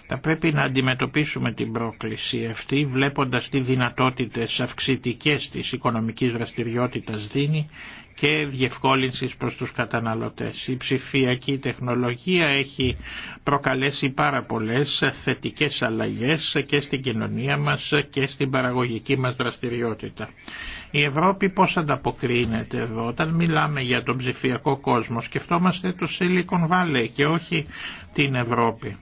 Θα πρέπει να αντιμετωπίσουμε την πρόκληση αυτή βλέποντας τι δυνατότητες αυξητικές της οικονομικής δραστηριότητας δίνει και διευκόλυνσης προς τους καταναλωτές. Η ψηφιακή τεχνολογία έχει προκαλέσει πάρα πολλές θετικές αλλαγές και στην κοινωνία μας και στην παραγωγική μας δραστηριότητα. Η Ευρώπη πώς ανταποκρίνεται εδώ όταν μιλάμε για τον ψηφιακό κόσμο σκεφτόμαστε το Silicon Valley και όχι την Ευρώπη.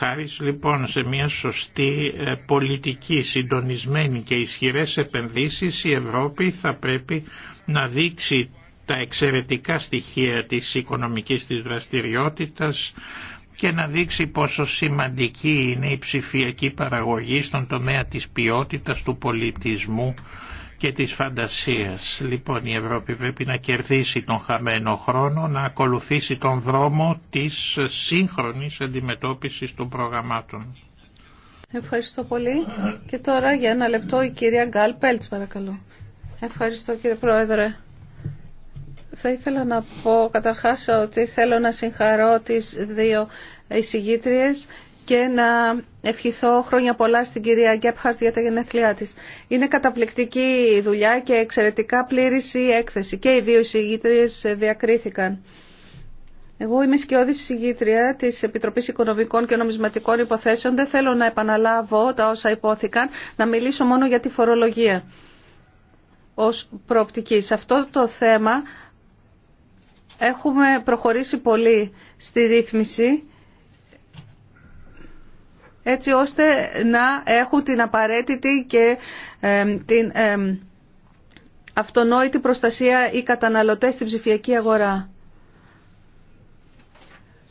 Χάρη λοιπόν σε μια σωστή ε, πολιτική, συντονισμένη και ισχυρές επενδύσεις η Ευρώπη θα πρέπει να δείξει τα εξαιρετικά στοιχεία της οικονομικής της δραστηριότητας και να δείξει πόσο σημαντική είναι η ψηφιακή παραγωγή στον τομέα της ποιότητας του πολιτισμού και της φαντασίας. Λοιπόν η Ευρώπη πρέπει να κερδίσει τον χαμένο χρόνο, να ακολουθήσει τον δρόμο της σύγχρονης αντιμετώπισης των προγραμμάτων. Ευχαριστώ πολύ. Και
τώρα για ένα λεπτό η κυρία Γκάλ Πέλτς παρακαλώ. Ευχαριστώ κύριε Πρόεδρε. Θα ήθελα να πω καταρχάς ότι θέλω να συγχαρώ τις δύο εισηγήτριες και να ευχηθώ χρόνια πολλά στην κυρία Γκέπχαρτ για τα γενέθλιά της. Είναι καταπληκτική η δουλειά και εξαιρετικά πλήρης η έκθεση και οι δύο εισηγήτριες διακρίθηκαν. Εγώ είμαι σκιώδη συγγήτρια της Επιτροπής Οικονομικών και Νομισματικών Υποθέσεων. Δεν θέλω να επαναλάβω τα όσα υπόθηκαν, να μιλήσω μόνο για τη φορολογία ως προοπτική. Σε αυτό το θέμα έχουμε προχωρήσει πολύ στη ρύθμιση έτσι ώστε να έχουν την απαραίτητη και την αυτονόητη προστασία οι καταναλωτές στην ψηφιακή αγορά.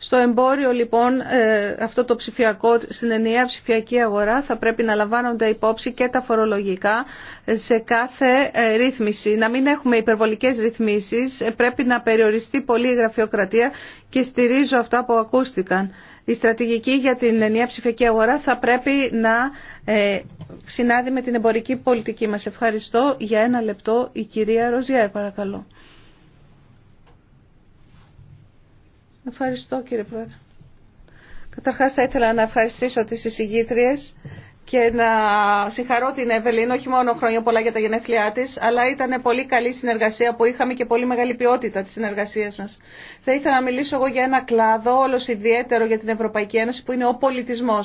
Στο εμπόριο λοιπόν ε, αυτό το ψηφιακό, στην ενιαία ψηφιακή αγορά θα πρέπει να λαμβάνονται υπόψη και τα φορολογικά σε κάθε ε, ρύθμιση. Να μην έχουμε υπερβολικές ρυθμίσεις, ε, πρέπει να περιοριστεί πολύ η γραφειοκρατία και στηρίζω αυτά που ακούστηκαν η στρατηγική για την ενιαία ψηφιακή αγορά θα πρέπει να ε, συνάδει με την εμπορική πολιτική μας. Ευχαριστώ. Για ένα λεπτό η κυρία Ροζιά. παρακαλώ. Ευχαριστώ κύριε Πρόεδρε. Καταρχάς θα ήθελα να ευχαριστήσω τις εισηγήτριες και να συγχαρώ την Εύελιν, όχι μόνο χρόνια πολλά για τα γενέθλιά τη, αλλά ήταν πολύ καλή συνεργασία που είχαμε και πολύ μεγάλη ποιότητα τη συνεργασία μα. Θα ήθελα να μιλήσω εγώ για ένα κλάδο, όλο ιδιαίτερο για την Ευρωπαϊκή Ένωση, που είναι ο πολιτισμό.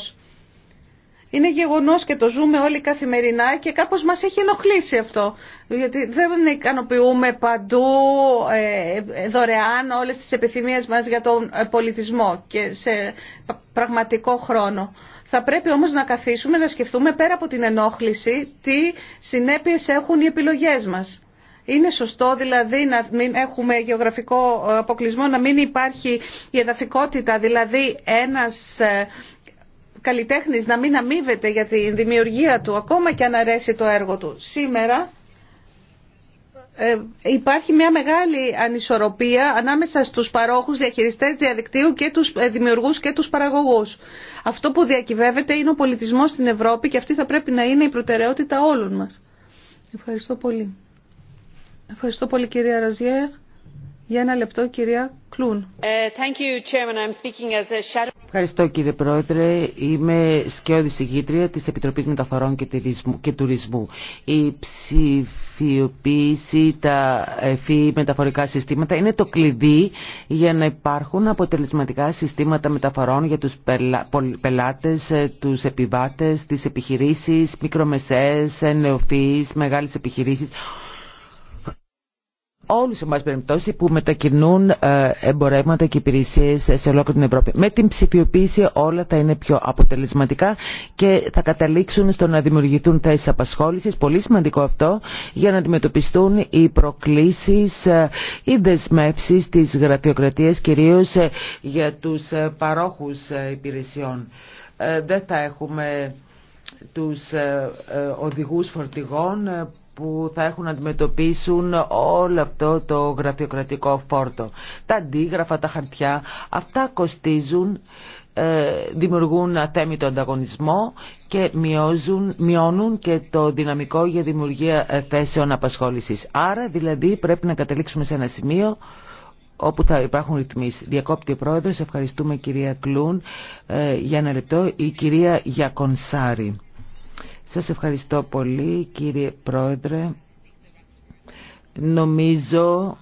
Είναι γεγονός και το ζούμε όλοι καθημερινά και κάπως μας έχει ενοχλήσει αυτό. Γιατί δεν ικανοποιούμε παντού ε, δωρεάν όλες τις επιθυμίες μας για τον ε, πολιτισμό και σε πραγματικό χρόνο. Θα πρέπει όμως να καθίσουμε να σκεφτούμε πέρα από την ενόχληση τι συνέπειες έχουν οι επιλογές μας. Είναι σωστό δηλαδή να μην έχουμε γεωγραφικό ε, αποκλεισμό, να μην υπάρχει η εδαφικότητα, δηλαδή ένας ε, καλλιτέχνης να μην αμείβεται για τη δημιουργία του, ακόμα και αν αρέσει το έργο του. Σήμερα ε, υπάρχει μια μεγάλη ανισορροπία ανάμεσα στους παρόχους διαχειριστές διαδικτύου και τους ε, δημιουργούς και τους παραγωγούς. Αυτό που διακυβεύεται είναι ο πολιτισμός στην Ευρώπη και αυτή θα πρέπει να είναι η προτεραιότητα όλων μας. Ευχαριστώ πολύ. Ευχαριστώ πολύ κυρία Ραζιέρ. Για ένα λεπτό
κυρία Κλούν. Ε,
Ευχαριστώ κύριε Πρόεδρε. Είμαι σκιώδη συγγήτρια της Επιτροπής Μεταφορών και Τουρισμού. Η ψηφιοποίηση, τα εφή μεταφορικά συστήματα είναι το κλειδί για να υπάρχουν αποτελεσματικά συστήματα μεταφορών για τους πελάτες, ε, τους επιβάτες, τις επιχειρήσεις, μικρομεσαίες, ε, νεοφύης, μεγάλες επιχειρήσεις όλους εμάς περιπτώσει που μετακινούν ε, εμπορεύματα και υπηρεσίες σε ολόκληρη την Ευρώπη. Με την ψηφιοποίηση όλα θα είναι πιο αποτελεσματικά και θα καταλήξουν στο να δημιουργηθούν θέσεις απασχόλησης. Πολύ σημαντικό αυτό για να αντιμετωπιστούν οι προκλήσεις, ε, οι δεσμεύσεις της γραφειοκρατίας κυρίως ε, για τους παρόχους υπηρεσιών. Δεν θα έχουμε τους οδηγούς φορτηγών που θα έχουν να αντιμετωπίσουν όλο αυτό το γραφειοκρατικό φόρτο. Τα αντίγραφα, τα χαρτιά, αυτά κοστίζουν, ε, δημιουργούν αθέμητο ανταγωνισμό και μειώνουν και το δυναμικό για δημιουργία ε, θέσεων απασχόλησης. Άρα δηλαδή πρέπει να καταλήξουμε σε ένα σημείο όπου θα υπάρχουν ρυθμίσεις. Διακόπτη ο Πρόεδρος, ευχαριστούμε κυρία Κλούν. Ε, για ένα λεπτό η κυρία Γιακονσάρη. Σας ευχαριστώ πολύ κύριε Πρόεδρε. Νομίζω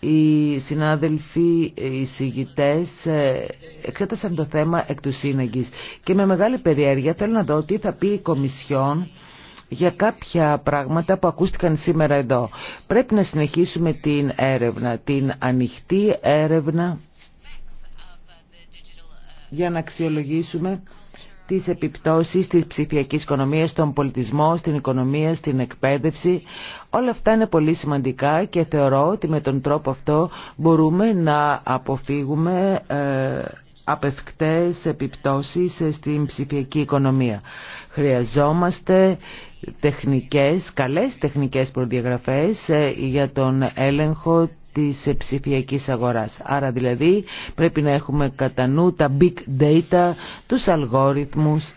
οι συνάδελφοι, οι συγητές ε, εξέτασαν το θέμα εκ του και με μεγάλη περιέργεια θέλω να δω τι θα πει η Κομισιόν για κάποια πράγματα που ακούστηκαν σήμερα εδώ. Πρέπει να συνεχίσουμε την έρευνα, την ανοιχτή έρευνα για να αξιολογήσουμε τις επιπτώσεις της ψηφιακής οικονομίας, στον πολιτισμό, στην οικονομία, στην εκπαίδευση. Όλα αυτά είναι πολύ σημαντικά και θεωρώ ότι με τον τρόπο αυτό μπορούμε να αποφύγουμε ε, απευκτές επιπτώσεις στην ψηφιακή οικονομία. Χρειαζόμαστε τεχνικές, καλές τεχνικές προδιαγραφές ε, για τον έλεγχο της ψηφιακή αγοράς. Άρα δηλαδή πρέπει να έχουμε κατά νου τα big data, τους αλγόριθμους.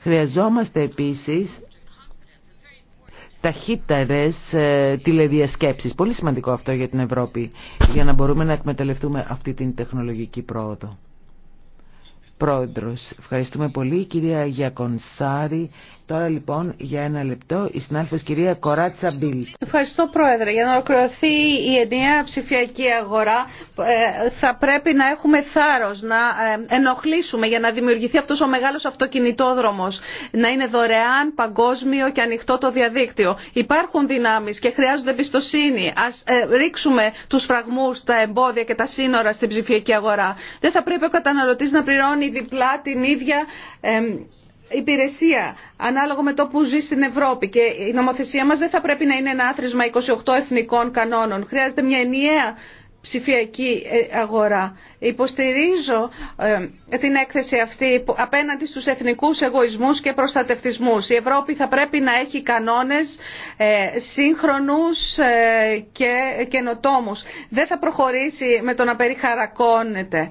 Χρειαζόμαστε επίσης ταχύτερες ε, τηλεδιασκέψεις. Πολύ σημαντικό αυτό για την Ευρώπη, για να μπορούμε να εκμεταλλευτούμε αυτή την τεχνολογική πρόοδο. Πρόεδρος, ευχαριστούμε πολύ. Κυρία Γιακονσάρη, Τώρα λοιπόν για ένα λεπτό η συνάδελφος κυρία Κοράτσα Μπίλ.
Ευχαριστώ Πρόεδρε. Για να ολοκληρωθεί η ενιαία ψηφιακή αγορά ε, θα πρέπει να έχουμε θάρρος, να ε, ενοχλήσουμε για να δημιουργηθεί αυτός ο μεγάλος αυτοκινητόδρομος, να είναι δωρεάν, παγκόσμιο και ανοιχτό το διαδίκτυο. Υπάρχουν δυνάμεις και χρειάζονται εμπιστοσύνη. Ας ε, ρίξουμε τους φραγμούς, τα εμπόδια και τα σύνορα στην ψηφιακή αγορά. Δεν θα πρέπει ο καταναλωτής να πληρώνει διπλά την ίδια υπηρεσία ανάλογο με το που ζει στην Ευρώπη και η νομοθεσία μας δεν θα πρέπει να είναι ένα άθροισμα 28 εθνικών κανόνων. Χρειάζεται μια ενιαία ψηφιακή ε, αγορά. Υποστηρίζω ε, την έκθεση αυτή απέναντι στους εθνικούς εγωισμούς και προστατευτισμούς. Η Ευρώπη θα πρέπει να έχει κανόνες ε, σύγχρονους ε, και καινοτόμους. Δεν θα προχωρήσει με το να περιχαρακώνεται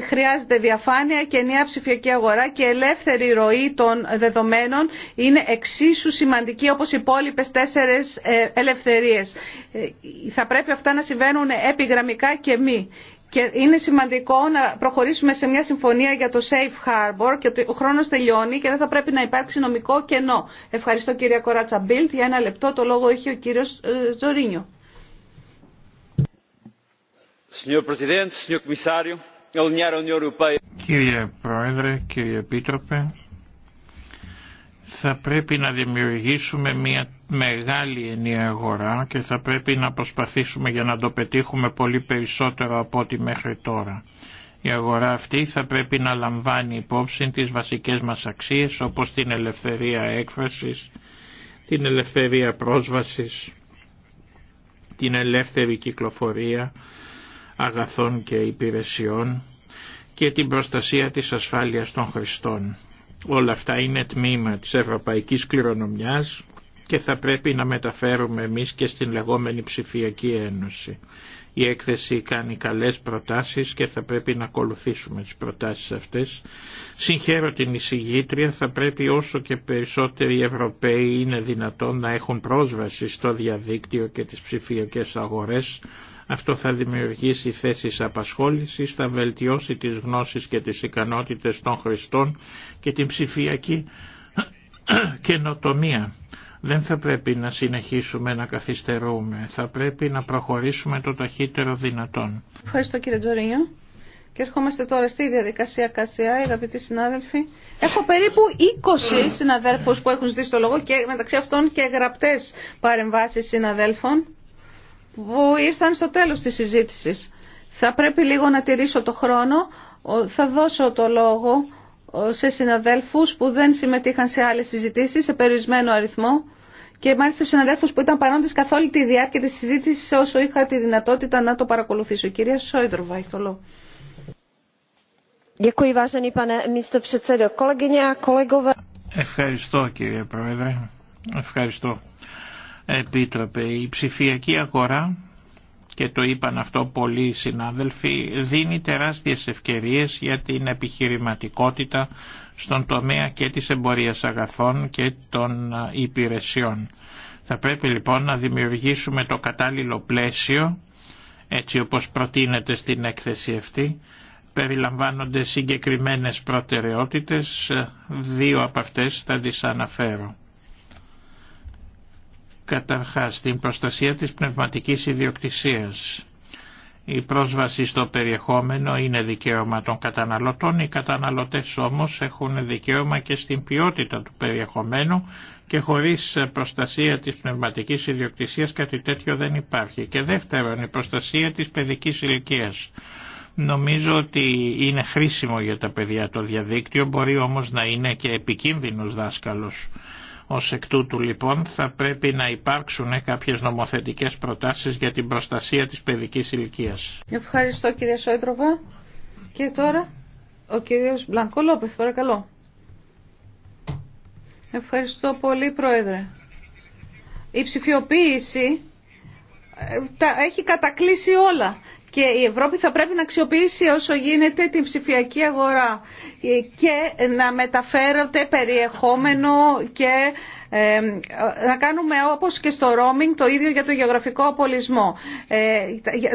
χρειάζεται διαφάνεια και νέα ψηφιακή αγορά και ελεύθερη ροή των δεδομένων είναι εξίσου σημαντική όπως οι υπόλοιπες τέσσερες ε, ελευθερίες. Ε, θα πρέπει αυτά να συμβαίνουν επιγραμμικά και μη. Και είναι σημαντικό να προχωρήσουμε σε μια συμφωνία για το Safe Harbor και ο χρόνος τελειώνει και δεν θα πρέπει να υπάρξει νομικό κενό. Ευχαριστώ κυρία Κοράτσα Μπίλτ. Για ένα λεπτό το λόγο έχει ο κύριος ε, Ζωρίνιο.
Κύριε Πρόεδρε, κύριε Επίτροπε, θα πρέπει να δημιουργήσουμε μια μεγάλη ενιαία αγορά και θα πρέπει να προσπαθήσουμε για να το πετύχουμε πολύ περισσότερο από ό,τι μέχρι τώρα. Η αγορά αυτή θα πρέπει να λαμβάνει υπόψη τις βασικές μας αξίες όπως την ελευθερία έκφρασης, την ελευθερία πρόσβασης, την ελεύθερη κυκλοφορία, αγαθών και υπηρεσιών και την προστασία της ασφάλειας των χρηστών. Όλα αυτά είναι τμήμα της ευρωπαϊκής κληρονομιάς και θα πρέπει να μεταφέρουμε εμείς και στην λεγόμενη ψηφιακή ένωση. Η έκθεση κάνει καλές προτάσεις και θα πρέπει να ακολουθήσουμε τις προτάσεις αυτές. Συγχαίρω την εισηγήτρια, θα πρέπει όσο και περισσότεροι Ευρωπαίοι είναι δυνατόν να έχουν πρόσβαση στο διαδίκτυο και τις ψηφιακές αγορές αυτό θα δημιουργήσει θέσεις απασχόλησης, θα βελτιώσει τις γνώσεις και τις ικανότητες των χρηστών και την ψηφιακή [CLEARS THROAT] καινοτομία. Δεν θα πρέπει να συνεχίσουμε να καθυστερούμε. Θα πρέπει να προχωρήσουμε το ταχύτερο δυνατόν.
Ευχαριστώ κύριε Τζορίνιο. Και ερχόμαστε τώρα στη διαδικασία Κασιά, αγαπητοί συνάδελφοι. Έχω περίπου 20 συναδέλφους που έχουν ζητήσει το λόγο και μεταξύ αυτών και γραπτές παρεμβάσεις συναδέλφων που ήρθαν στο τέλος της συζήτησης. Θα πρέπει λίγο να τηρήσω το χρόνο. Θα δώσω το λόγο σε συναδέλφους που δεν συμμετείχαν σε άλλες συζητήσεις, σε περιορισμένο αριθμό και μάλιστα συναδέλφους που ήταν παρόντες καθ' όλη τη διάρκεια της συζήτησης όσο είχα τη δυνατότητα να το παρακολουθήσω. κυρία Σόιντροβα, έχει το λόγο.
Ευχαριστώ κύριε Πρόεδρε. Ευχαριστώ Επίτροπε, η ψηφιακή αγορά και το είπαν αυτό πολλοί συνάδελφοι, δίνει τεράστιες ευκαιρίες για την επιχειρηματικότητα στον τομέα και της εμπορίας αγαθών και των υπηρεσιών. Θα πρέπει λοιπόν να δημιουργήσουμε το κατάλληλο πλαίσιο, έτσι όπως προτείνεται στην έκθεση αυτή, περιλαμβάνονται συγκεκριμένες προτεραιότητες, ε, δύο από αυτές θα τις αναφέρω. Καταρχάς, την προστασία της πνευματικής ιδιοκτησίας. Η πρόσβαση στο περιεχόμενο είναι δικαίωμα των καταναλωτών, οι καταναλωτές όμως έχουν δικαίωμα και στην ποιότητα του περιεχομένου και χωρίς προστασία της πνευματικής ιδιοκτησίας κάτι τέτοιο δεν υπάρχει. Και δεύτερον, η προστασία της παιδικής ηλικίας. Νομίζω ότι είναι χρήσιμο για τα παιδιά το διαδίκτυο, μπορεί όμως να είναι και επικίνδυνος δάσκαλος. Ως εκ τούτου λοιπόν θα πρέπει να υπάρξουν κάποιες νομοθετικές προτάσεις για την προστασία της παιδικής ηλικίας.
Ευχαριστώ κύριε Σόιτροβα. Και τώρα ο κύριος Μπλανκό Λόπεθ, παρακαλώ. Ευχαριστώ πολύ Πρόεδρε. Η ψηφιοποίηση ε, τα έχει κατακλείσει όλα και η Ευρώπη θα πρέπει να αξιοποιήσει όσο γίνεται την ψηφιακή αγορά και να μεταφέρονται περιεχόμενο και ε, να κάνουμε όπως και στο roaming το ίδιο για το γεωγραφικό Ε,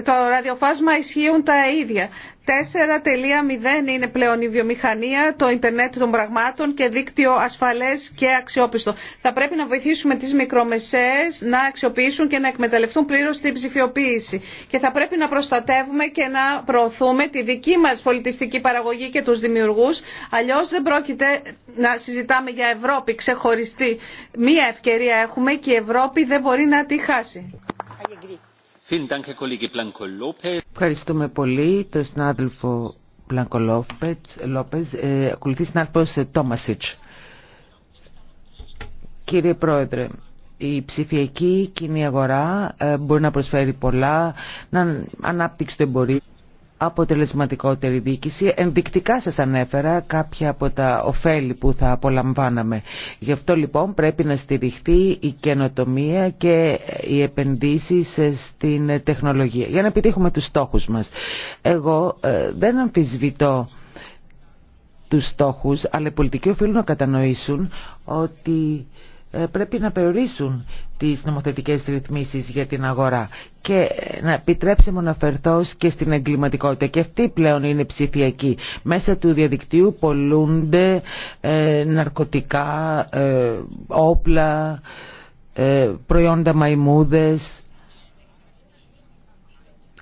Το ραδιοφάσμα ισχύουν τα ίδια. 4.0 είναι πλέον η βιομηχανία, το ίντερνετ των πραγμάτων και δίκτυο ασφαλέ και αξιόπιστο. Θα πρέπει να βοηθήσουμε τι μικρομέσαίε να αξιοποιήσουν και να εκμεταλλευτούν πλήρω την ψηφιοποίηση. Και θα πρέπει να προστατεύουμε και να προωθούμε τη δική μα πολιτιστική παραγωγή και του δημιουργού. Αλλιώ δεν πρόκειται να συζητάμε για Ευρώπη ξεχωριστή. Μία ευκαιρία έχουμε και η Ευρώπη δεν μπορεί να τη χάσει.
Ευχαριστούμε πολύ τον συνάδελφο Πλάνκο Λόπες. Ε, ακολουθεί συνάδελφος Τόμασιτς. Ε, Κύριε Πρόεδρε, η ψηφιακή κοινή αγορά ε, μπορεί να προσφέρει πολλά, να ανάπτυξει το εμπορίο αποτελεσματικότερη διοίκηση. Ενδεικτικά σας ανέφερα κάποια από τα ωφέλη που θα απολαμβάναμε. Γι' αυτό λοιπόν πρέπει να στηριχθεί η καινοτομία και οι επενδύσεις στην τεχνολογία για να επιτύχουμε τους στόχους μας. Εγώ ε, δεν αμφισβητώ τους στόχους, αλλά οι πολιτικοί οφείλουν να κατανοήσουν ότι ε, πρέπει να περιορίσουν τις νομοθετικές ρυθμίσεις για την αγορά και ε, να επιτρέψει να και στην εγκληματικότητα και αυτή πλέον είναι ψηφιακή. Μέσα του διαδικτύου πολλούνται ε, ναρκωτικά, όπλα, προϊόντα μαϊμούδες.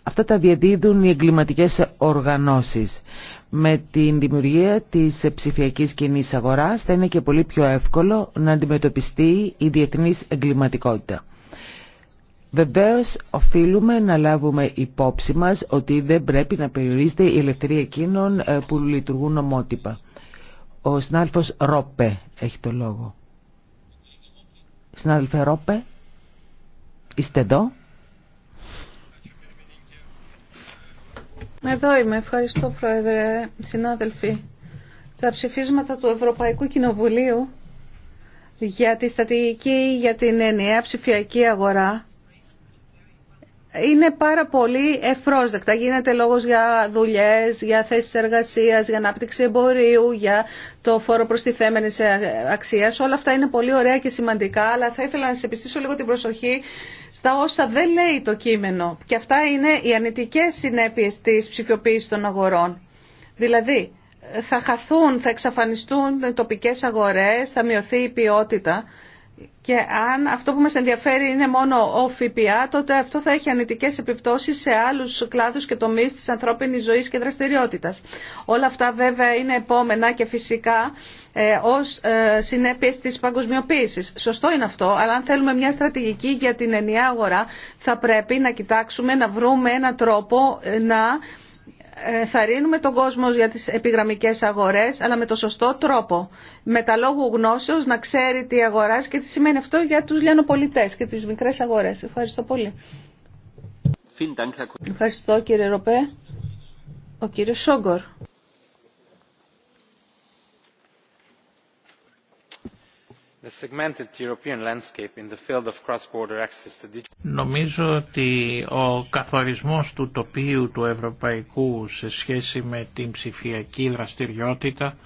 Αυτά τα διαδίδουν οι εγκληματικές οργανώσεις. Με την δημιουργία της ψηφιακής κοινή αγοράς θα είναι και πολύ πιο εύκολο να αντιμετωπιστεί η διεθνής εγκληματικότητα. Βεβαίως οφείλουμε να λάβουμε υπόψη μας ότι δεν πρέπει να περιορίζεται η ελευθερία εκείνων ε, που λειτουργούν ομότυπα. Ο συνάδελφος Ρόπε έχει το λόγο. Συνάδελφε Ρόπε, είστε εδώ.
Εδώ είμαι. Ευχαριστώ, Πρόεδρε, συνάδελφοι. Τα ψηφίσματα του Ευρωπαϊκού Κοινοβουλίου για τη στατηγική για την ενιαία ψηφιακή αγορά είναι πάρα πολύ ευπρόσδεκτα. Γίνεται λόγος για δουλειές, για θέσεις εργασίας, για ανάπτυξη εμπορίου, για το φόρο προστιθέμενης αξίας. Όλα αυτά είναι πολύ ωραία και σημαντικά, αλλά θα ήθελα να σε επιστήσω λίγο την προσοχή στα όσα δεν λέει το κείμενο. Και αυτά είναι οι ανητικές συνέπειες της ψηφιοποίησης των αγορών. Δηλαδή, θα χαθούν, θα εξαφανιστούν τοπικές αγορές, θα μειωθεί η ποιότητα και αν αυτό που μας ενδιαφέρει είναι μόνο ο ΦΠΑ, τότε αυτό θα έχει ανητικές επιπτώσεις σε άλλους κλάδους και τομείς της ανθρώπινης ζωής και δραστηριότητας. Όλα αυτά βέβαια είναι επόμενα και φυσικά ε, ως ε, συνέπειες της παγκοσμιοποίησης. Σωστό είναι αυτό, αλλά αν θέλουμε μια στρατηγική για την ενιαία αγορά, θα πρέπει να κοιτάξουμε να βρούμε έναν τρόπο να θα τον κόσμο για τις επιγραμμικές αγορές, αλλά με το σωστό τρόπο. Με τα λόγου γνώσεως να ξέρει τι αγοράς και τι σημαίνει αυτό για τους λιανοπολιτές και τις μικρές αγορές. Ευχαριστώ πολύ. Ευχαριστώ κύριε Ροπέ. Ο κύριος Σόγκορ.
Νομίζω ότι ο καθορισμός του τοπίου του ευρωπαϊκού σε σχέση με την ψηφιακή δραστηριότητα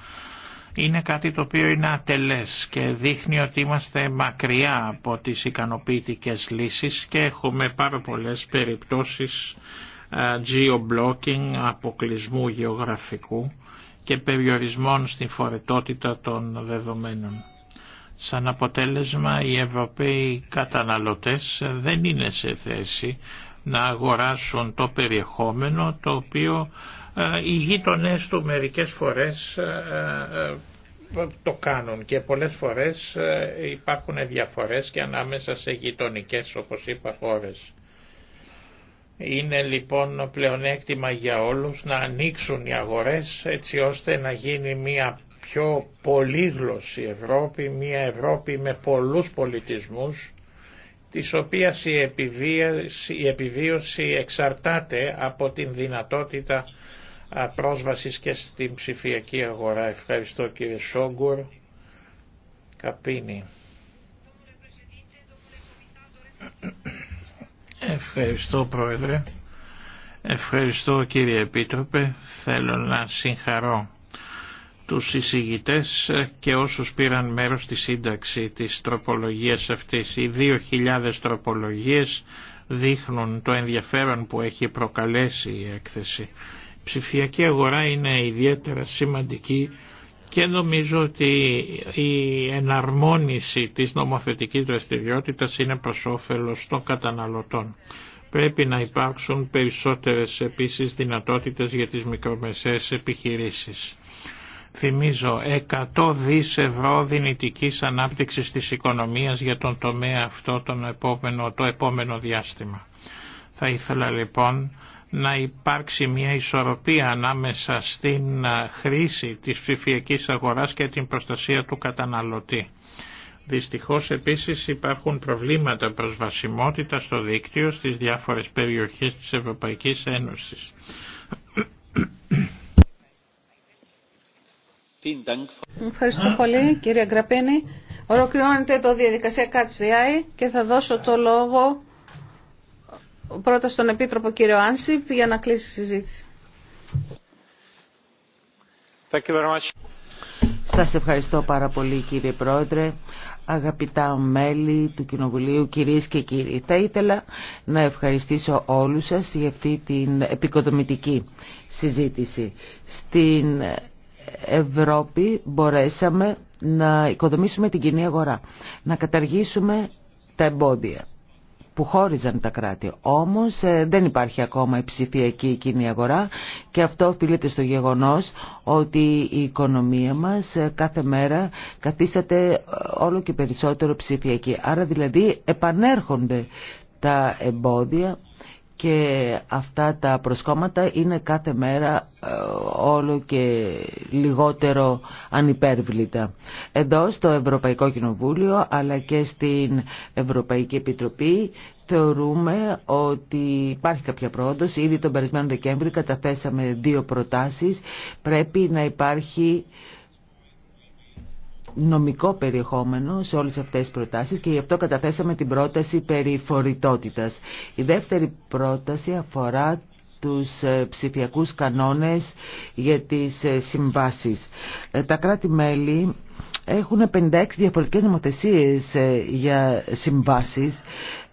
είναι κάτι το οποίο είναι ατελές και δείχνει ότι είμαστε μακριά από τις ικανοποιητικές λύσεις και έχουμε πάρα πολλές περιπτώσεις geo-blocking, αποκλεισμού γεωγραφικού και περιορισμών στην φορετότητα των δεδομένων. Σαν αποτέλεσμα οι Ευρωπαίοι καταναλωτές δεν είναι σε θέση να αγοράσουν το περιεχόμενο το οποίο ε, οι γείτονέ του μερικές φορές ε, ε, το κάνουν και πολλές φορές υπάρχουν διαφορές και ανάμεσα σε γειτονικέ όπως είπα χώρες. Είναι λοιπόν πλεονέκτημα για όλους να ανοίξουν οι αγορές έτσι ώστε να γίνει μια πιο πολύγλωση Ευρώπη, μια Ευρώπη με πολλούς πολιτισμούς, της οποίας η επιβίωση, εξαρτάται από την δυνατότητα πρόσβασης και στην ψηφιακή αγορά. Ευχαριστώ κύριε Σόγκουρ. Καπίνη. Ευχαριστώ Πρόεδρε. Ευχαριστώ κύριε Επίτροπε. Θέλω να συγχαρώ τους εισηγητές και όσους πήραν μέρος στη σύνταξη της τροπολογίας αυτής. Οι 2.000 τροπολογίες δείχνουν το ενδιαφέρον που έχει προκαλέσει η έκθεση. Η ψηφιακή αγορά είναι ιδιαίτερα σημαντική και νομίζω ότι η εναρμόνιση της νομοθετικής δραστηριότητας είναι προς όφελος των καταναλωτών. Πρέπει να υπάρξουν περισσότερες επίσης δυνατότητες για τις μικρομεσαίες επιχειρήσεις. Θυμίζω 100 δις ευρώ δυνητικής ανάπτυξης της οικονομίας για τον τομέα αυτό τον επόμενο, το επόμενο διάστημα. Θα ήθελα λοιπόν να υπάρξει μια ισορροπία ανάμεσα στην χρήση της ψηφιακής αγοράς και την προστασία του καταναλωτή. Δυστυχώς επίσης υπάρχουν προβλήματα προσβασιμότητα στο δίκτυο στις διάφορες περιοχές της Ευρωπαϊκής Ένωσης.
Ευχαριστώ πολύ κύριε Γκραπίνη. Ολοκληρώνεται το διαδικασία ΚΑΤΣΔΙ και θα δώσω το λόγο πρώτα στον Επίτροπο κύριο Άνσιπ για να
κλείσει η συζήτηση.
Σας ευχαριστώ πάρα πολύ κύριε Πρόεδρε, αγαπητά μέλη του Κοινοβουλίου, κυρίες και κύριοι. Θα ήθελα να ευχαριστήσω όλους σας για αυτή την επικοδομητική συζήτηση. Ευρώπη μπορέσαμε να οικοδομήσουμε την κοινή αγορά, να καταργήσουμε τα εμπόδια που χώριζαν τα κράτη. Όμως ε, δεν υπάρχει ακόμα η ψηφιακή κοινή αγορά και αυτό οφείλεται στο γεγονός ότι η οικονομία μας ε, κάθε μέρα καθίσταται ε, όλο και περισσότερο ψηφιακή. Άρα δηλαδή επανέρχονται τα εμπόδια και αυτά τα προσκόμματα είναι κάθε μέρα ε, όλο και λιγότερο ανυπέρβλητα. Εδώ στο Ευρωπαϊκό Κοινοβούλιο αλλά και στην Ευρωπαϊκή Επιτροπή θεωρούμε ότι υπάρχει κάποια πρόοδος. Ήδη τον περασμένο Δεκέμβρη καταθέσαμε δύο προτάσεις. Πρέπει να υπάρχει νομικό περιεχόμενο σε όλες αυτές τις προτάσεις και γι' αυτό καταθέσαμε την πρόταση περί Η δεύτερη πρόταση αφορά τους ε, ψηφιακούς κανόνες για τις ε, συμβάσεις. Ε, τα κράτη-μέλη έχουν 56 διαφορετικές νομοθεσίες για συμβάσεις.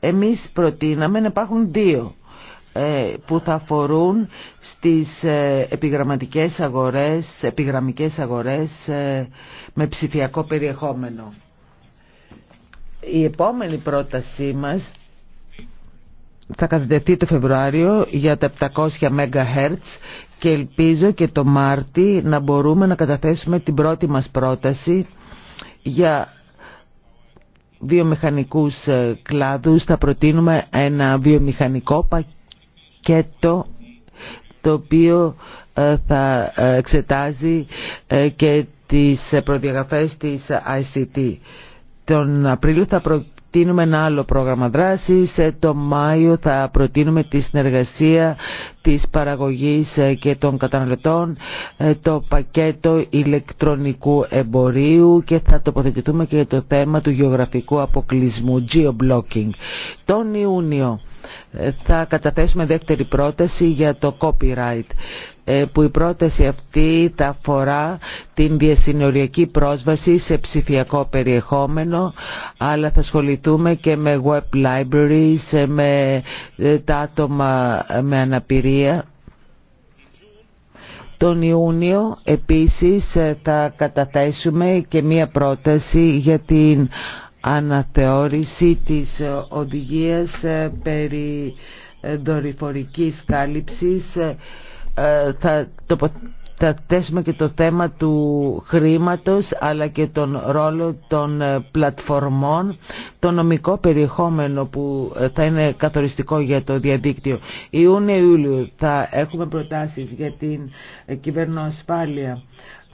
Εμείς προτείναμε να υπάρχουν δύο ε, που θα αφορούν στις ε, επιγραμματικές αγορές, επιγραμμικές αγορές ε, με ψηφιακό περιεχόμενο. Η επόμενη πρότασή μας θα κατατεθεί το Φεβρουάριο για τα 700 MHz και ελπίζω και το Μάρτι να μπορούμε να καταθέσουμε την πρώτη μας πρόταση για βιομηχανικούς κλάδους. Θα προτείνουμε ένα βιομηχανικό πακέτο πακέτο το οποίο ε, θα εξετάζει ε, και τις προδιαγραφές της ICT. Τον Απρίλιο θα προτείνουμε ένα άλλο πρόγραμμα δράσης, ε, το Μάιο θα προτείνουμε τη συνεργασία της παραγωγής και των καταναλωτών, το πακέτο ηλεκτρονικού εμπορίου και θα τοποθετηθούμε και για το θέμα του γεωγραφικού αποκλεισμού, geo-blocking. Τον Ιούνιο θα καταθέσουμε δεύτερη πρόταση για το copyright ε, που η πρόταση αυτή τα αφορά την διασυνοριακή πρόσβαση σε ψηφιακό περιεχόμενο αλλά θα ασχοληθούμε και με web libraries, με ε, τα άτομα με αναπηρία. Τον Ιούνιο επίσης ε, θα καταθέσουμε και μία πρόταση για την αναθεώρηση της οδηγίας ε, περί δορυφορικής κάλυψης ε, ε, θα θέσουμε και το θέμα του χρήματος αλλά και τον ρόλο των πλατφορμών το νομικό περιεχόμενο που θα είναι καθοριστικό για το διαδίκτυο Ιούνιο-Ιούλιο θα έχουμε προτάσεις για την κυβερνοασφάλεια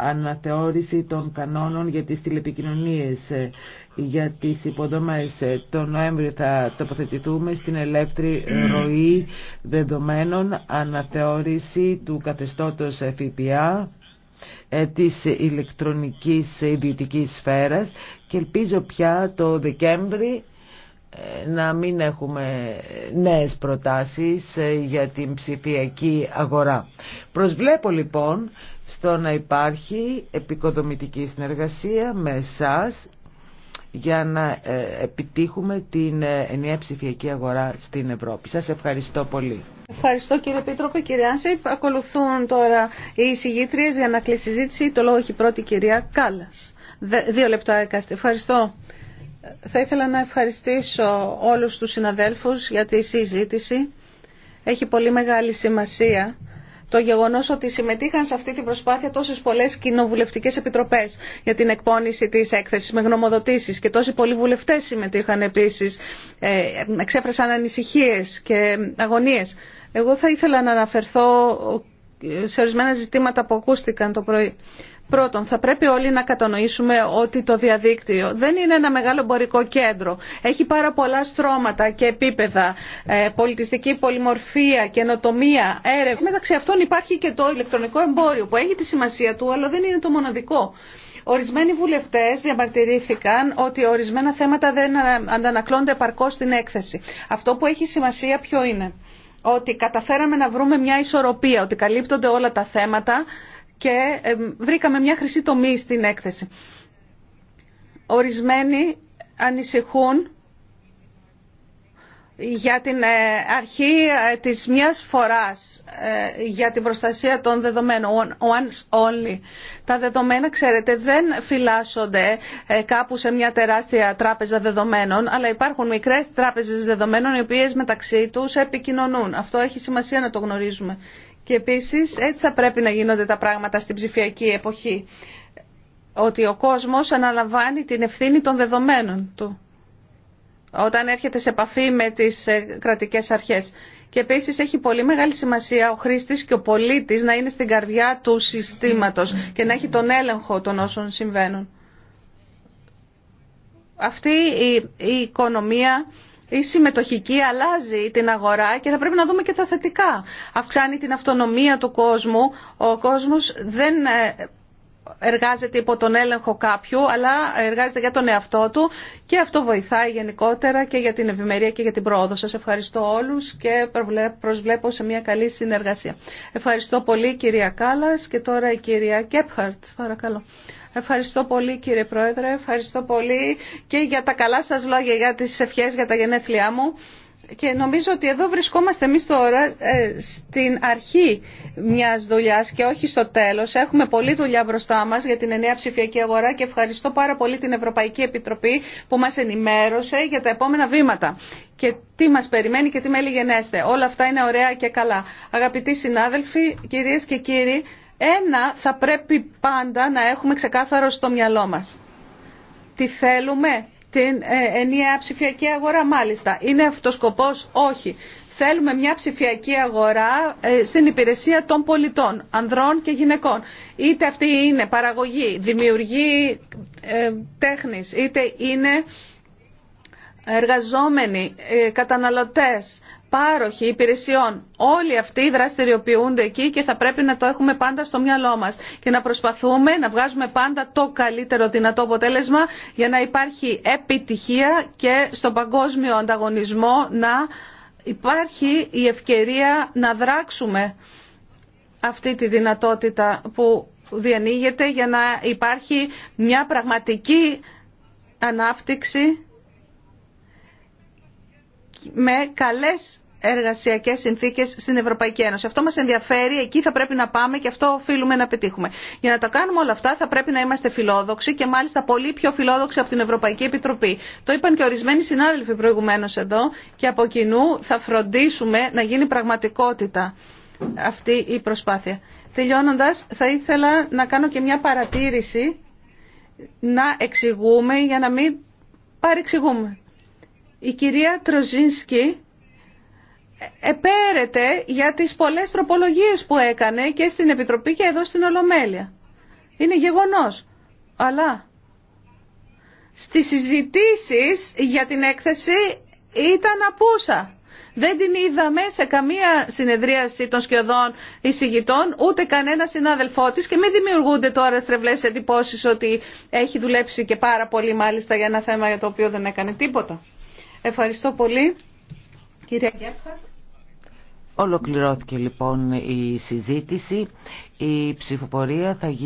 αναθεώρηση των κανόνων για τις τηλεπικοινωνίες, ε, για τις υποδομές. Ε, το Νοέμβριο θα τοποθετηθούμε στην ελεύθερη ροή δεδομένων, αναθεώρηση του καθεστώτος ΦΠΑ ε, της ηλεκτρονικής ιδιωτικής σφαίρας και ελπίζω πια το Δεκέμβρη να μην έχουμε νέες προτάσεις για την ψηφιακή αγορά. Προσβλέπω λοιπόν στο να υπάρχει επικοδομητική συνεργασία με εσάς για να ε, επιτύχουμε την ε, ενιαία ψηφιακή αγορά στην Ευρώπη. Σας ευχαριστώ πολύ.
Ευχαριστώ κύριε Πίτροπε. Κύριε Άνση, ακολουθούν τώρα οι εισηγήτριες για να κλείσει συζήτηση. Το λόγο έχει πρώτη κυρία Κάλλας. Δύο λεπτά έκαστε. Ευχαριστώ. Θα ήθελα να ευχαριστήσω όλους τους συναδέλφους για τη συζήτηση. Έχει πολύ μεγάλη σημασία το γεγονός ότι συμμετείχαν σε αυτή την προσπάθεια τόσε πολλέ κοινοβουλευτικέ επιτροπέ για την εκπόνηση της έκθεσης με γνωμοδοτήσει και τόσοι πολλοί βουλευτέ συμμετείχαν επίσης, ε, εξέφρασαν ανησυχίες και αγωνίες. Εγώ θα ήθελα να αναφερθώ σε ορισμένα ζητήματα που ακούστηκαν το πρωί. Πρώτον, θα πρέπει όλοι να κατανοήσουμε ότι το διαδίκτυο δεν είναι ένα μεγάλο εμπορικό κέντρο. Έχει πάρα πολλά στρώματα και επίπεδα, ε, πολιτιστική πολυμορφία, καινοτομία, έρευνα. Μεταξύ αυτών υπάρχει και το ηλεκτρονικό εμπόριο που έχει τη σημασία του, αλλά δεν είναι το μοναδικό. Ορισμένοι βουλευτέ διαμαρτυρήθηκαν ότι ορισμένα θέματα δεν ε, αντανακλώνται επαρκώ στην έκθεση. Αυτό που έχει σημασία ποιο είναι. Ότι καταφέραμε να βρούμε μια ισορροπία, ότι καλύπτονται όλα τα θέματα και βρήκαμε μια χρυσή τομή στην έκθεση. Ορισμένοι ανησυχούν για την ε, αρχή ε, της μιας φοράς ε, για την προστασία των δεδομένων, once only. Τα δεδομένα, ξέρετε, δεν φυλάσσονται κάπου σε μια τεράστια τράπεζα δεδομένων, αλλά υπάρχουν μικρές τράπεζες δεδομένων οι οποίες μεταξύ τους επικοινωνούν. Αυτό έχει σημασία να το γνωρίζουμε. Και επίση έτσι θα πρέπει να γίνονται τα πράγματα στην ψηφιακή εποχή. Ότι ο κόσμος αναλαμβάνει την ευθύνη των δεδομένων του όταν έρχεται σε επαφή με τις ε, κρατικές αρχές. Και επίση έχει πολύ μεγάλη σημασία ο χρήστη και ο πολίτης να είναι στην καρδιά του συστήματος και να έχει τον έλεγχο των όσων συμβαίνουν. Αυτή η, η οικονομία η συμμετοχική αλλάζει την αγορά και θα πρέπει να δούμε και τα θετικά. Αυξάνει την αυτονομία του κόσμου. Ο κόσμος δεν ε, εργάζεται υπό τον έλεγχο κάποιου, αλλά εργάζεται για τον εαυτό του και αυτό βοηθάει γενικότερα και για την ευημερία και για την πρόοδο. Σας ευχαριστώ όλους και προσβλέπω σε μια καλή συνεργασία. Ευχαριστώ πολύ κυρία Κάλλας και τώρα η κυρία Κέπχαρτ. Παρακαλώ. Ευχαριστώ πολύ κύριε Πρόεδρε, ευχαριστώ πολύ και για τα καλά σας λόγια, για τις ευχές για τα γενέθλιά μου. Και νομίζω ότι εδώ βρισκόμαστε εμείς τώρα ε, στην αρχή μιας δουλειάς και όχι στο τέλος. Έχουμε πολλή δουλειά μπροστά μας για την ενιαία ψηφιακή αγορά και ευχαριστώ πάρα πολύ την Ευρωπαϊκή Επιτροπή που μας ενημέρωσε για τα επόμενα βήματα και τι μας περιμένει και τι μέλη γενέστε. Όλα αυτά είναι ωραία και καλά. Αγαπητοί συνάδελφοι, κυρίες και κύριοι, ένα θα πρέπει πάντα να έχουμε ξεκάθαρο στο μυαλό μας. Τι θέλουμε, την ε, ενιαία ψηφιακή αγορά μάλιστα. Είναι αυτός σκοπός, όχι. Θέλουμε μια ψηφιακή αγορά ε, στην υπηρεσία των πολιτών, ανδρών και γυναικών. Είτε αυτή είναι παραγωγή, δημιουργή ε, τέχνης, είτε είναι εργαζόμενοι, καταναλωτές, πάροχοι υπηρεσιών. Όλοι αυτοί δραστηριοποιούνται εκεί και θα πρέπει να το έχουμε πάντα στο μυαλό μα και να προσπαθούμε να βγάζουμε πάντα το καλύτερο δυνατό αποτέλεσμα για να υπάρχει επιτυχία και στον παγκόσμιο ανταγωνισμό να υπάρχει η ευκαιρία να δράξουμε αυτή τη δυνατότητα που διανοίγεται για να υπάρχει μια πραγματική ανάπτυξη με καλές εργασιακές συνθήκες στην Ευρωπαϊκή Ένωση. Αυτό μας ενδιαφέρει, εκεί θα πρέπει να πάμε και αυτό οφείλουμε να πετύχουμε. Για να τα κάνουμε όλα αυτά θα πρέπει να είμαστε φιλόδοξοι και μάλιστα πολύ πιο φιλόδοξοι από την Ευρωπαϊκή Επιτροπή. Το είπαν και ορισμένοι συνάδελφοι προηγουμένω εδώ και από κοινού θα φροντίσουμε να γίνει πραγματικότητα αυτή η προσπάθεια. Τελειώνοντα, θα ήθελα να κάνω και μια παρατήρηση να εξηγούμε για να μην παρεξηγούμε. Η κυρία Τροζίνσκι επέρεται για τις πολλές τροπολογίες που έκανε και στην Επιτροπή και εδώ στην Ολομέλεια. Είναι γεγονός. Αλλά στις συζητήσεις για την έκθεση ήταν απούσα. Δεν την είδαμε σε καμία συνεδρίαση των σκιωδών εισηγητών, ούτε κανένα συνάδελφό της και μην δημιουργούνται τώρα στρεβλές εντυπώσει ότι έχει δουλέψει και πάρα πολύ μάλιστα για ένα θέμα για το οποίο δεν έκανε τίποτα. Ευχαριστώ πολύ. Κυρία
Ολοκληρώθηκε λοιπόν η συζήτηση. Η ψηφοφορία θα γίνει